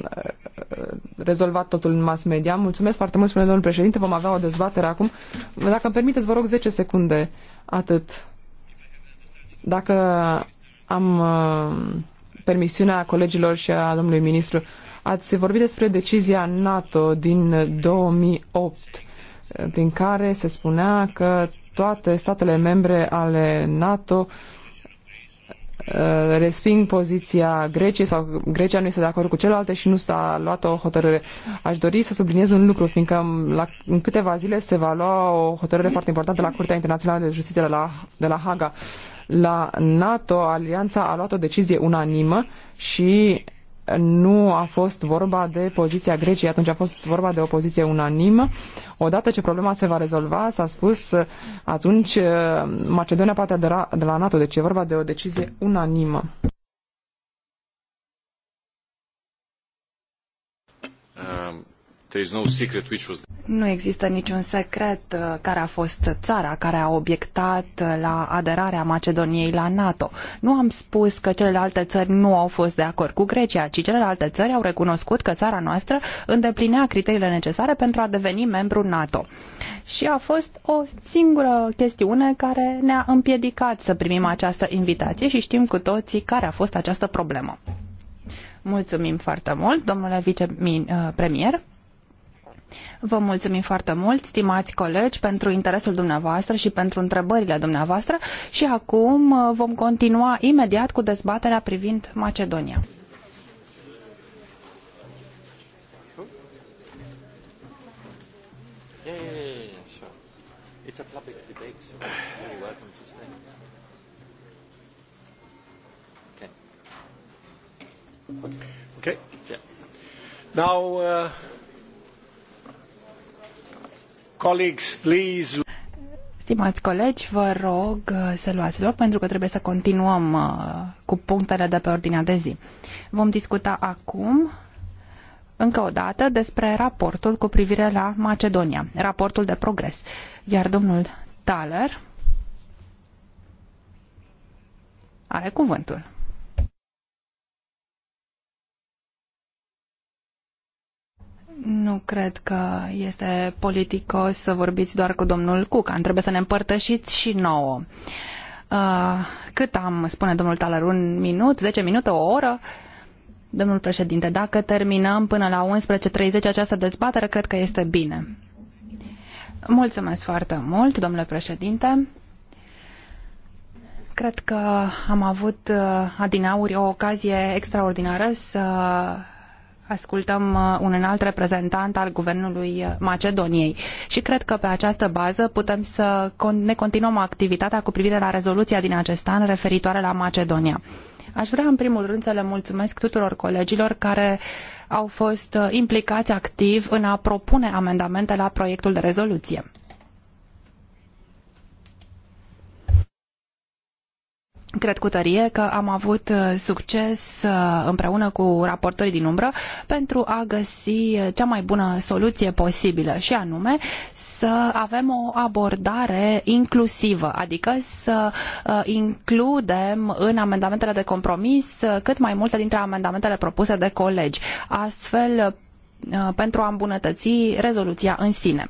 D: rezolvat totul în mass media. Mulțumesc foarte mult, spune domnul președinte, vom avea o dezbatere acum. Dacă îmi permiteți, vă rog 10 secunde, atât. Dacă am uh, permisiunea colegilor și a domnului ministru, ați vorbit despre decizia NATO din 2008, prin care se spunea că toate statele membre ale NATO uh, Uh, resping poziția Greciei sau Grecia nu este de acord cu celelalte și nu s-a luat o hotărâre. Aș dori să subliniez un lucru, fiindcă la, în câteva zile se va lua o hotărâre foarte importantă la Curtea Internațională de Justiție de la, de la Haga. La NATO, alianța a luat o decizie unanimă și nu a fost vorba de poziția Greciei, atunci a fost vorba de o poziție unanimă. Odată ce problema se va rezolva, s-a spus, atunci uh, Macedonia poate adera de la NATO, deci e vorba de o decizie unanimă.
A: Nu există niciun secret uh, care a fost țara care a obiectat uh, la aderarea Macedoniei la NATO. Nu am spus că celelalte țări nu au fost de acord cu Grecia, ci celelalte țări au recunoscut că țara noastră îndeplinea criteriile necesare pentru a deveni membru NATO. Și a fost o singură chestiune care ne-a împiedicat să primim această invitație și știm cu toții care a fost această problemă. Mulțumim foarte mult, domnule vicepremier. Uh, Vă mulțumim foarte mult, stimați colegi, pentru interesul dumneavoastră și pentru întrebările dumneavoastră și acum uh, vom continua imediat cu dezbaterea privind Macedonia.
C: Okay. Okay. Now, uh, Colleagues,
A: Stimați colegi, vă rog uh, să luați loc pentru că trebuie să continuăm uh, cu punctele de pe ordinea de zi. Vom discuta acum încă o dată despre raportul cu privire la Macedonia, raportul de progres. Iar domnul Thaler are cuvântul. Nu cred că este politicos să vorbiți doar cu domnul Cucan. Trebuie să ne împărtășiți și nouă. Uh, cât am, spune domnul Taler, un minut, zece minute, o oră? Domnul președinte, dacă terminăm până la 11.30 această dezbatere, cred că este bine. Mulțumesc foarte mult, domnule președinte. Cred că am avut uh, adinauri o ocazie extraordinară să ascultăm uh, un înalt reprezentant al guvernului uh, Macedoniei și cred că pe această bază putem să ne continuăm activitatea cu privire la rezoluția din acest an referitoare la Macedonia. Aș vrea în primul rând să le mulțumesc tuturor colegilor care au fost uh, implicați activ în a propune amendamente la proiectul de rezoluție. Cred cu tărie că am avut uh, succes uh, împreună cu raportorii din umbră pentru a găsi uh, cea mai bună soluție posibilă și anume să avem o abordare inclusivă, adică să includem în amendamentele de compromis cât mai multe dintre amendamentele propuse de colegi, astfel pentru a îmbunătăți rezoluția în sine.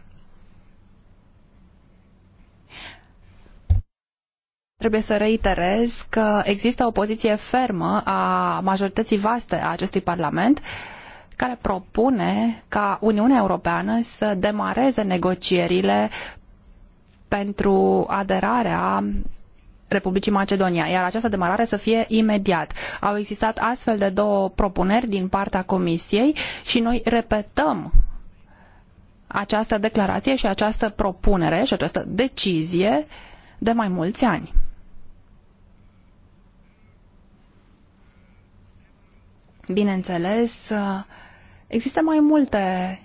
A: Trebuie să reiterez că există o poziție fermă a majorității vaste a acestui Parlament care propune ca Uniunea Europeană să demareze negocierile pentru aderarea Republicii Macedonia, iar această demarare să fie imediat. Au existat astfel de două propuneri din partea Comisiei și noi repetăm această declarație și această propunere și această decizie de mai mulți ani. Bineînțeles, există mai multe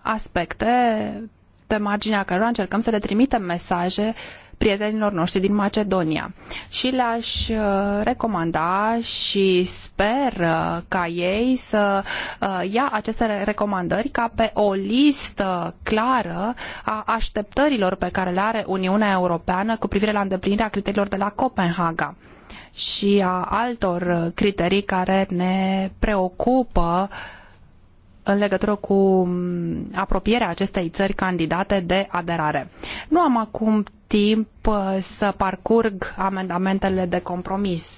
A: aspecte pe marginea cărora încercăm să le trimitem mesaje prietenilor noștri din Macedonia. Și le-aș uh, recomanda și sper uh, ca ei să uh, ia aceste recomandări ca pe o listă clară a așteptărilor pe care le are Uniunea Europeană cu privire la îndeplinirea criteriilor de la Copenhaga și a altor criterii care ne preocupă în legătură cu apropierea acestei țări candidate de aderare. Nu am acum timp uh, să parcurg amendamentele de compromis.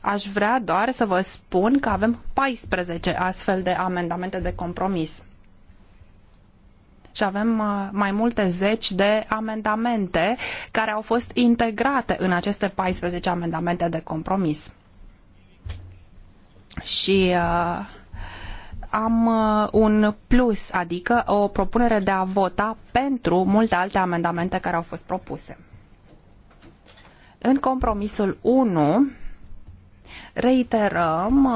A: Aș vrea doar să vă spun că avem 14 astfel de amendamente de compromis și avem uh, mai multe zeci de amendamente care au fost integrate în aceste 14 amendamente de compromis. Și uh, am uh, un plus, adică o propunere de a vota pentru multe alte amendamente care au fost propuse. În compromisul 1 reiterăm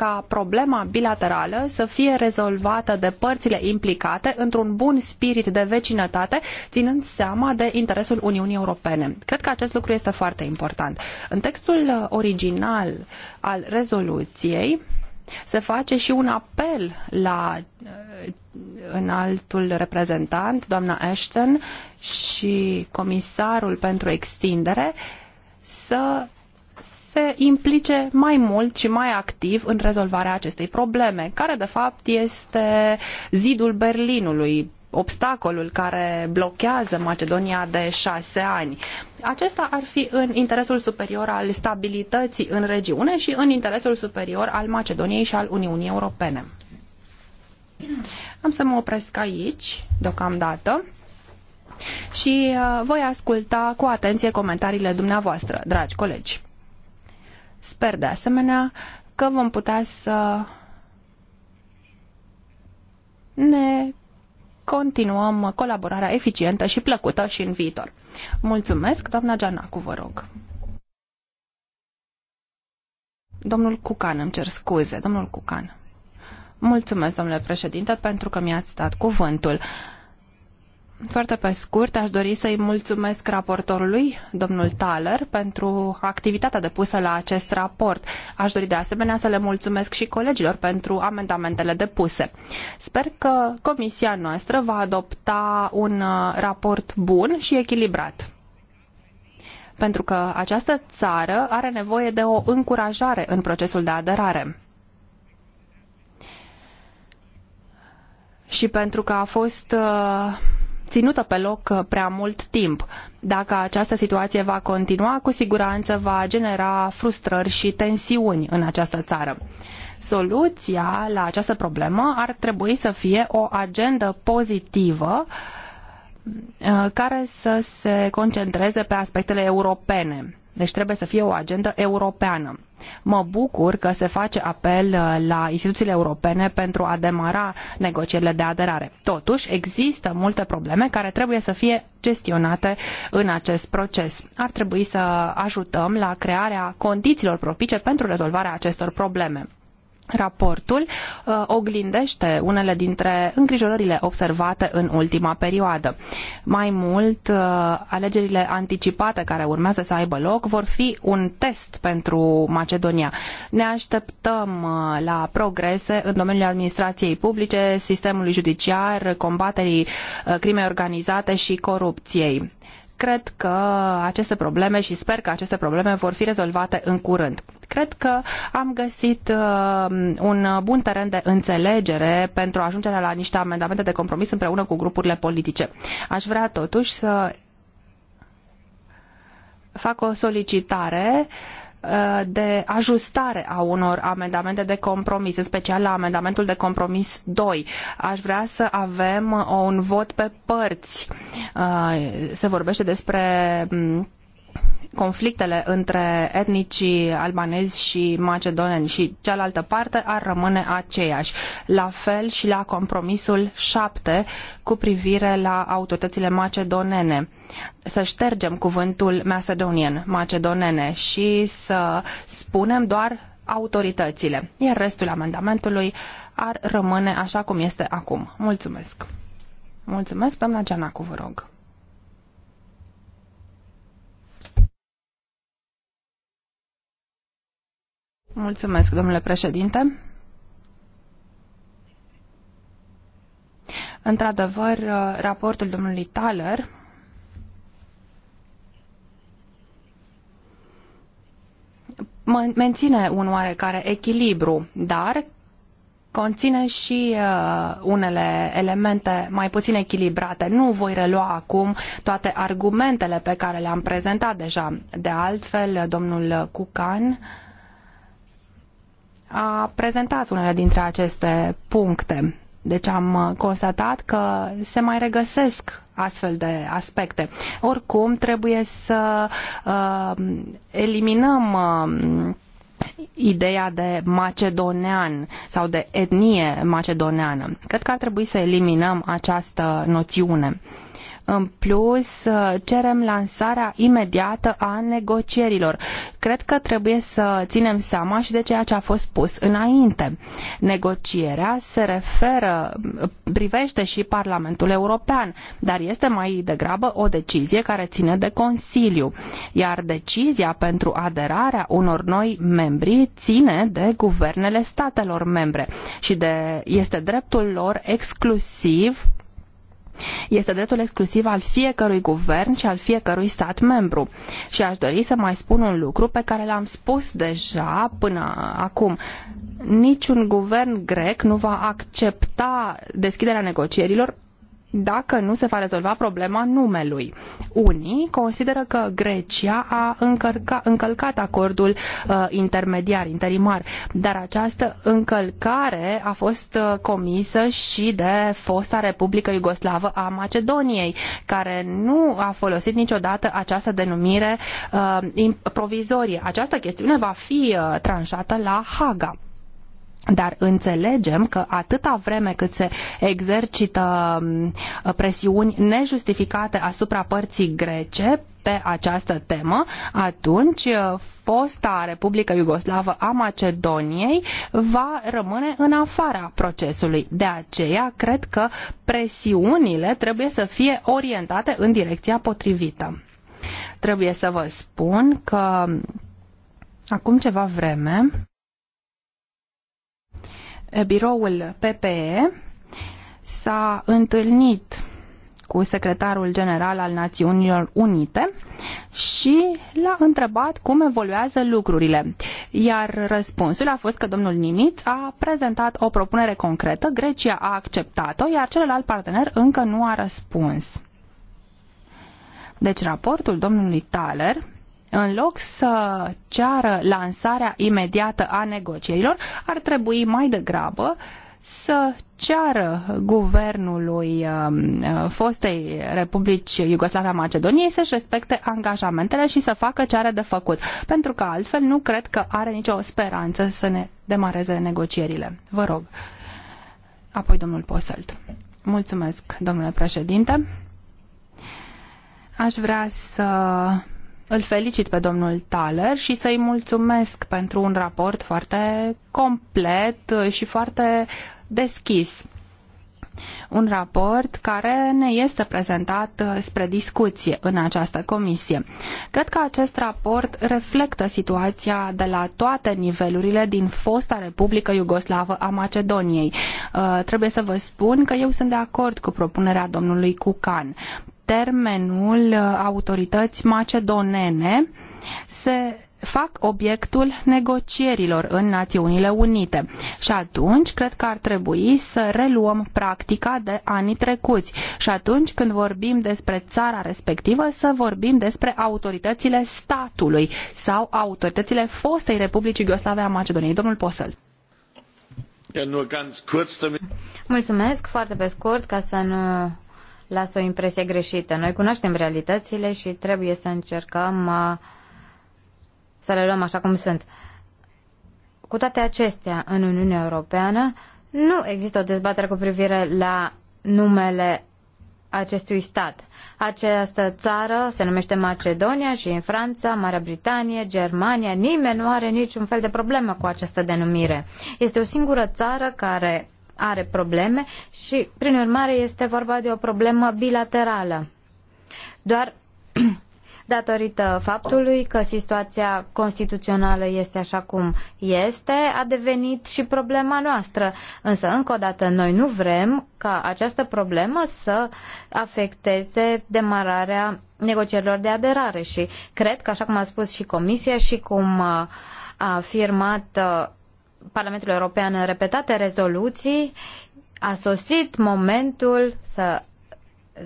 A: ca problema bilaterală să fie rezolvată de părțile implicate într-un bun spirit de vecinătate, ținând seama de interesul Uniunii Europene. Cred că acest lucru este foarte important. În textul original al rezoluției, se face și un apel la uh, înaltul reprezentant, doamna Ashton, și comisarul pentru extindere să se implice mai mult și mai activ în rezolvarea acestei probleme, care de fapt este zidul Berlinului, obstacolul care blochează Macedonia de șase ani. Acesta ar fi în interesul superior al stabilității în regiune și în interesul superior al Macedoniei și al Uniunii Europene. Am să mă opresc aici, deocamdată, și uh, voi asculta cu atenție comentariile dumneavoastră, dragi colegi. Sper de asemenea că vom putea să ne continuăm colaborarea eficientă și plăcută și în viitor. Mulțumesc, doamna Gianacu, vă rog. Domnul Cucan, îmi cer scuze, domnul Cucan. Mulțumesc, domnule președinte, pentru că mi-ați dat cuvântul. Foarte pe scurt, aș dori să-i mulțumesc raportorului, domnul Thaler, pentru activitatea depusă la acest raport. Aș dori de asemenea să le mulțumesc și colegilor pentru amendamentele depuse. Sper că comisia noastră va adopta un uh, raport bun și echilibrat pentru că această țară are nevoie de o încurajare în procesul de aderare. Și pentru că a fost uh, ținută pe loc uh, prea mult timp. Dacă această situație va continua, cu siguranță va genera frustrări și tensiuni în această țară. Soluția la această problemă ar trebui să fie o agendă pozitivă uh, care să se concentreze pe aspectele europene deci trebuie să fie o agendă europeană. Mă bucur că se face apel uh, la instituțiile europene pentru a demara negocierile de aderare. Totuși, există multe probleme care trebuie să fie gestionate în acest proces. Ar trebui să ajutăm la crearea condițiilor propice pentru rezolvarea acestor probleme. Raportul uh, oglindește unele dintre îngrijorările observate în ultima perioadă. Mai mult, uh, alegerile anticipate care urmează să aibă loc vor fi un test pentru Macedonia. Ne așteptăm uh, la progrese în domeniul administrației publice, sistemului judiciar, combaterii uh, crimei organizate și corupției cred că aceste probleme și sper că aceste probleme vor fi rezolvate în curând. Cred că am găsit uh, un bun teren de înțelegere pentru ajungerea la niște amendamente de compromis împreună cu grupurile politice. Aș vrea totuși să fac o solicitare uh, Uh, de ajustare a unor amendamente de compromis, în special la amendamentul de compromis 2. Aș vrea să avem un vot pe părți. Uh, se vorbește despre mm, conflictele între etnicii albanezi și macedoneni și cealaltă parte ar rămâne aceeași. La fel și la compromisul 7 cu privire la autoritățile macedonene. Să ștergem cuvântul macedonian, macedonene și să spunem doar autoritățile. Iar restul amendamentului ar rămâne așa cum este acum. Mulțumesc. Mulțumesc, doamna Gianacu, vă rog. Mulțumesc, domnule președinte. Într-adevăr, raportul domnului Thaler menține un oarecare echilibru, dar conține și uh, unele elemente mai puțin echilibrate. Nu voi relua acum toate argumentele pe care le-am prezentat deja. De altfel, domnul Cucan uh, a prezentat unele dintre aceste puncte. Deci am uh, constatat că se mai regăsesc astfel de aspecte. Oricum, trebuie să uh, eliminăm uh, ideea de macedonean sau de etnie macedoneană. Cred că ar trebui să eliminăm această noțiune. Uh, în plus, uh, cerem lansarea imediată a negocierilor. Cred că trebuie să ținem seama și de ceea ce a fost pus înainte. Negocierea se referă, privește și Parlamentul European, dar este mai degrabă o decizie care ține de Consiliu, iar decizia pentru aderarea unor noi membri ține de guvernele statelor membre și de, este dreptul lor exclusiv este dreptul exclusiv al fiecărui guvern și al fiecărui stat membru. Și aș dori să mai spun un lucru pe care l-am spus deja până acum. Niciun guvern grec nu va accepta deschiderea negocierilor dacă nu se va rezolva problema numelui. Unii consideră că Grecia a încărca, încălcat acordul uh, intermediar, interimar, dar această încălcare a fost uh, comisă și de fosta Republică Iugoslavă a Macedoniei, care nu a folosit niciodată această denumire uh, provizorie. Această chestiune va fi uh, tranșată la Haga. Dar înțelegem că atâta vreme cât se exercită uh, presiuni nejustificate asupra părții grece pe această temă, atunci uh, fosta Republică Iugoslavă a Macedoniei va rămâne în afara procesului. De aceea, cred că presiunile trebuie să fie orientate în direcția potrivită. Trebuie să vă spun că acum ceva vreme biroul PPE s-a întâlnit cu secretarul general al Națiunilor Unite și l-a întrebat cum evoluează lucrurile. Iar răspunsul a fost că domnul Nimitz a prezentat o propunere concretă, Grecia a acceptat-o, iar celălalt partener încă nu a răspuns. Deci raportul domnului Thaler în loc să ceară lansarea imediată a negocierilor, ar trebui mai degrabă să ceară guvernului um, uh, fostei Republici Iugoslavia Macedoniei să-și respecte angajamentele și să facă ce are de făcut, pentru că altfel nu cred că are nicio speranță să ne demareze negocierile. Vă rog. Apoi domnul Poselt. Mulțumesc, domnule președinte. Aș vrea să îl felicit pe domnul Thaler și să-i mulțumesc pentru un raport foarte complet și foarte deschis. Un raport care ne este prezentat spre discuție în această comisie. Cred că acest raport reflectă situația de la toate nivelurile din fosta Republică Iugoslavă a Macedoniei. Uh, trebuie să vă spun că eu sunt de acord cu propunerea domnului Cucan termenul uh, autorități macedonene se fac obiectul negocierilor în Națiunile Unite. Și atunci cred că ar trebui să reluăm practica de anii trecuți. Și atunci când vorbim despre țara
B: respectivă,
A: să vorbim despre autoritățile statului sau autoritățile fostei
C: Republici Iugoslave
A: a Macedoniei. Domnul
C: Posel. Mulțumesc foarte pe scurt ca să nu lasă o impresie greșită. Noi cunoaștem realitățile și trebuie să încercăm uh, să le luăm așa cum sunt. Cu toate acestea, în Uniunea Europeană nu există o dezbatere cu privire la numele acestui stat. Această țară se numește Macedonia și în Franța, Marea Britanie, Germania, nimeni nu are niciun fel de problemă cu această denumire. Este o singură țară care are probleme și, prin urmare, este vorba de o problemă bilaterală. Doar datorită faptului că situația constituțională este așa cum este, a devenit și problema noastră. Însă, încă o dată, noi nu vrem ca această problemă să afecteze demararea negocierilor de aderare și cred că, așa cum a spus și Comisia și cum a afirmat uh, Parlamentul European în repetate rezoluții, a sosit momentul să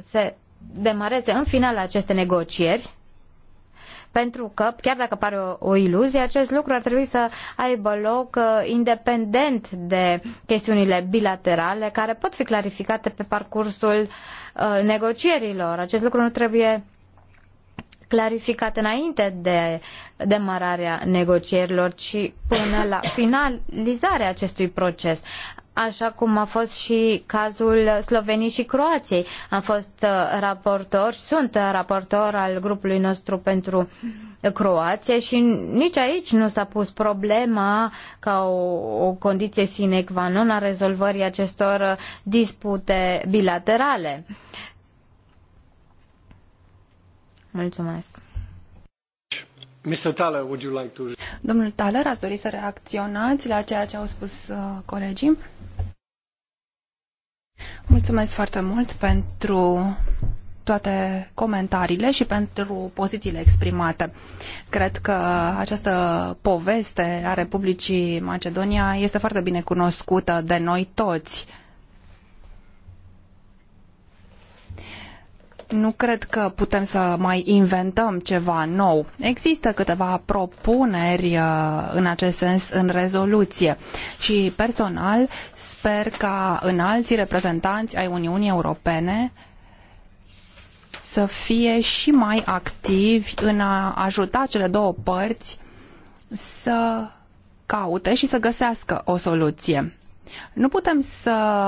C: se demareze în final aceste negocieri, pentru că, chiar dacă pare o, o iluzie, acest lucru ar trebui să aibă loc uh, independent de chestiunile bilaterale care pot fi clarificate pe parcursul uh, negocierilor. Acest lucru nu trebuie clarificat înainte de demararea negocierilor, ci până la finalizarea acestui proces. Așa cum a fost și cazul Sloveniei și Croației. Am fost uh, raportor sunt raportor al grupului nostru pentru Croația și nici aici nu s-a pus problema ca o, o condiție sine qua non a rezolvării acestor uh, dispute bilaterale. Uh, Mulțumesc.
D: Mr. Domnul
A: Thaler, ați dori să reacționați la ceea ce au spus uh, colegii? Mulțumesc foarte mult pentru toate comentariile și pentru pozițiile exprimate. Cred că această poveste a Republicii Macedonia este foarte bine cunoscută de noi toți. Uh, nu cred că putem să mai inventăm ceva nou. Există câteva propuneri uh, în acest sens în rezoluție și personal sper ca în alții reprezentanți ai Uniunii Europene să fie și mai activi în a ajuta cele două părți să caute și să găsească o soluție. Nu putem să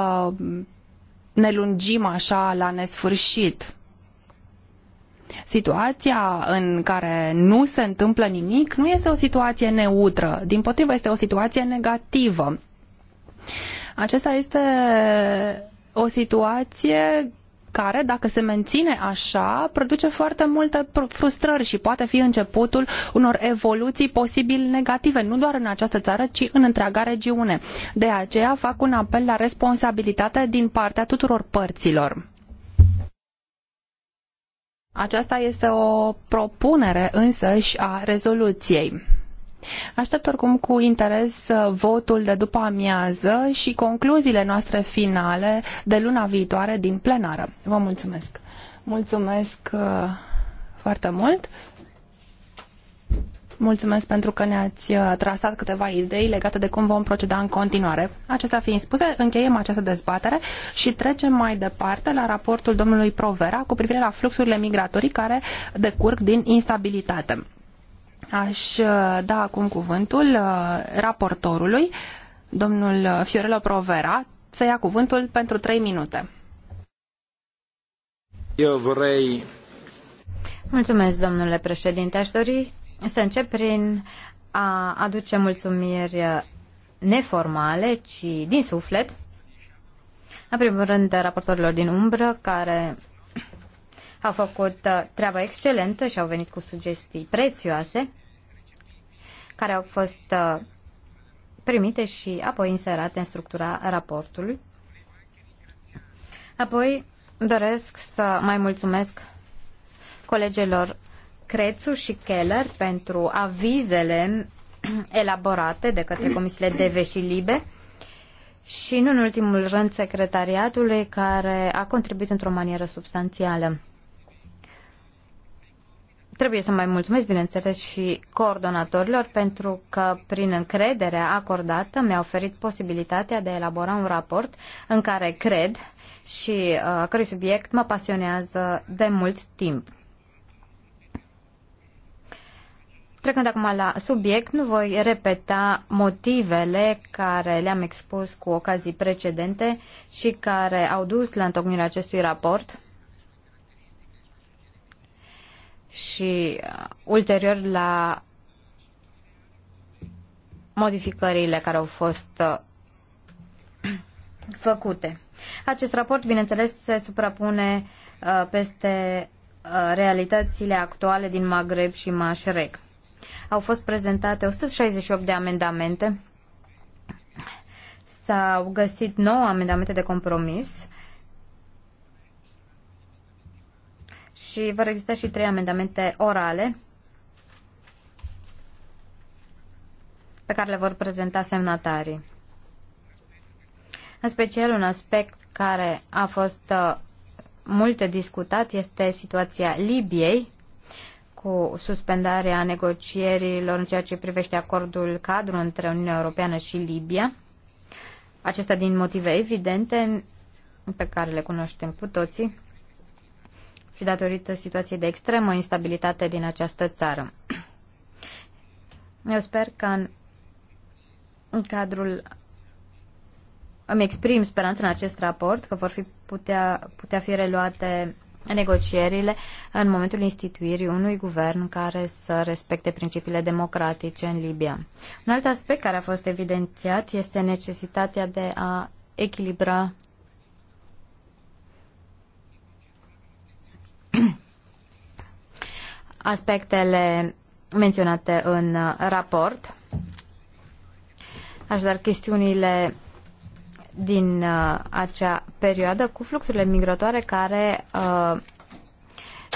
A: ne lungim așa la nesfârșit. Situația în care nu se întâmplă nimic nu este o situație neutră, din potrivă este o situație negativă. Acesta este o situație care, dacă se menține așa, produce foarte multe frustrări și poate fi începutul unor evoluții posibil negative, nu doar în această țară, ci în întreaga regiune. De aceea fac un apel la responsabilitate din partea tuturor părților. Aceasta este o propunere însăși a rezoluției. Aștept oricum cu interes uh, votul de după amiază și concluziile noastre finale de luna viitoare din plenară. Vă mulțumesc! Mulțumesc uh, foarte mult! Mulțumesc pentru că ne-ați uh, trasat câteva idei legate de cum vom proceda în continuare. Acestea fiind spuse, încheiem această dezbatere și trecem mai departe la raportul domnului Provera cu privire la fluxurile migratorii care decurg din instabilitate. Aș uh, da acum cuvântul uh, raportorului, domnul Fiorello Provera, să ia cuvântul
C: pentru trei minute.
B: Eu vrei...
C: Mulțumesc, domnule președinte. Aș dori să încep prin a aduce mulțumiri neformale, ci din suflet. În primul rând, raportorilor din umbră, care au făcut uh, treaba excelentă și au venit cu sugestii prețioase, care au fost uh, primite și apoi inserate în structura raportului. Apoi doresc să mai mulțumesc colegelor Crețu și Keller pentru avizele elaborate de către comisiile DEVE și LIBE și, nu în ultimul rând, secretariatului care a contribuit într-o manieră substanțială. Trebuie să mai mulțumesc, bineînțeles, și coordonatorilor pentru că, prin încrederea acordată, mi-a oferit posibilitatea de a elabora un raport în care cred și uh, cărui subiect mă pasionează de mult timp. Trecând acum la subiect, nu voi repeta motivele care le-am expus cu ocazii precedente și care au dus la întocmirea acestui raport și uh, ulterior la modificările care au fost uh, făcute. Acest raport, bineînțeles, se suprapune uh, peste realitățile actuale din Maghreb și Mașrec. Au fost prezentate 168 de amendamente. S-au găsit 9 amendamente de compromis și vor exista și 3 amendamente orale pe care le vor prezenta semnatarii. În special un aspect care a fost uh, multe discutat este situația Libiei cu suspendarea negocierilor în ceea ce privește acordul cadru între Uniunea Europeană și Libia. Acesta din motive evidente pe care le cunoaștem cu toții și datorită situației de extremă instabilitate din această țară. Eu sper că în, în cadrul îmi exprim speranța în acest raport că vor fi putea, putea fi reluate negocierile în momentul instituirii unui guvern care să respecte principiile democratice în Libia. Un alt aspect care a fost evidențiat este necesitatea de a echilibra aspectele menționate în raport, așadar chestiunile din uh, acea perioadă cu fluxurile migratoare care uh,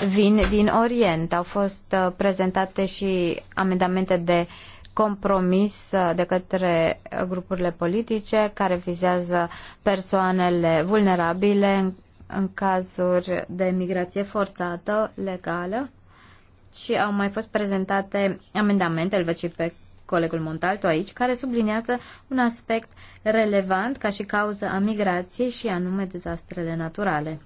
C: vin din Orient. Au fost uh, prezentate și amendamente de compromis uh, de către grupurile politice care vizează persoanele vulnerabile în, în cazuri de migrație forțată, legală și au mai fost prezentate amendamente, îl văd și pe colegul Montalto aici, care subliniază un aspect relevant ca și cauză a migrației și anume dezastrele naturale.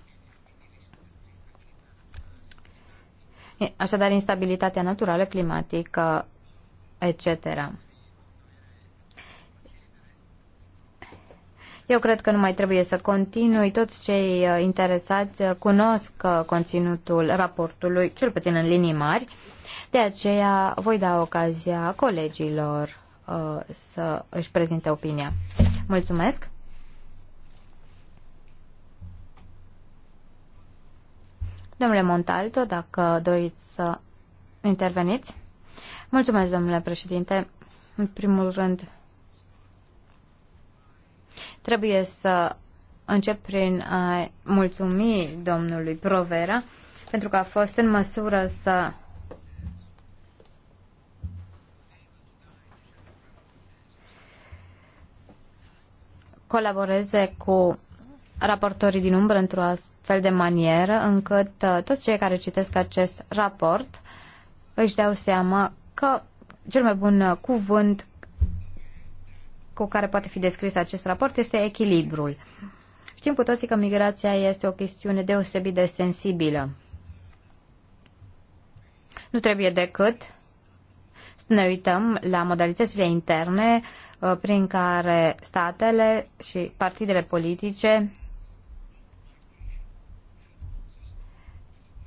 C: Așadar, instabilitatea naturală, climatică, etc. Eu cred că nu mai trebuie să continui. Toți cei uh, interesați uh, cunosc uh, conținutul raportului, cel puțin în linii mari. De aceea voi da ocazia colegilor uh, să își prezinte opinia. Mulțumesc! Domnule Montalto, dacă doriți să interveniți. Mulțumesc, domnule președinte. În primul rând, trebuie să încep prin a mulțumi domnului Provera pentru că a fost în măsură să colaboreze cu raportorii din umbră într-o astfel de manieră încât uh, toți cei care citesc acest raport își dau seama că cel mai bun uh, cuvânt cu care poate fi descris acest raport este echilibrul. Știm cu toții că migrația este o chestiune deosebit de sensibilă. Nu trebuie decât să ne uităm la modalitățile interne Uh, prin care statele și partidele politice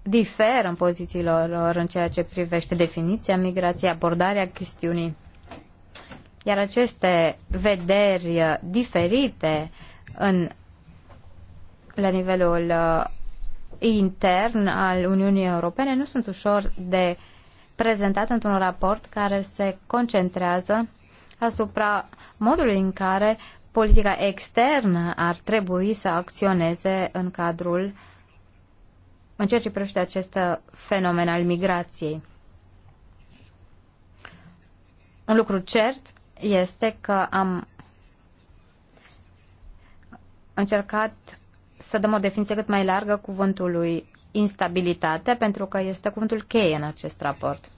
C: diferă în pozițiilor lor în ceea ce privește definiția migrației, abordarea chestiunii. Iar aceste vederi uh, diferite în, la nivelul uh, intern al Uniunii Europene nu sunt ușor de prezentat într-un raport care se concentrează asupra modului în care politica externă ar trebui să acționeze în cadrul în ceea ce privește acest fenomen al migrației. Un lucru cert este că am încercat să dăm o definiție cât mai largă cuvântului instabilitate, pentru că este cuvântul cheie în acest raport.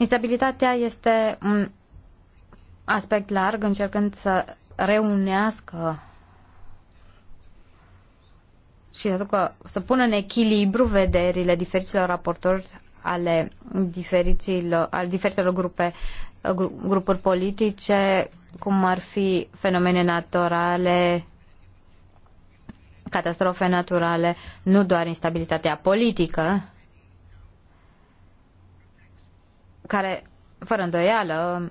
C: Instabilitatea este un aspect larg încercând să reunească și să, ducă, să pună în echilibru vederile diferiților raportori ale, diferiților, ale diferitelor grupe, grupuri politice, cum ar fi fenomene naturale, catastrofe naturale, nu doar instabilitatea politică, care, fără îndoială,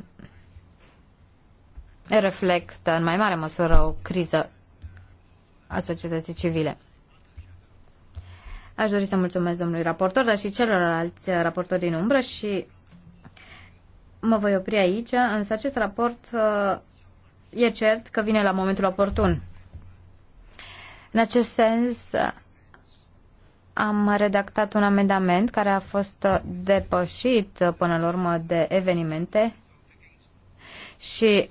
C: reflectă în mai mare măsură o criză a societății civile. Aș dori să mulțumesc domnului raportor, dar și celorlalți raportori din umbră și mă voi opri aici, însă acest raport e cert că vine la momentul oportun. În acest sens, am redactat un amendament care a fost uh, depășit uh, până la urmă de evenimente și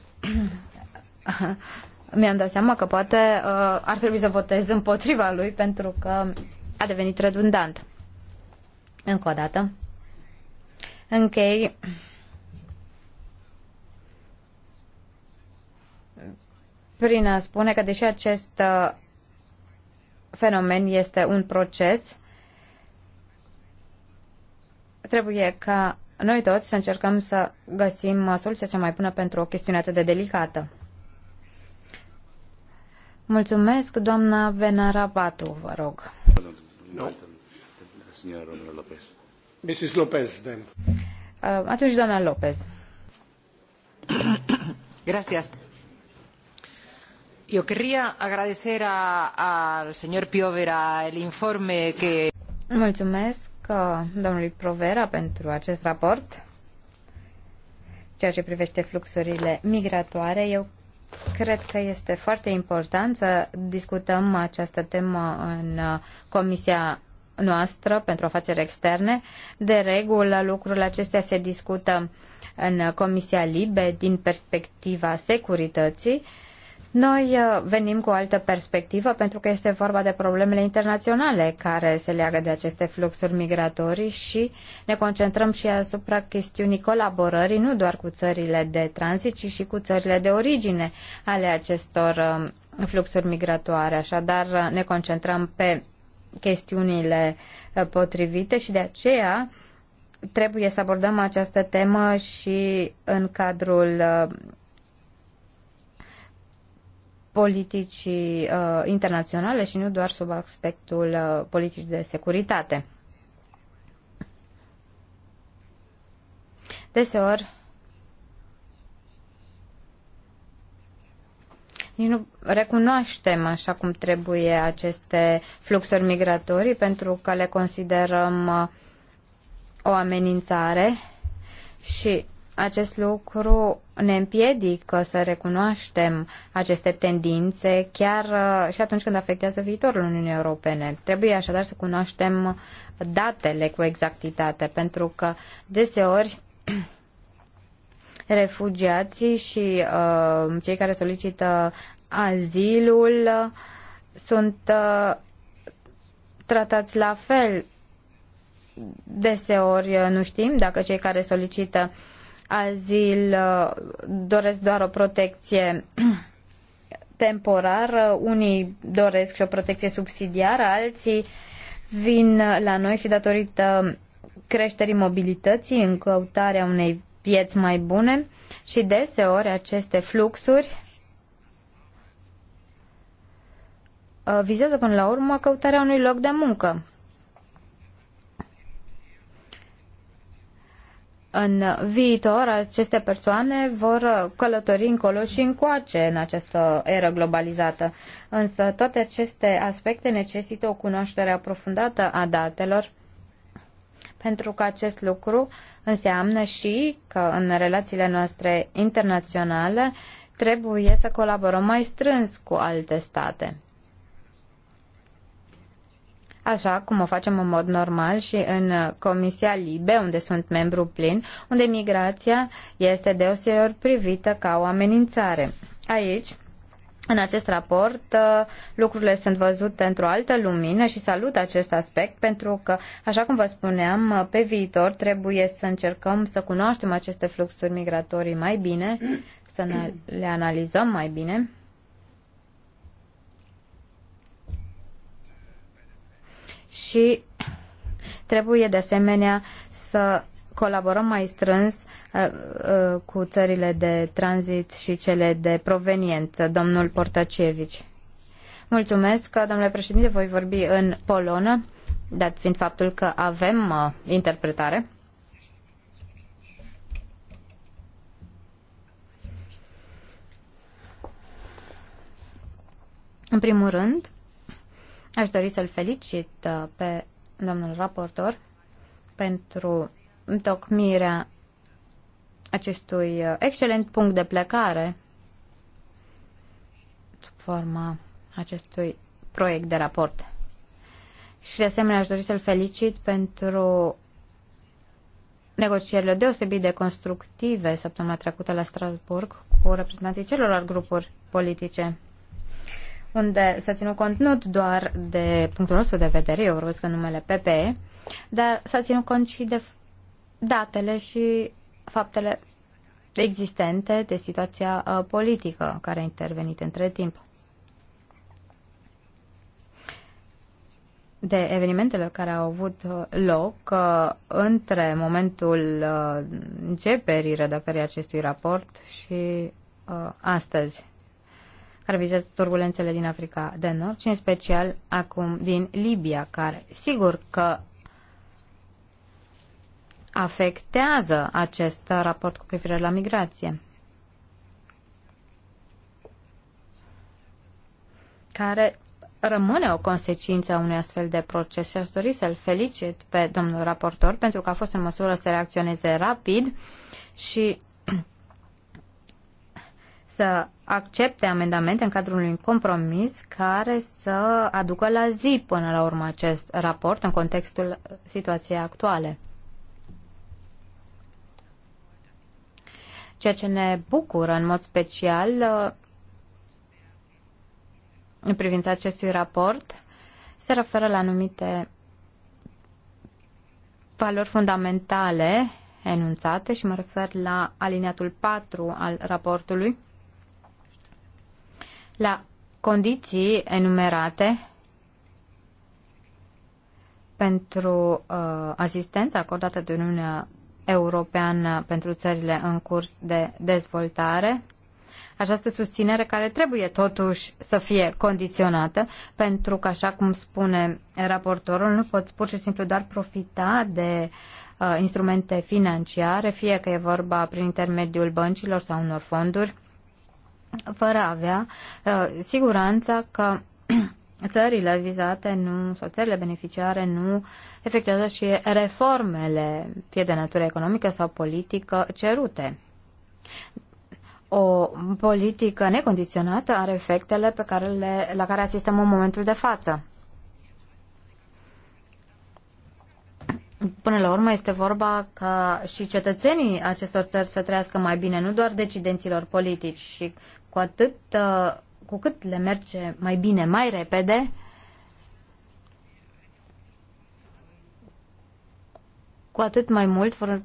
C: mi-am dat seama că poate uh, ar trebui să votez împotriva lui pentru că a devenit redundant. Încă o dată. Închei. Prin a spune că deși acest uh, fenomen este un proces, Trebuie ca noi toți să încercăm să găsim soluția cea mai bună pentru o chestiune atât de delicată. Mulțumesc, doamna Venarabatu, vă rog.
B: Mrs. Lopez, then. Uh,
C: atunci, doamna Lopez. Gracias. Yo
A: querría agradecer al señor Piovera el informe que...
C: Mulțumesc domnului Provera pentru acest raport. Ceea ce privește fluxurile migratoare, eu cred că este foarte important să discutăm această temă în Comisia noastră pentru afaceri externe. De regulă, lucrurile acestea se discută în Comisia Libe din perspectiva securității noi uh, venim cu o altă perspectivă pentru că este vorba de problemele internaționale care se leagă de aceste fluxuri migratorii și ne concentrăm și asupra chestiunii colaborării nu doar cu țările de tranzit, ci și cu țările de origine ale acestor um, fluxuri migratoare. Așadar, uh, ne concentrăm pe chestiunile uh, potrivite și de aceea trebuie să abordăm această temă și în cadrul politicii uh, internaționale și nu doar sub aspectul uh, politicii de securitate. Deseori, nici nu recunoaștem așa cum trebuie aceste fluxuri migratorii pentru că le considerăm uh, o amenințare și acest lucru ne împiedică să recunoaștem aceste tendințe chiar uh, și atunci când afectează viitorul Uniunii Europene. Trebuie așadar să cunoaștem datele cu exactitate, pentru că deseori refugiații și uh, cei care solicită azilul uh, sunt uh, tratați la fel. Deseori uh, nu știm dacă cei care solicită uh, azil uh, doresc doar o protecție temporară, unii doresc și o protecție subsidiară, alții vin la noi și datorită creșterii mobilității în căutarea unei vieți mai bune și deseori aceste fluxuri uh, vizează până la urmă căutarea unui loc de muncă. în viitor aceste persoane vor călători încolo și încoace în această eră globalizată. Însă toate aceste aspecte necesită o cunoaștere aprofundată a datelor pentru că acest lucru înseamnă și că în relațiile noastre internaționale trebuie să colaborăm mai strâns cu alte state așa cum o facem în mod normal și în Comisia Libe, unde sunt membru plin, unde migrația este deoseori privită ca o amenințare. Aici, în acest raport uh, lucrurile sunt văzute într-o altă lumină și salut acest aspect pentru că, așa cum vă spuneam, uh, pe viitor trebuie să încercăm să cunoaștem aceste fluxuri migratorii mai bine, să le analizăm mai bine și trebuie de asemenea să colaborăm mai strâns uh, uh, cu țările de tranzit și cele de proveniență, domnul Portacevici. Mulțumesc, domnule președinte, voi vorbi în polonă, dat fiind faptul că avem uh, interpretare. În primul rând, Aș dori să-l felicit uh, pe domnul raportor pentru întocmirea acestui uh, excelent punct de plecare sub forma acestui proiect de raport. Și de asemenea aș dori să-l felicit pentru negocierile deosebit de constructive săptămâna trecută la Strasburg cu reprezentanții celorlalți grupuri politice unde s-a ținut cont nu doar de punctul nostru de vedere, eu vorbesc în numele PPE, dar s-a ținut cont și de datele și faptele existente de situația uh, politică care a intervenit între timp. de evenimentele care au avut uh, loc uh, între momentul începerii redactării acestui raport și astăzi care vizează turbulențele din Africa de Nord și în special acum din Libia, care sigur că afectează acest raport cu privire la migrație. care rămâne o consecință a unui astfel de proces și aș dori să-l felicit pe domnul raportor pentru că a fost în măsură să reacționeze rapid și să accepte amendamente în cadrul unui compromis care să aducă la zi până la urmă acest raport în contextul situației actuale. Ceea ce ne bucură în mod special uh, în privința acestui raport se referă la anumite valori fundamentale enunțate și mă refer la aliniatul 4 al raportului la condiții enumerate pentru uh, asistența acordată de Uniunea Europeană pentru țările în curs de dezvoltare, această susținere care trebuie totuși să fie condiționată, pentru că, așa cum spune raportorul, nu poți pur și simplu doar profita de uh, instrumente financiare, fie că e vorba prin intermediul băncilor sau unor fonduri, fără a avea uh, siguranța că țările vizate nu, sau țările beneficiare nu efectuează și reformele, fie de natură economică sau politică, cerute. O politică necondiționată are efectele pe care le, la care asistăm în momentul de față. Până la urmă este vorba ca și cetățenii acestor țări să trăiască mai bine, nu doar decidenților politici și cu atât uh, cu cât le merge mai bine, mai repede, cu atât mai mult vor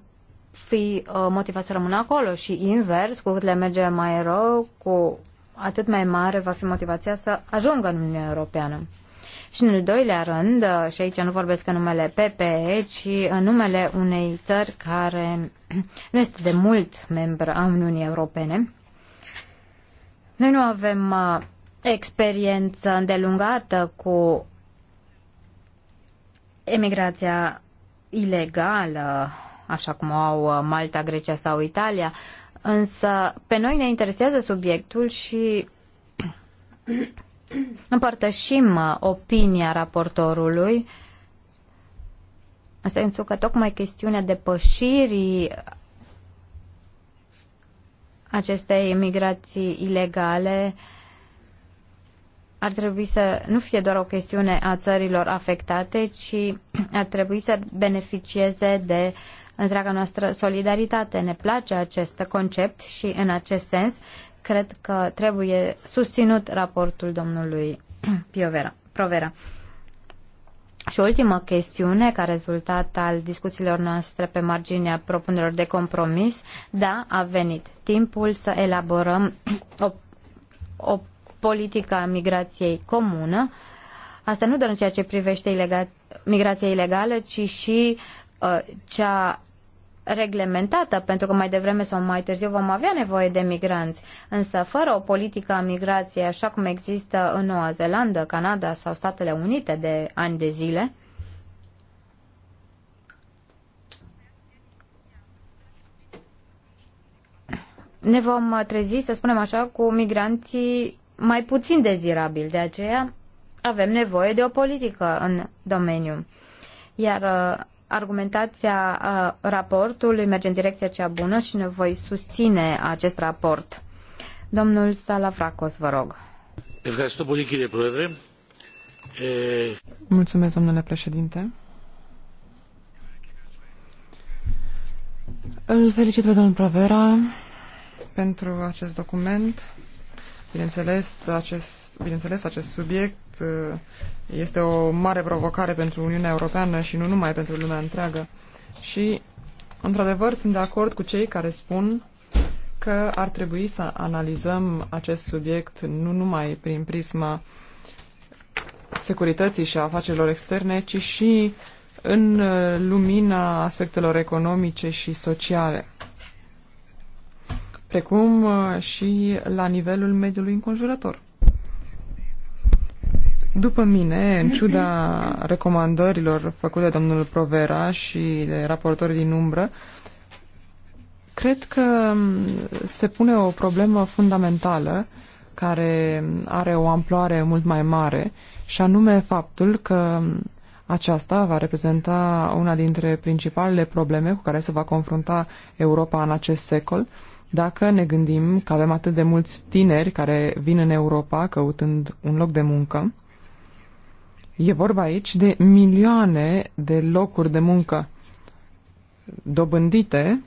C: fi uh, motivați să rămână acolo și invers, cu cât le merge mai rău, cu atât mai mare va fi motivația să ajungă în Uniunea Europeană. Și în al doilea rând, uh, și aici nu vorbesc în numele PPE, ci în numele unei țări care nu este de mult membră a Uniunii Europene, noi nu avem uh, experiență îndelungată cu emigrația ilegală, așa cum au uh, Malta, Grecia sau Italia, însă pe noi ne interesează subiectul și împărtășim uh, opinia raportorului în sensul că tocmai chestiunea depășirii aceste imigrații ilegale ar trebui să nu fie doar o chestiune a țărilor afectate, ci ar trebui să beneficieze de întreaga noastră solidaritate. Ne place acest concept și în acest sens cred că trebuie susținut raportul domnului Piovera, Provera. Și o ultimă chestiune, ca rezultat al discuțiilor noastre pe marginea propunerilor de compromis, da, a venit timpul să elaborăm o, o politică a migrației comună, asta nu doar în ceea ce privește ilega- migrația ilegală, ci și uh, cea reglementată, pentru că mai devreme sau mai târziu vom avea nevoie de migranți. Însă, fără o politică a migrației așa cum există în Noua Zeelandă, Canada sau Statele Unite de ani de zile, ne vom trezi, să spunem așa, cu migranții mai puțin dezirabili. De aceea avem nevoie de o politică în domeniu. Iar argumentația uh, raportului merge în direcția cea bună și ne voi susține acest raport. Domnul Salafracos, vă rog.
D: Mulțumesc, domnule președinte. Îl felicit pe domnul Provera pentru acest document. Bineînțeles, acest bineînțeles, acest subiect uh, este o mare provocare pentru Uniunea Europeană și nu numai pentru lumea întreagă. Și, într-adevăr, sunt de acord cu cei care spun că ar trebui să analizăm acest subiect nu numai prin prisma securității și a afacerilor externe, ci și în uh, lumina aspectelor economice și sociale, precum uh, și la nivelul mediului înconjurător. După mine, în ciuda recomandărilor făcute de domnul Provera și de raportorii din umbră, cred că mm, se pune o problemă fundamentală care are o amploare mult mai mare și anume faptul că mm, aceasta va reprezenta una dintre principalele probleme cu care se va confrunta Europa în acest secol, dacă ne gândim că avem atât de mulți tineri care vin în Europa căutând un loc de muncă E vorba aici de milioane de locuri de muncă dobândite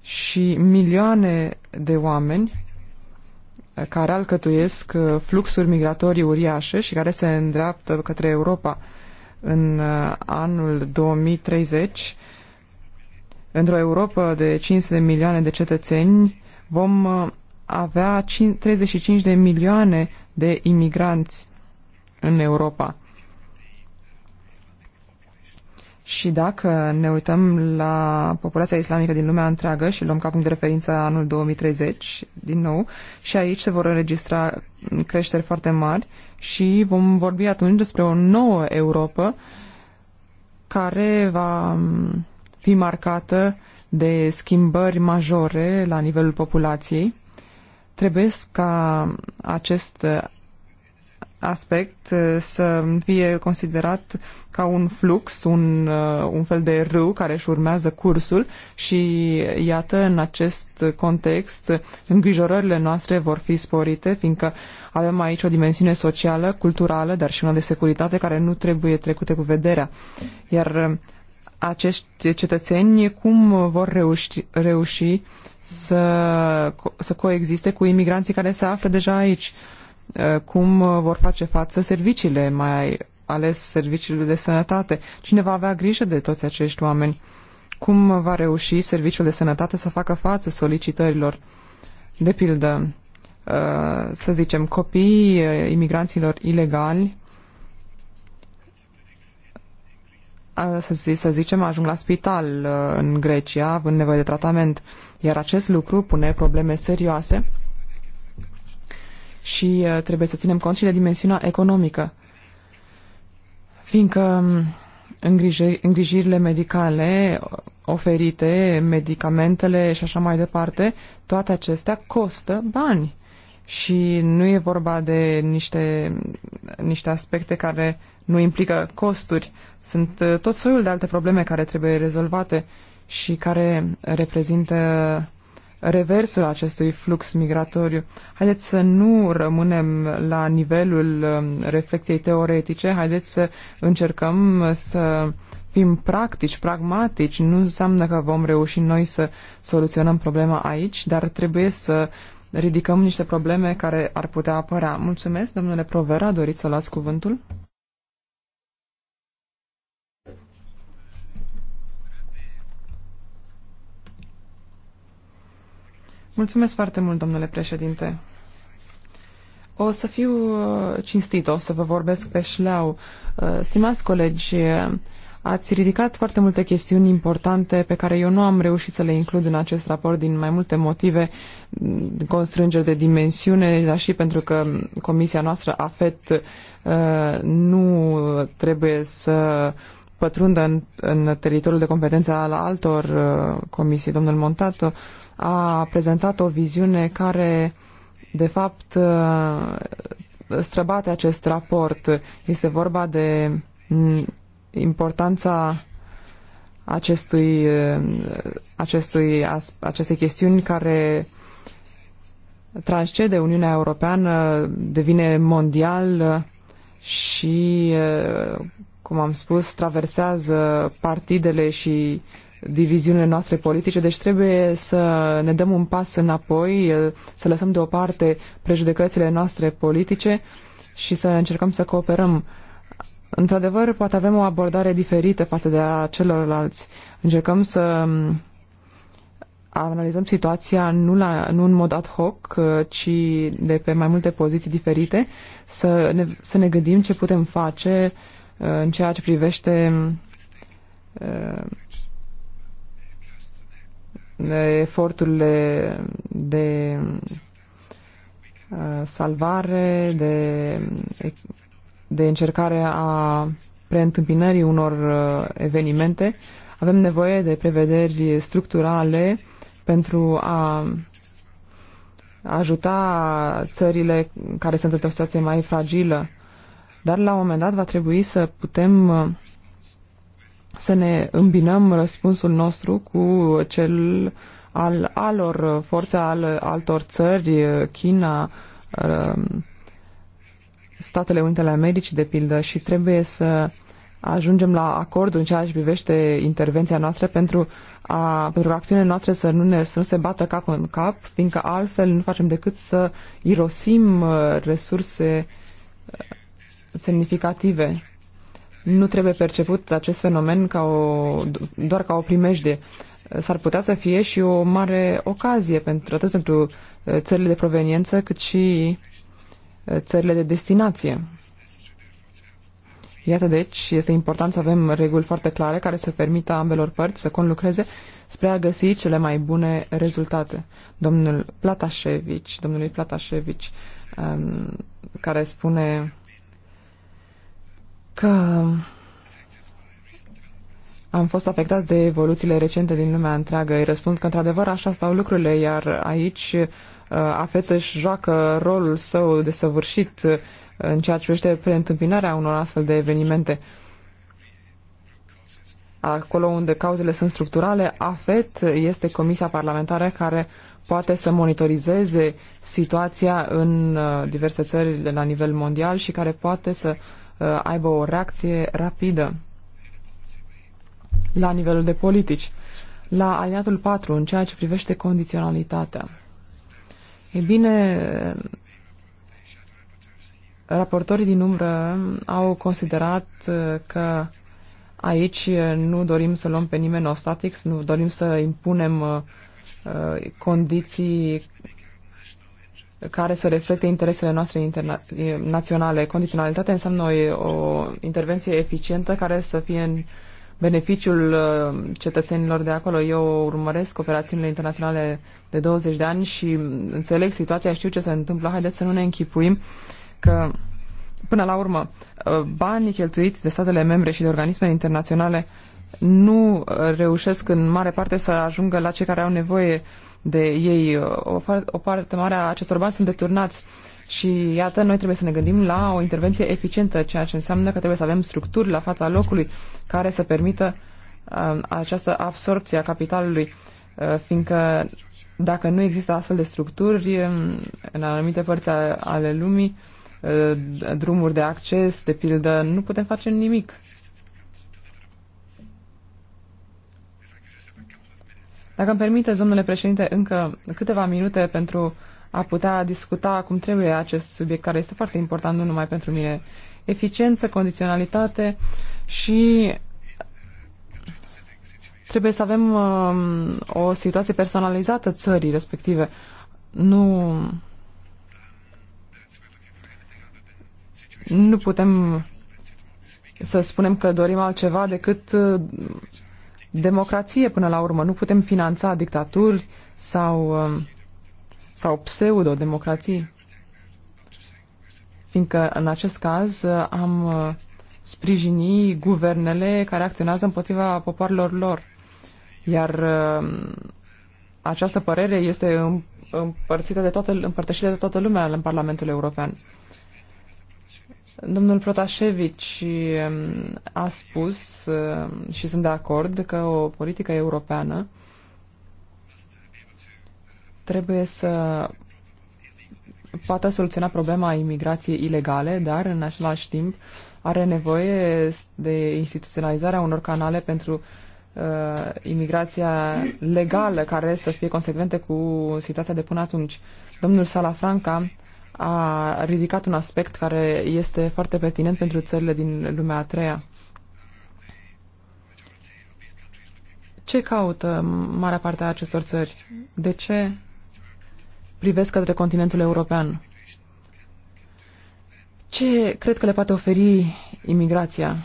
D: și milioane de oameni care alcătuiesc fluxuri migratorii uriașe și care se îndreaptă către Europa în uh, anul 2030. Într-o Europa de 500 de milioane de cetățeni vom uh, avea 35 de milioane de imigranți în Europa. Și dacă ne uităm la populația islamică din lumea întreagă și luăm ca punct de referință anul 2030, din nou, și aici se vor înregistra creșteri foarte mari și vom vorbi atunci despre o nouă Europa care va fi marcată de schimbări majore la nivelul populației. Trebuie ca acest aspect uh, să fie considerat ca un flux, un, uh, un fel de râu care își urmează cursul și iată, în acest context, îngrijorările noastre vor fi sporite, fiindcă avem aici o dimensiune socială, culturală, dar și una de securitate care nu trebuie trecute cu vederea. Iar uh, acești cetățeni cum vor reuși, reuși să, să coexiste cu imigranții care se află deja aici. Uh, Eh, cum eh, vor face față serviciile, mai ales serviciile de sănătate. Cine va avea grijă de toți acești oameni? Cum va reuși serviciul de sănătate să facă față solicitărilor? De pildă, eh, să zicem, copiii imigranților ilegali, să zicem, ajung la spital în Grecia, având nevoie de tratament, iar acest lucru pune probleme serioase și uh, trebuie să ținem cont și de dimensiunea economică, fiindcă um, îngrijirile medicale oferite, medicamentele și așa mai departe, toate acestea costă bani. Și nu e vorba de niște, niște aspecte care nu implică costuri. Sunt uh, tot soiul de alte probleme care trebuie rezolvate și care reprezintă reversul acestui flux migratoriu. Haideți să nu rămânem la nivelul um, reflexiei teoretice, haideți să încercăm să fim practici, pragmatici. Nu înseamnă că vom reuși noi să soluționăm problema aici, dar trebuie să ridicăm niște probleme care ar putea apărea. Mulțumesc, domnule Provera, doriți să luați cuvântul? Mulțumesc foarte mult, domnule președinte. O să fiu uh, cinstită, o să vă vorbesc pe șleau. Uh, stimați colegi, uh, ați ridicat foarte multe chestiuni importante pe care eu nu am reușit să le includ în acest raport din mai multe motive, mm, constrângeri de dimensiune, dar și pentru că comisia noastră AFET nu trebuie să pătrundă în, în teritoriul de competență al altor comisii. Domnul Montato, a prezentat o viziune care, de fapt, uh, străbate acest raport. Este vorba de mm, importanța acestui, uh, acestui, acestei chestiuni care transcede Uniunea Europeană, devine mondial și, uh, cum am spus, traversează partidele și diviziunile noastre politice, deci trebuie să ne dăm un pas înapoi, să lăsăm deoparte prejudecățile noastre politice și să încercăm să cooperăm. Într-adevăr, poate avem o abordare diferită față de a celorlalți. Încercăm să analizăm situația nu, la, nu în mod ad hoc, ci de pe mai multe poziții diferite, să ne, să ne gândim ce putem face uh, în ceea ce privește uh, eforturile de uh, salvare, de, de încercare a preîntâmpinării unor uh, evenimente. Avem nevoie de prevederi structurale pentru a ajuta țările care sunt într-o situație mai fragilă. Dar la un moment dat va trebui să putem uh, să ne îmbinăm răspunsul nostru cu cel al alor forțe al altor țări, China, uh, Statele Unite ale Americii, de pildă, și trebuie să ajungem la acordul în ceea ce privește intervenția noastră pentru, a, pentru ca acțiunile noastre să nu, ne, să nu se bată cap în cap, fiindcă altfel nu facem decât să irosim uh, resurse uh, semnificative nu trebuie perceput acest fenomen ca o, doar ca o primejde. S-ar putea să fie și o mare ocazie pentru, atât pentru uh, țările de proveniență cât și uh, țările de destinație. Iată deci, este important să avem reguli foarte clare care să permită ambelor părți să conlucreze spre a găsi cele mai bune rezultate. Domnul Platașevici, domnului Platașevici, um, care spune că am fost afectați de evoluțiile recente din lumea întreagă. Îi răspund că, într-adevăr, așa stau lucrurile, iar aici uh, AFET își joacă rolul său de săvârșit uh, în ceea ce privește preîntâmpinarea unor astfel de evenimente. Acolo unde cauzele sunt structurale, AFET este comisia parlamentară care poate să monitorizeze situația în uh, diverse țări la nivel mondial și care poate să uh, Uh, aibă o reacție rapidă la nivelul de politici. La aliatul 4, în ceea ce privește condiționalitatea. E bine, uh, raportorii din umbră au considerat uh, că aici nu dorim să luăm pe nimeni ostatic, nu dorim să impunem condiții care să reflecte interesele noastre interna- naționale. Condiționalitatea înseamnă o, o intervenție eficientă care să fie în beneficiul uh, cetățenilor de acolo. Eu urmăresc operațiunile internaționale de 20 de ani și înțeleg situația, știu ce se întâmplă. Haideți să nu ne închipuim că, până la urmă, uh, banii cheltuiți de statele membre și de organismele internaționale nu uh, reușesc în mare parte să ajungă la cei care au nevoie uh, de ei. Uh, o, o parte mare a acestor bani sunt deturnați. Și iată, noi trebuie să ne gândim la o intervenție eficientă, ceea ce înseamnă că trebuie să avem structuri la fața locului care să permită uh, această absorpție a capitalului, uh, fiindcă dacă nu există astfel de structuri um, în anumite părți ale lumii, uh, drumuri de acces, de pildă, nu putem face nimic. Dacă îmi permite, domnule președinte, încă câteva minute pentru a putea discuta cum trebuie acest subiect, care este foarte important nu numai pentru mine. Eficiență, condiționalitate și trebuie să avem uh, o situație personalizată țării respective. Nu, nu putem să spunem că dorim altceva decât uh, democrație până la urmă. Nu putem finanța dictaturi sau, um, sau pseudo-democrații. Fiindcă în acest caz am uh, sprijini guvernele care acționează împotriva popoarelor lor. Iar um, această părere este împărțită de toată, împărtășită de toată lumea în Parlamentul European. Domnul Protasevici um, a spus, um, și sunt de acord, că o politică europeană trebuie să poată soluționa problema imigrației ilegale, dar în același timp are nevoie de instituționalizarea unor canale pentru uh, imigrația legală, care să fie consecvente cu situația de până atunci. Domnul Salafranca a ridicat un aspect care este foarte pertinent pentru țările din lumea a treia. Ce caută marea parte a acestor țări? De ce privesc către continentul european? Ce cred că le poate oferi imigrația?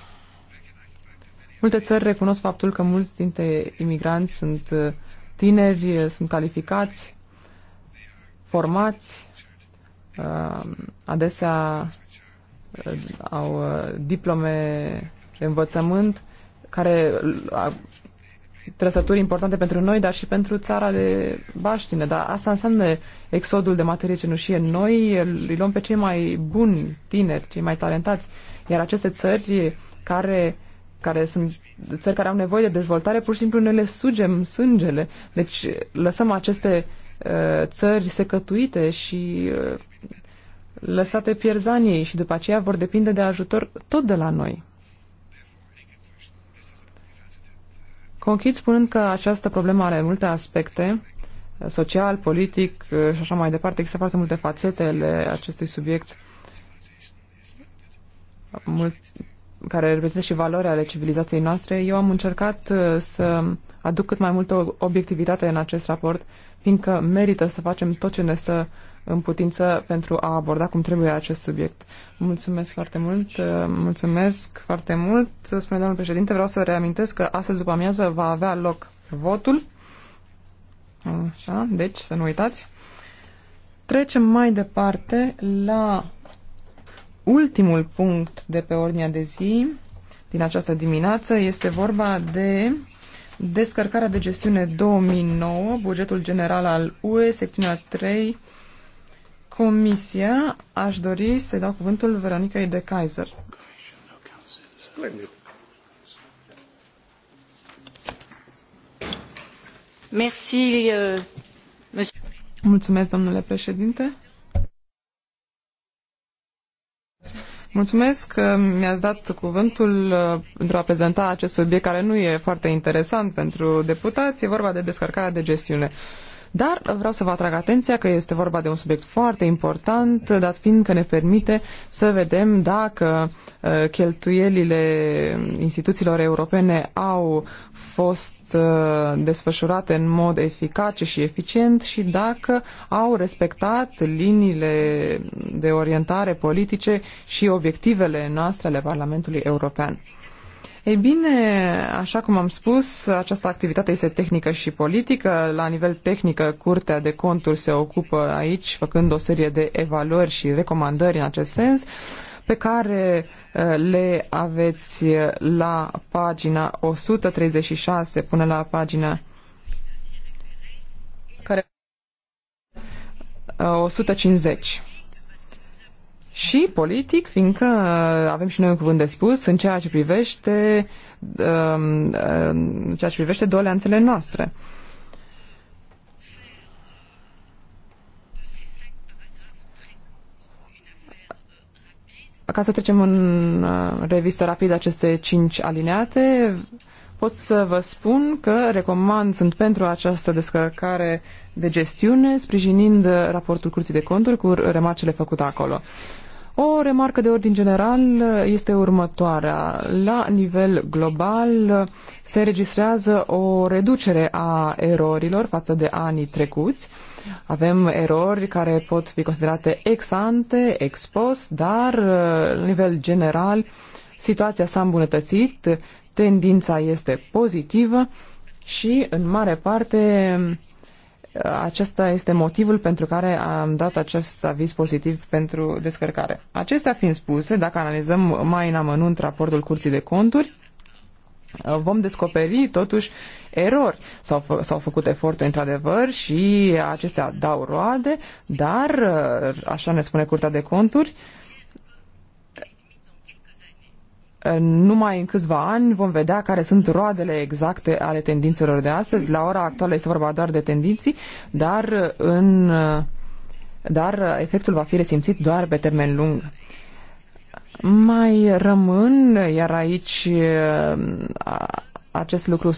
D: Multe țări recunosc faptul că mulți dintre imigranți sunt tineri, sunt calificați, formați, Uh, adesea uh, au uh, diplome de învățământ care trăsături importante pentru noi, dar și pentru țara de baștine. Dar asta înseamnă exodul de materie cenușie. Noi îi luăm pe cei mai buni tineri, cei mai talentați, iar aceste țări care care sunt țări care au nevoie de dezvoltare, pur și simplu ne le sugem sângele. Deci lăsăm aceste uh, Uh, țări secătuite și uh, lăsate pierzaniei și după aceea vor depinde de ajutor tot de la noi. Conchid spunând că această problemă are multe aspecte, uh, social, politic și așa mai departe. Există foarte multe fațetele acestui subiect. Mult, care reprezintă și valori ale civilizației noastre, eu am încercat uh, să aduc cât mai multă obiectivitate în acest raport, fiindcă merită să facem tot ce ne stă în putință pentru a aborda cum trebuie acest subiect. Mulțumesc foarte mult, uh, mulțumesc foarte mult, spune domnul președinte. Vreau să reamintesc că astăzi după amiază va avea loc votul. Așa, deci să nu uitați. Trecem mai departe la ultimul punct de pe ordinea de zi din această dimineață este vorba de descărcarea de gestiune 2009, bugetul general al UE, secțiunea 3, Comisia. Aș dori să dau cuvântul Veronicai de Kaiser. Euh, Mulțumesc, domnule președinte. Mulțumesc că mi-ați dat cuvântul uh, pentru a prezenta acest subiect care nu e foarte interesant pentru deputați. E vorba de descărcarea de gestiune. Dar vreau să vă atrag atenția că este vorba de un subiect foarte important, dat fiind că ne permite să vedem dacă uh, cheltuielile instituțiilor europene au fost uh, desfășurate în mod eficace și eficient și dacă au respectat liniile de orientare politice și obiectivele noastre ale Parlamentului European. Ei bine, așa cum am spus, această activitate este tehnică și politică. La nivel tehnic, Curtea de Conturi se ocupă aici, făcând o serie de evaluări și recomandări în acest sens, pe care uh, le aveți uh, la pagina 136 până la pagina care 150. Uh, și politic, fiindcă uh, avem și noi un cuvânt de spus în ceea ce privește, um, în ceea ce privește doleanțele noastre. Ca să trecem în uh, revistă rapid aceste cinci alineate, pot să vă spun că recomand, sunt pentru această descărcare de gestiune, sprijinind raportul Curții de Conturi cu remarcele făcute acolo. O remarcă de ordin general este următoarea. La nivel global se registrează o reducere a erorilor față de anii trecuți. Avem erori care pot fi considerate ex ante, ex post, dar la nivel general situația s-a îmbunătățit, tendința este pozitivă și în mare parte acesta este motivul pentru care am dat acest aviz pozitiv pentru descărcare. Acestea fiind spuse, dacă analizăm mai în amănunt raportul Curții de Conturi, vom descoperi totuși erori. S-au, fă, s-au făcut eforturi într-adevăr și acestea dau roade, dar, așa ne spune Curtea de Conturi, uh, numai în câțiva ani vom vedea care sunt roadele exacte ale tendințelor de astăzi. La ora actuală este vorba doar de tendinții, dar, în, dar efectul va fi resimțit doar pe termen lung. Mai rămân, iar aici acest lucru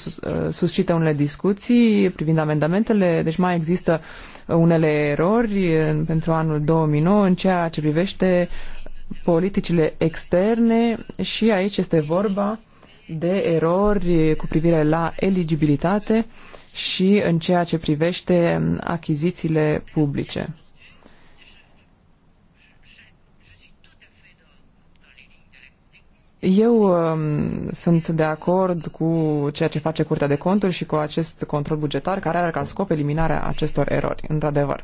D: suscită unele discuții privind amendamentele, deci mai există unele erori pentru anul 2009 în ceea ce privește politicile externe și aici este vorba de erori cu privire la eligibilitate și în ceea ce privește achizițiile publice. Eu um, sunt de acord cu ceea ce face Curtea de Conturi și cu acest control bugetar care are ca scop eliminarea acestor erori, într-adevăr.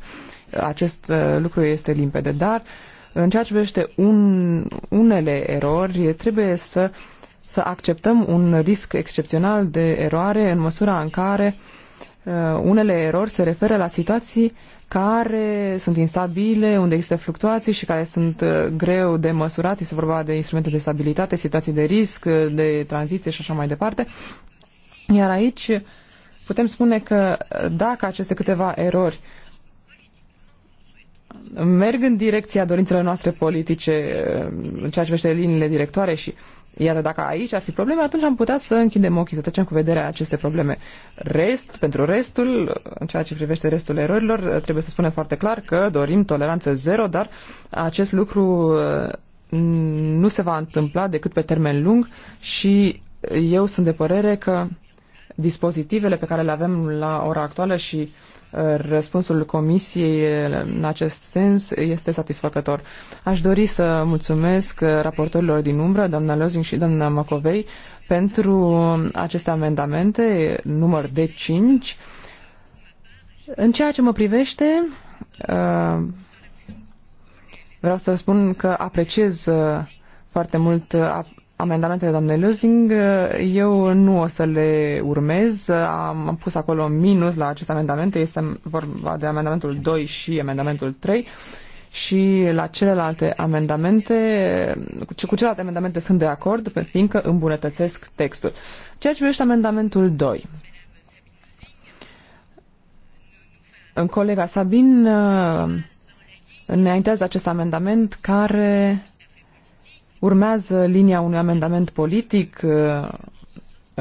D: Acest uh, lucru este limpede, dar uh, în ceea ce privește un, unele erori, trebuie să, să acceptăm un risc excepțional de eroare în măsura în care uh, unele erori se referă la situații care sunt instabile, unde există fluctuații și care sunt uh, greu de măsurat. Este vorba de instrumente de stabilitate, situații de risc, uh, de tranziție și așa mai departe. Iar aici putem spune că dacă aceste câteva erori merg în direcția dorințelor noastre politice um, în ceea ce privește liniile directoare și Iată, dacă aici ar fi probleme, atunci am putea să închidem ochii, să trecem cu vederea aceste probleme. Rest, pentru restul, în ceea ce privește restul erorilor, trebuie să spunem foarte clar că dorim toleranță zero, dar acest lucru uh, nu se va întâmpla decât pe termen lung și eu sunt de părere că dispozitivele pe care le avem la ora actuală și uh, răspunsul comisiei în acest sens este satisfăcător. Aș dori să mulțumesc raportorilor din umbră, doamna Lozing și doamna Macovei, pentru aceste amendamente, număr de 5. În ceea ce mă privește, uh, vreau să spun că apreciez uh, foarte mult uh, amendamentele doamnei Lusing, eu nu o să le urmez. Am am pus acolo minus la aceste amendamente. Este vorba de amendamentul 2 și amendamentul 3 și la celelalte amendamente, cu celelalte amendamente sunt de acord, fiindcă îmbunătățesc textul. Ceea ce privește amendamentul 2. Colega Sabin ne uh, înaintează acest amendament care urmează linia unui amendament politic. Uh,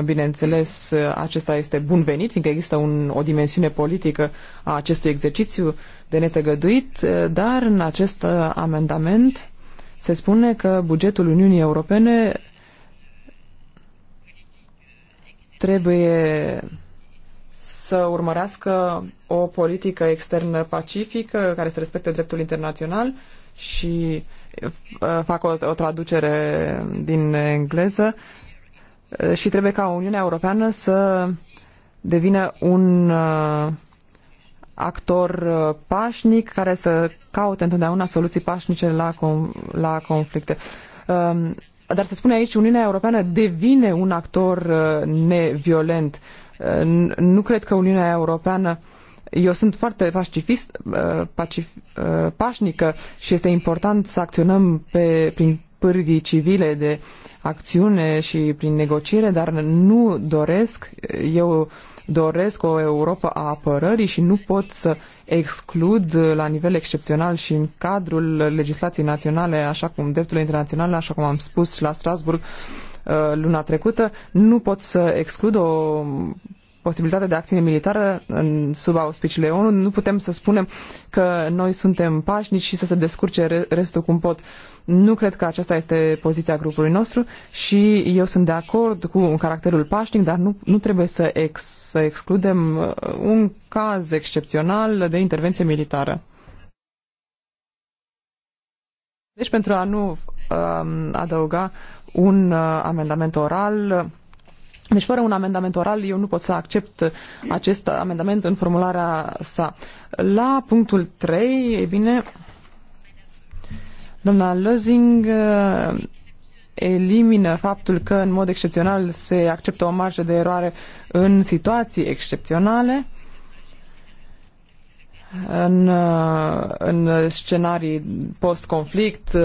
D: bineînțeles, uh, acesta este bun venit, fiindcă există un, o dimensiune politică a acestui exercițiu de netăgăduit, uh, dar în acest amendament se spune că bugetul Uniunii Europene trebuie să urmărească o politică externă pacifică care să respecte dreptul internațional și fac o, o traducere din engleză și trebuie ca Uniunea Europeană să devină un uh, actor uh, pașnic care să caute întotdeauna soluții pașnice la, la conflicte. Um, dar se spune aici, Uniunea Europeană devine un actor uh, neviolent. Nu cred că Uniunea Europeană uh, eu sunt foarte pacifist, uh, pacif, uh, pașnică și este important să acționăm pe, prin pârghii civile de acțiune și prin negociere, dar nu doresc, eu doresc o Europa a apărării și nu pot să exclud la nivel excepțional și în cadrul legislației naționale, așa cum dreptul internațional, așa cum am spus la Strasburg uh, luna trecută, nu pot să exclud o Posibilitatea de acțiune militară în, sub auspiciile ONU, nu putem să spunem că noi suntem pașnici și să se descurce restul cum pot. Nu cred că aceasta este poziția grupului nostru și eu sunt de acord cu caracterul pașnic, dar nu, nu trebuie să, ex, să excludem uh, un caz excepțional de intervenție militară. Deci pentru a nu um, adăuga un uh, amendament oral, deci, fără un amendament oral, eu nu pot să accept acest amendament în formularea sa. La punctul 3, e bine, doamna Lozing uh, elimină faptul că, în mod excepțional, se acceptă o marjă de eroare în situații excepționale în, în scenarii post-conflict,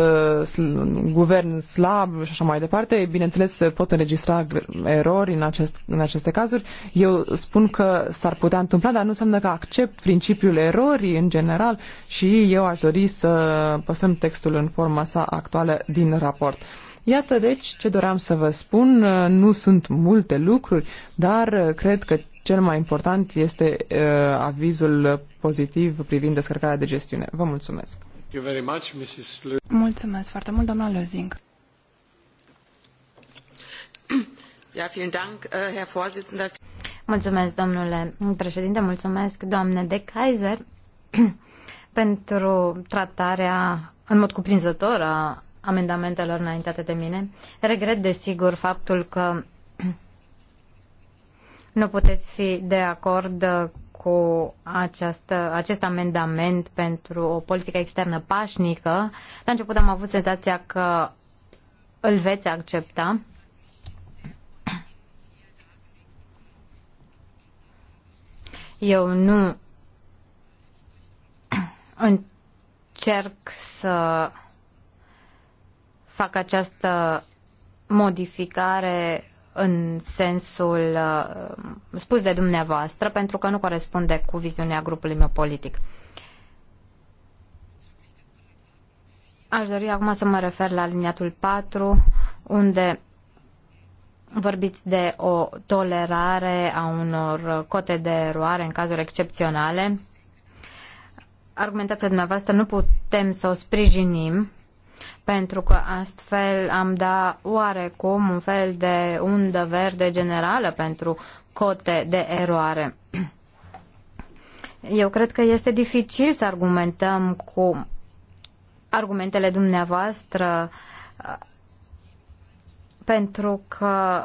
D: guvern slab și așa mai departe, bineînțeles se pot înregistra erori în, acest, în aceste cazuri. Eu spun că s-ar putea întâmpla, dar nu înseamnă că accept principiul erorii în general și eu aș dori să păsăm textul în forma sa actuală din raport. Iată deci ce doream să vă spun, nu sunt multe lucruri, dar cred că cel mai important este uh, avizul pozitiv privind descărcarea de gestiune. Vă mulțumesc! Mulțumesc foarte mult, doamna Lözing. Ja, vielen Dank, äh, Herr Vorsitzender.
C: Mulțumesc, domnule președinte, mulțumesc, doamne de Kaiser, pentru tratarea în mod cuprinzător a amendamentelor înaintate de mine. Regret, desigur, faptul că nu puteți fi de acord cu această, acest amendament pentru o politică externă pașnică. La început am avut senzația că îl veți accepta. Eu nu încerc să fac această modificare în sensul uh, spus de dumneavoastră, pentru că nu corespunde cu viziunea grupului meu politic. Aș dori acum să mă refer la liniatul 4, unde vorbiți de o tolerare a unor cote de eroare în cazuri excepționale. Argumentația dumneavoastră nu putem să o sprijinim pentru că astfel am da oarecum un fel de undă verde generală pentru cote de eroare. Eu cred că este dificil să argumentăm cu argumentele dumneavoastră uh, pentru că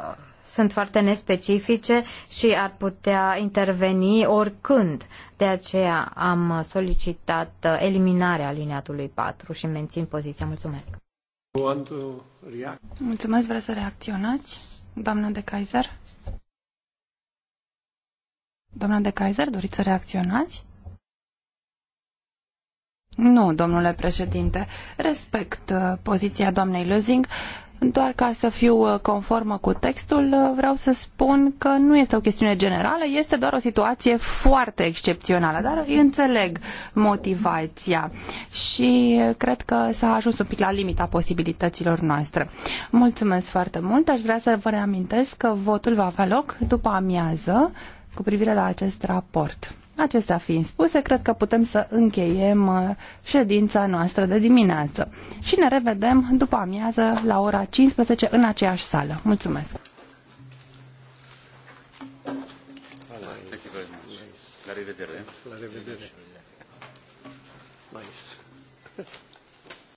C: sunt foarte nespecifice și ar putea interveni oricând. De aceea am solicitat uh, eliminarea aliniatului 4 și mențin poziția. Mulțumesc. Mulțumesc, vreau să reacționați? Doamna de Kaiser?
A: Doamna de Kaiser, doriți să reacționați? Nu, domnule președinte. Respect uh, poziția doamnei Lozing. Doar ca să fiu uh, conformă cu textul, uh, vreau să spun că nu este o chestiune generală, este doar o situație foarte excepțională, dar înțeleg motivația și uh, cred că s-a ajuns un pic la limita posibilităților noastre. Mulțumesc foarte mult, aș vrea să vă reamintesc că votul va avea loc după amiază cu privire la acest raport. Acestea fiind spuse, cred că putem să încheiem uh, ședința noastră de dimineață și ne revedem după amiază la ora 15 în aceeași sală. Mulțumesc!
B: La revedere! La revedere!